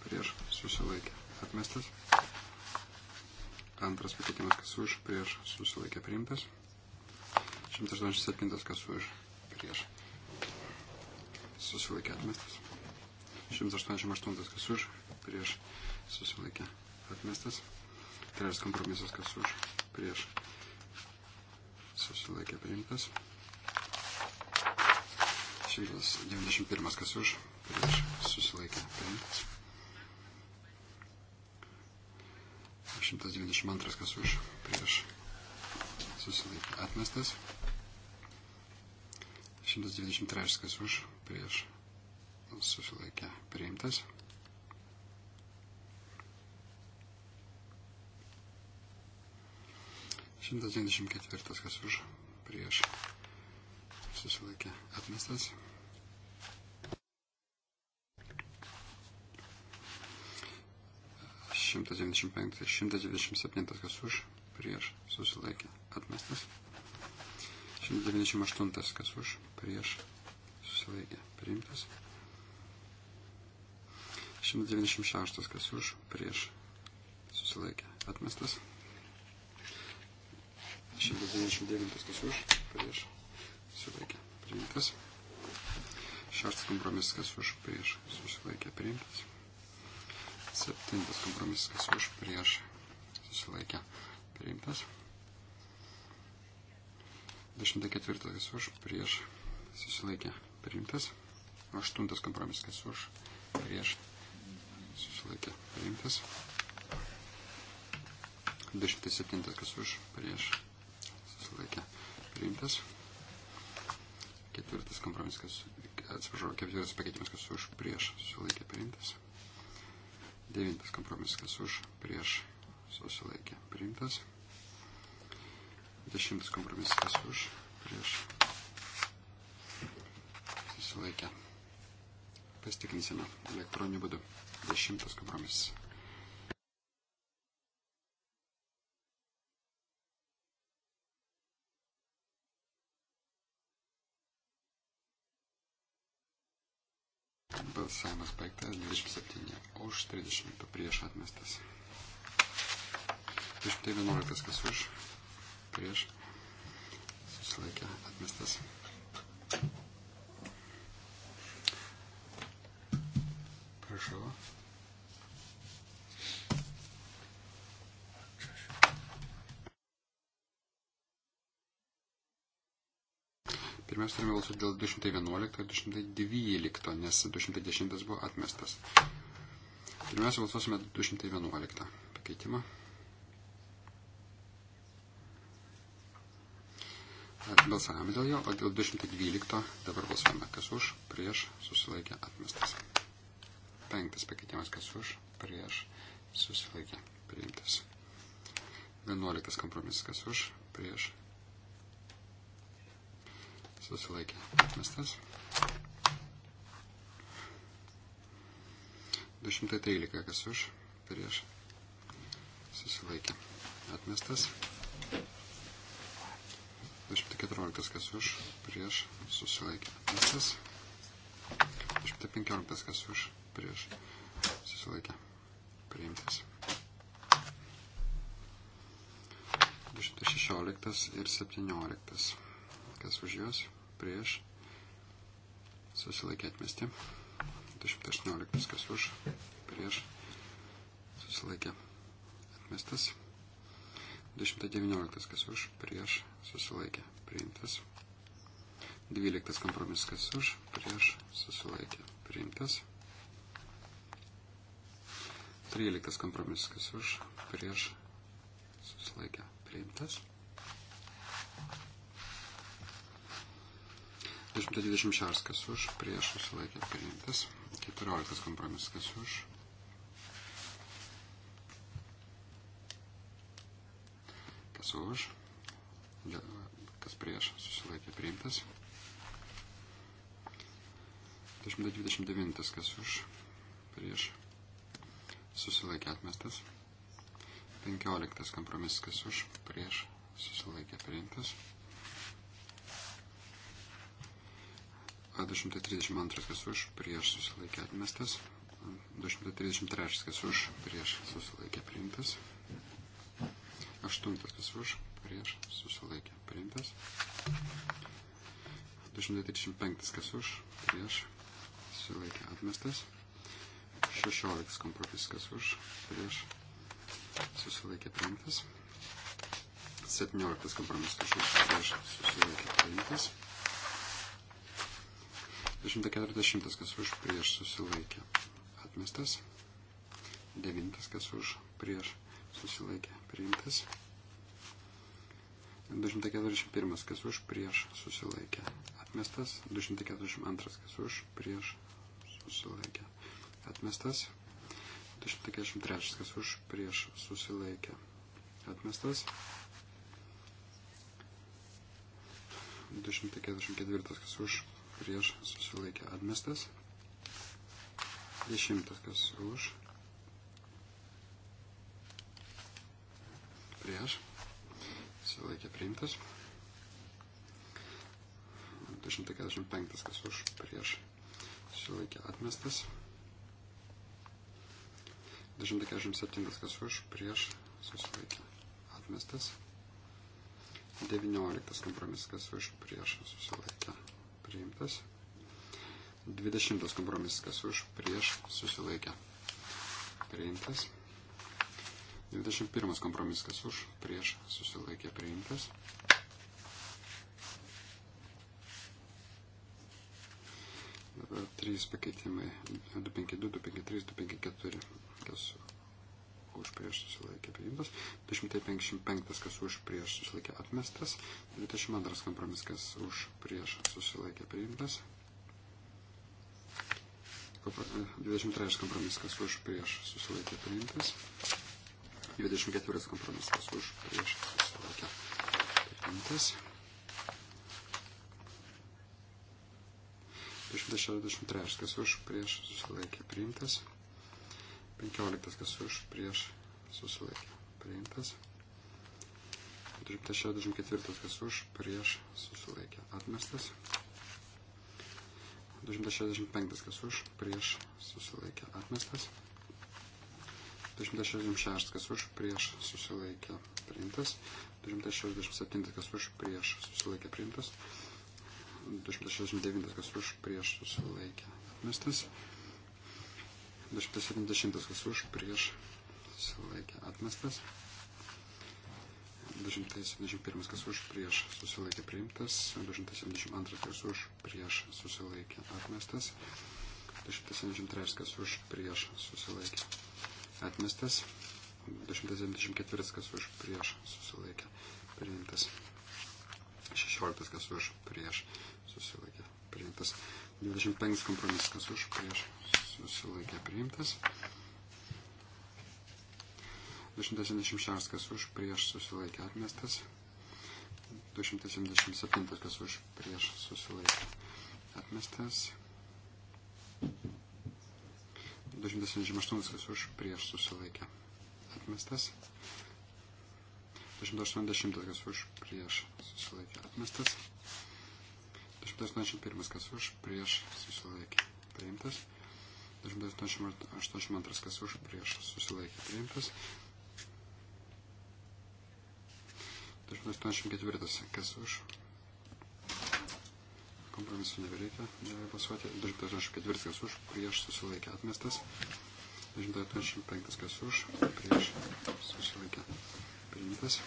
prieš susilaikė. Atmestas. Antras pakeitimas kas už, prieš susilaikė priimtas. 187 kas už, prieš susilaikė atmestas. 188 kas už, prieš susilaikė atmestas. Trečias kompromisas kas už, prieš susilaikė priimtas. 191 kas už, prieš susilaikė priimtas. 192 kas už prieš susilaikė atmestas. 123 kas už prieš susilaikė priimtas. Šimtas dvidešimt ketvirtas, kas už, prieš, susilaikė atmestas. 195, 197, kas už, prieš, susilaikė, atmestas. 198, kas už, prieš, susilaikė, priimtas. 196, kas už, prieš, susilaikė, atmestas. 199, kas už, prieš, susilaikė, priimtas. Šeštas kompromisas, kas už, prieš, susilaikė, priimtas. Septintas kompromisas, kas už prieš susilaikė priimtas. 24 kas už prieš susilaikė priimtas. 8 kompromisas, kas už prieš susilaikė priimtas. 27 kas už prieš susilaikė priimtas. Ketvirtas kompromisas, atsiprašau, ketvirtas pakeitimas, kas už prieš susilaikė priimtas. Devintas kompromisas, kas už, prieš, susilaikė, priimtas. Dešimtas kompromisas, kas už, prieš, susilaikė. Pastikrinsime elektroniniu būdu. Dešimtas kompromisas. Balsavimas baigtas 27 už 30 prieš atmestas. 211 kas už prieš susilaikė atmestas. pirmiausia turime balsuoti dėl 211 ir 212, nes 210 buvo atmestas. Pirmiausia, balsuosime 211 pakeitimą. Balsavome dėl jo, o dėl 212 dabar balsuojame, kas už, prieš, susilaikė atmestas. Penktas pakeitimas, kas už, prieš, susilaikė priimtas. Vienuoliktas kompromisas, kas už, prieš, susilaikė atmestas. 213 kas už, prieš susilaikė atmestas. 214 kas už, prieš susilaikė atmestas. 215 kas už, prieš susilaikė priimtas. 216 ir 17. Kas už juos? prieš, susilaikė atmesti. 218 kas už, prieš, susilaikė atmestas. 219 kas už, prieš, susilaikė priimtas. 12 kompromisas kas už, prieš, susilaikė priimtas. 13 kompromisas kas už, prieš, susilaikė priimtas. 226 kas už, prieš susilaikė priimtas. 14 kompromisas kas už. Kas už. Kas prieš susilaikė priimtas. 229 kas už. Prieš susilaikė atmestas. 15 kompromisas kas už. Prieš susilaikė priimtas. 232 kas už, prieš susilaikė atmestas. 233 kas už, prieš susilaikė priimtas. 8 kas už, prieš susilaikė priimtas. 235 kas už, prieš susilaikė atmestas. 16 kompromisas kas už, prieš susilaikė priimtas. 17 kompromisas kas už, prieš susilaikė priimtas. 140 kas už prieš susilaikė atmestas. 9 kas už prieš susilaikė priimtas. 241 kas už prieš susilaikė atmestas. 242 kas už prieš susilaikė atmestas. 243 kas už prieš susilaikė atmestas. 244 kas už prieš susilaikė atmestas. Dešimtas, kas už, prieš susilaikė priimtas. 245, kas už, prieš susilaikė atmestas. 247, kas už, prieš susilaikė atmestas. 19 kompromisas už prieš susilaikę priimtas. 20 kompromisas, kas už, prieš, susilaikė, priimtas. 21 kompromisas, kas už, prieš, susilaikė, priimtas. 3 pakeitimai 252, 253, 254, kas už prieš susilaikė priimtas, 255 kas už prieš susilaikė atmestas, 22 kompromis kas už prieš susilaikė priimtas, 23 e, kompromis kas už prieš susilaikė priimtas, 24 kompromis kas už prieš susilaikė priimtas. 263 už prieš susilaikė priimtas. 15 kas už prieš susilaikė priimtas. 264 kas už prieš susilaikė atmestas. 265 kas už prieš susilaikė atmestas. 266 kas už prieš susilaikė priimtas. 267 kas už prieš susilaikė priimtas. 269 kas už prieš susilaikė atmestas. 270 kas už, prieš susilaikė atmestas. 271 kas už, prieš susilaikė priimtas. 272 kas už, prieš susilaikė atmestas. 273 kas už, prieš susilaikė atmestas. 274 kas už, prieš susilaikė priimtas. 16 kas už, prieš susilaikė priimtas. 25 kompromisas kas už, prieš susilaikė priimtas. 276 kas už, prieš susilaikė atmestas. 277 kas už, prieš susilaikė atmestas. 278 kas už, prieš susilaikė atmestas. 280 kas už, prieš susilaikė atmestas. 181 kas už, prieš susilaikė priimtas. 182 kas už prieš susilaikė priimtas. 184 kas už. Kompromisų nebereikia, nereikia pasuoti. 284 kas už prieš susilaikė atmestas. 285 kas už prieš susilaikė priimtas.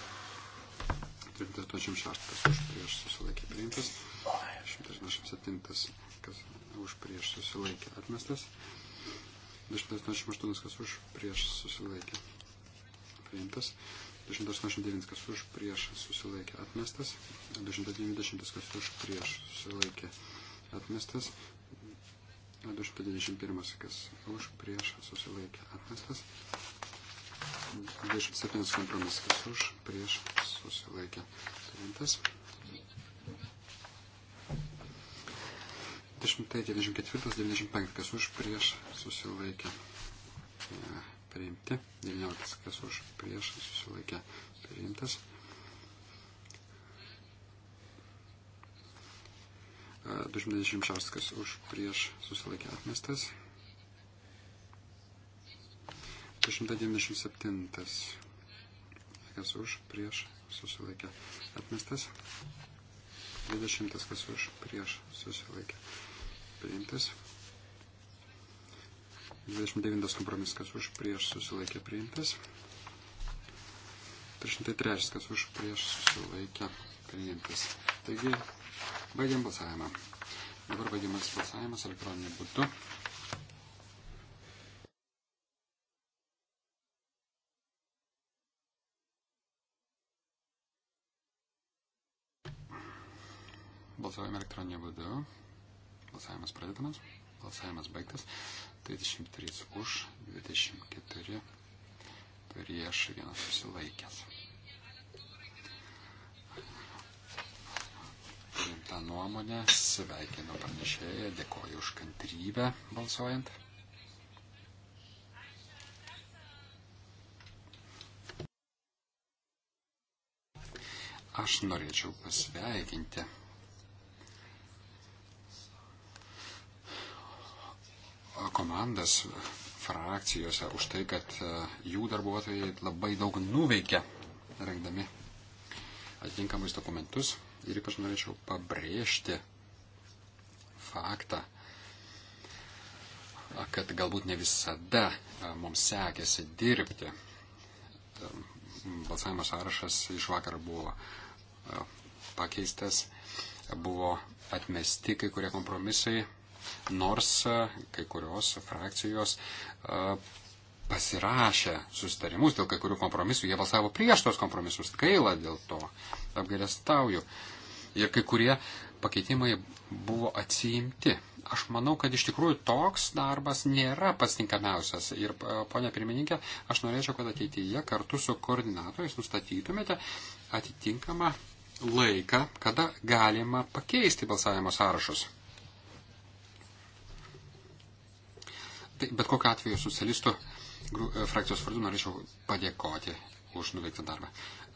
186 už prieš susilaikė priimtas, 127 kas už prieš susilaikė atmestas, 288 kas už prieš susilaikė priimtas. 289 kas už prieš susilaikė atmestas. 290 kas už prieš susilaikė atmestas. 291 kas už prieš susilaikė atmestas. 27 kompromisas kas už prieš susilaikė priimtas. 94-95, kas už prieš susilaikė e, priimti, 19, kas už prieš susilaikė priimtas. E, uh, 226, kas už prieš susilaikė atmestas. 297, kas už prieš susilaikė atmestas. 20, kas už prieš susilaikė atmestas priimtas. 29 kompromisas, kas už prieš susilaikė priimtas. 303, kas už prieš susilaikė priimtas. Taigi, baigiam balsavimą. Dabar baigiamas balsavimas elektroniniu būdu. balsuojame elektroniniu būdu. Balsavimas pradedamas, balsavimas baigtas. 33 už, 24 prieš, vienas susilaikęs. Rimta nuomonė, sveikinu pranešėją, dėkoju už kantrybę balsuojant. Aš norėčiau pasveikinti komandas frakcijose už tai, kad e, jų darbuotojai labai daug nuveikia rengdami atitinkamus dokumentus. Ir ypač norėčiau pabrėžti faktą, kad galbūt ne visada e, mums sekėsi dirbti. E, balsavimo sąrašas iš vakar buvo pakeistas, buvo atmesti kai kurie kompromisai, nors e, kai kurios frakcijos e, pasirašė susitarimus dėl kai kurių kompromisų, jie balsavo prieš tos kompromisus, gaila dėl to, apgailestauju. Ir kai kurie pakeitimai buvo atsiimti. Aš manau, kad iš tikrųjų toks darbas nėra pats tinkamiausias. Ir, e, ponia pirmininkė, aš norėčiau, kad ateityje kartu su koordinatoriais nustatytumėte atitinkamą laiką, kada galima pakeisti balsavimo sąrašus. Tai bet kokiu atveju socialistų e, frakcijos vardu norėčiau padėkoti už nuveiktą darbą.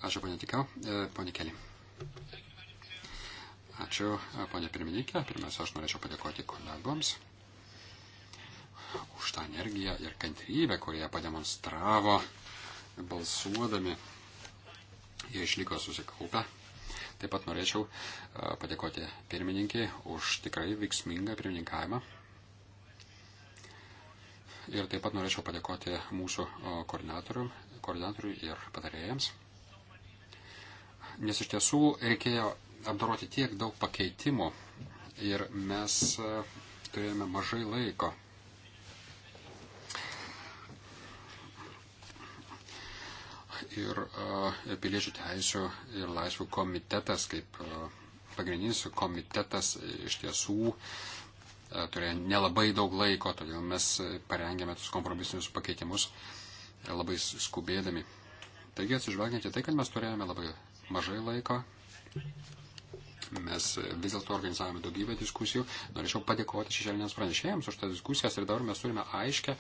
Ačiū, ponė Tikau, e, ponė Keli. Ačiū, e, ponė pirmininkė. Pirmiausia, aš norėčiau padėkoti kolegoms už tą energiją ir kantrybę, kurią pademonstravo balsuodami. Jie išliko susikaupę. Taip pat norėčiau padėkoti pirmininkiai už tikrai veiksmingą pirmininkavimą ir taip pat norėčiau padėkoti mūsų koordinatoriui ir patarėjams, nes iš tiesų reikėjo apdaroti tiek daug pakeitimų ir mes e, turėjome mažai laiko. Ir uh, piliečių teisų ir laisvų komitetas kaip uh, pagrindinis komitetas iš tiesų uh, E, turėjo nelabai daug laiko, todėl mes e, parengėme tus kompromisinius pakeitimus e, labai skubėdami. Taigi atsižvelgiant į tai, kad mes turėjome labai mažai laiko, mes vis dėlto organizavome daugybę diskusijų. Norėčiau padėkoti šešėlinėms pranešėjams už tas diskusijas ir dabar mes turime aiškę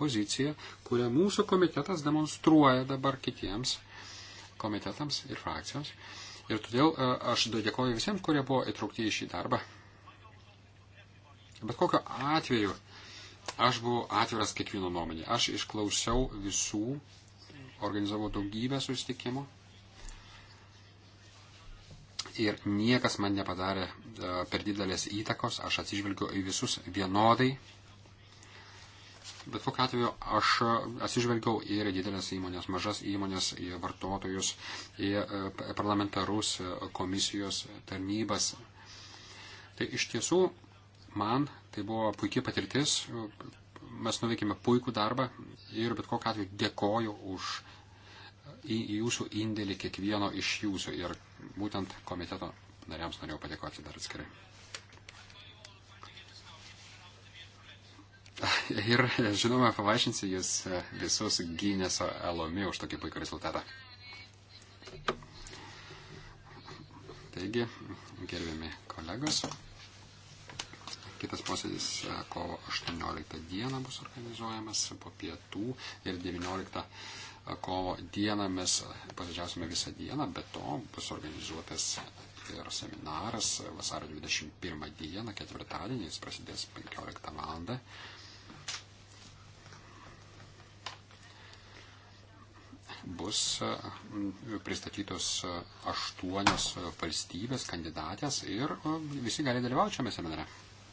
poziciją, kurią mūsų komitetas demonstruoja dabar kitiems komitetams ir frakcijoms. Ir todėl aš dėkoju visiems, kurie buvo įtraukti į šį darbą. Bet kokiu atveju aš buvau atviras kiekvieno nuomonė. Aš išklausiau visų, organizavau daugybę susitikimų. Ir niekas man nepadarė e, per didelės įtakos, aš atsižvelgiu į visus vienodai. Bet kokiu atveju aš atsižvelgiau ir į didelės įmonės, mažas įmonės, į vartotojus, į e, parlamentarus, e, komisijos, tarnybas. Tai iš tiesų man tai buvo puikia patirtis, mes nuveikėme puikų darbą ir bet kokiu atveju dėkoju už į jūsų indėlį kiekvieno iš jūsų ir būtent komiteto nariams norėjau padėkoti dar atskirai. Ir, žinoma, pavaišinsiu jūs e, visus Gyneso Elomi už tokį puikų rezultatą. Taigi, gerbiami kolegos. Kitas posėdis e, kovo 18 dieną bus organizuojamas po pietų ir 19 e, kovo dieną mes posėdžiausime visą dieną, bet to bus organizuotas ir seminaras vasario 21 dieną, ketvirtadienį, jis prasidės 15 val. bus e, pristatytos aštuonios valstybės kandidatės ir visi gali dalyvauti šiame seminare.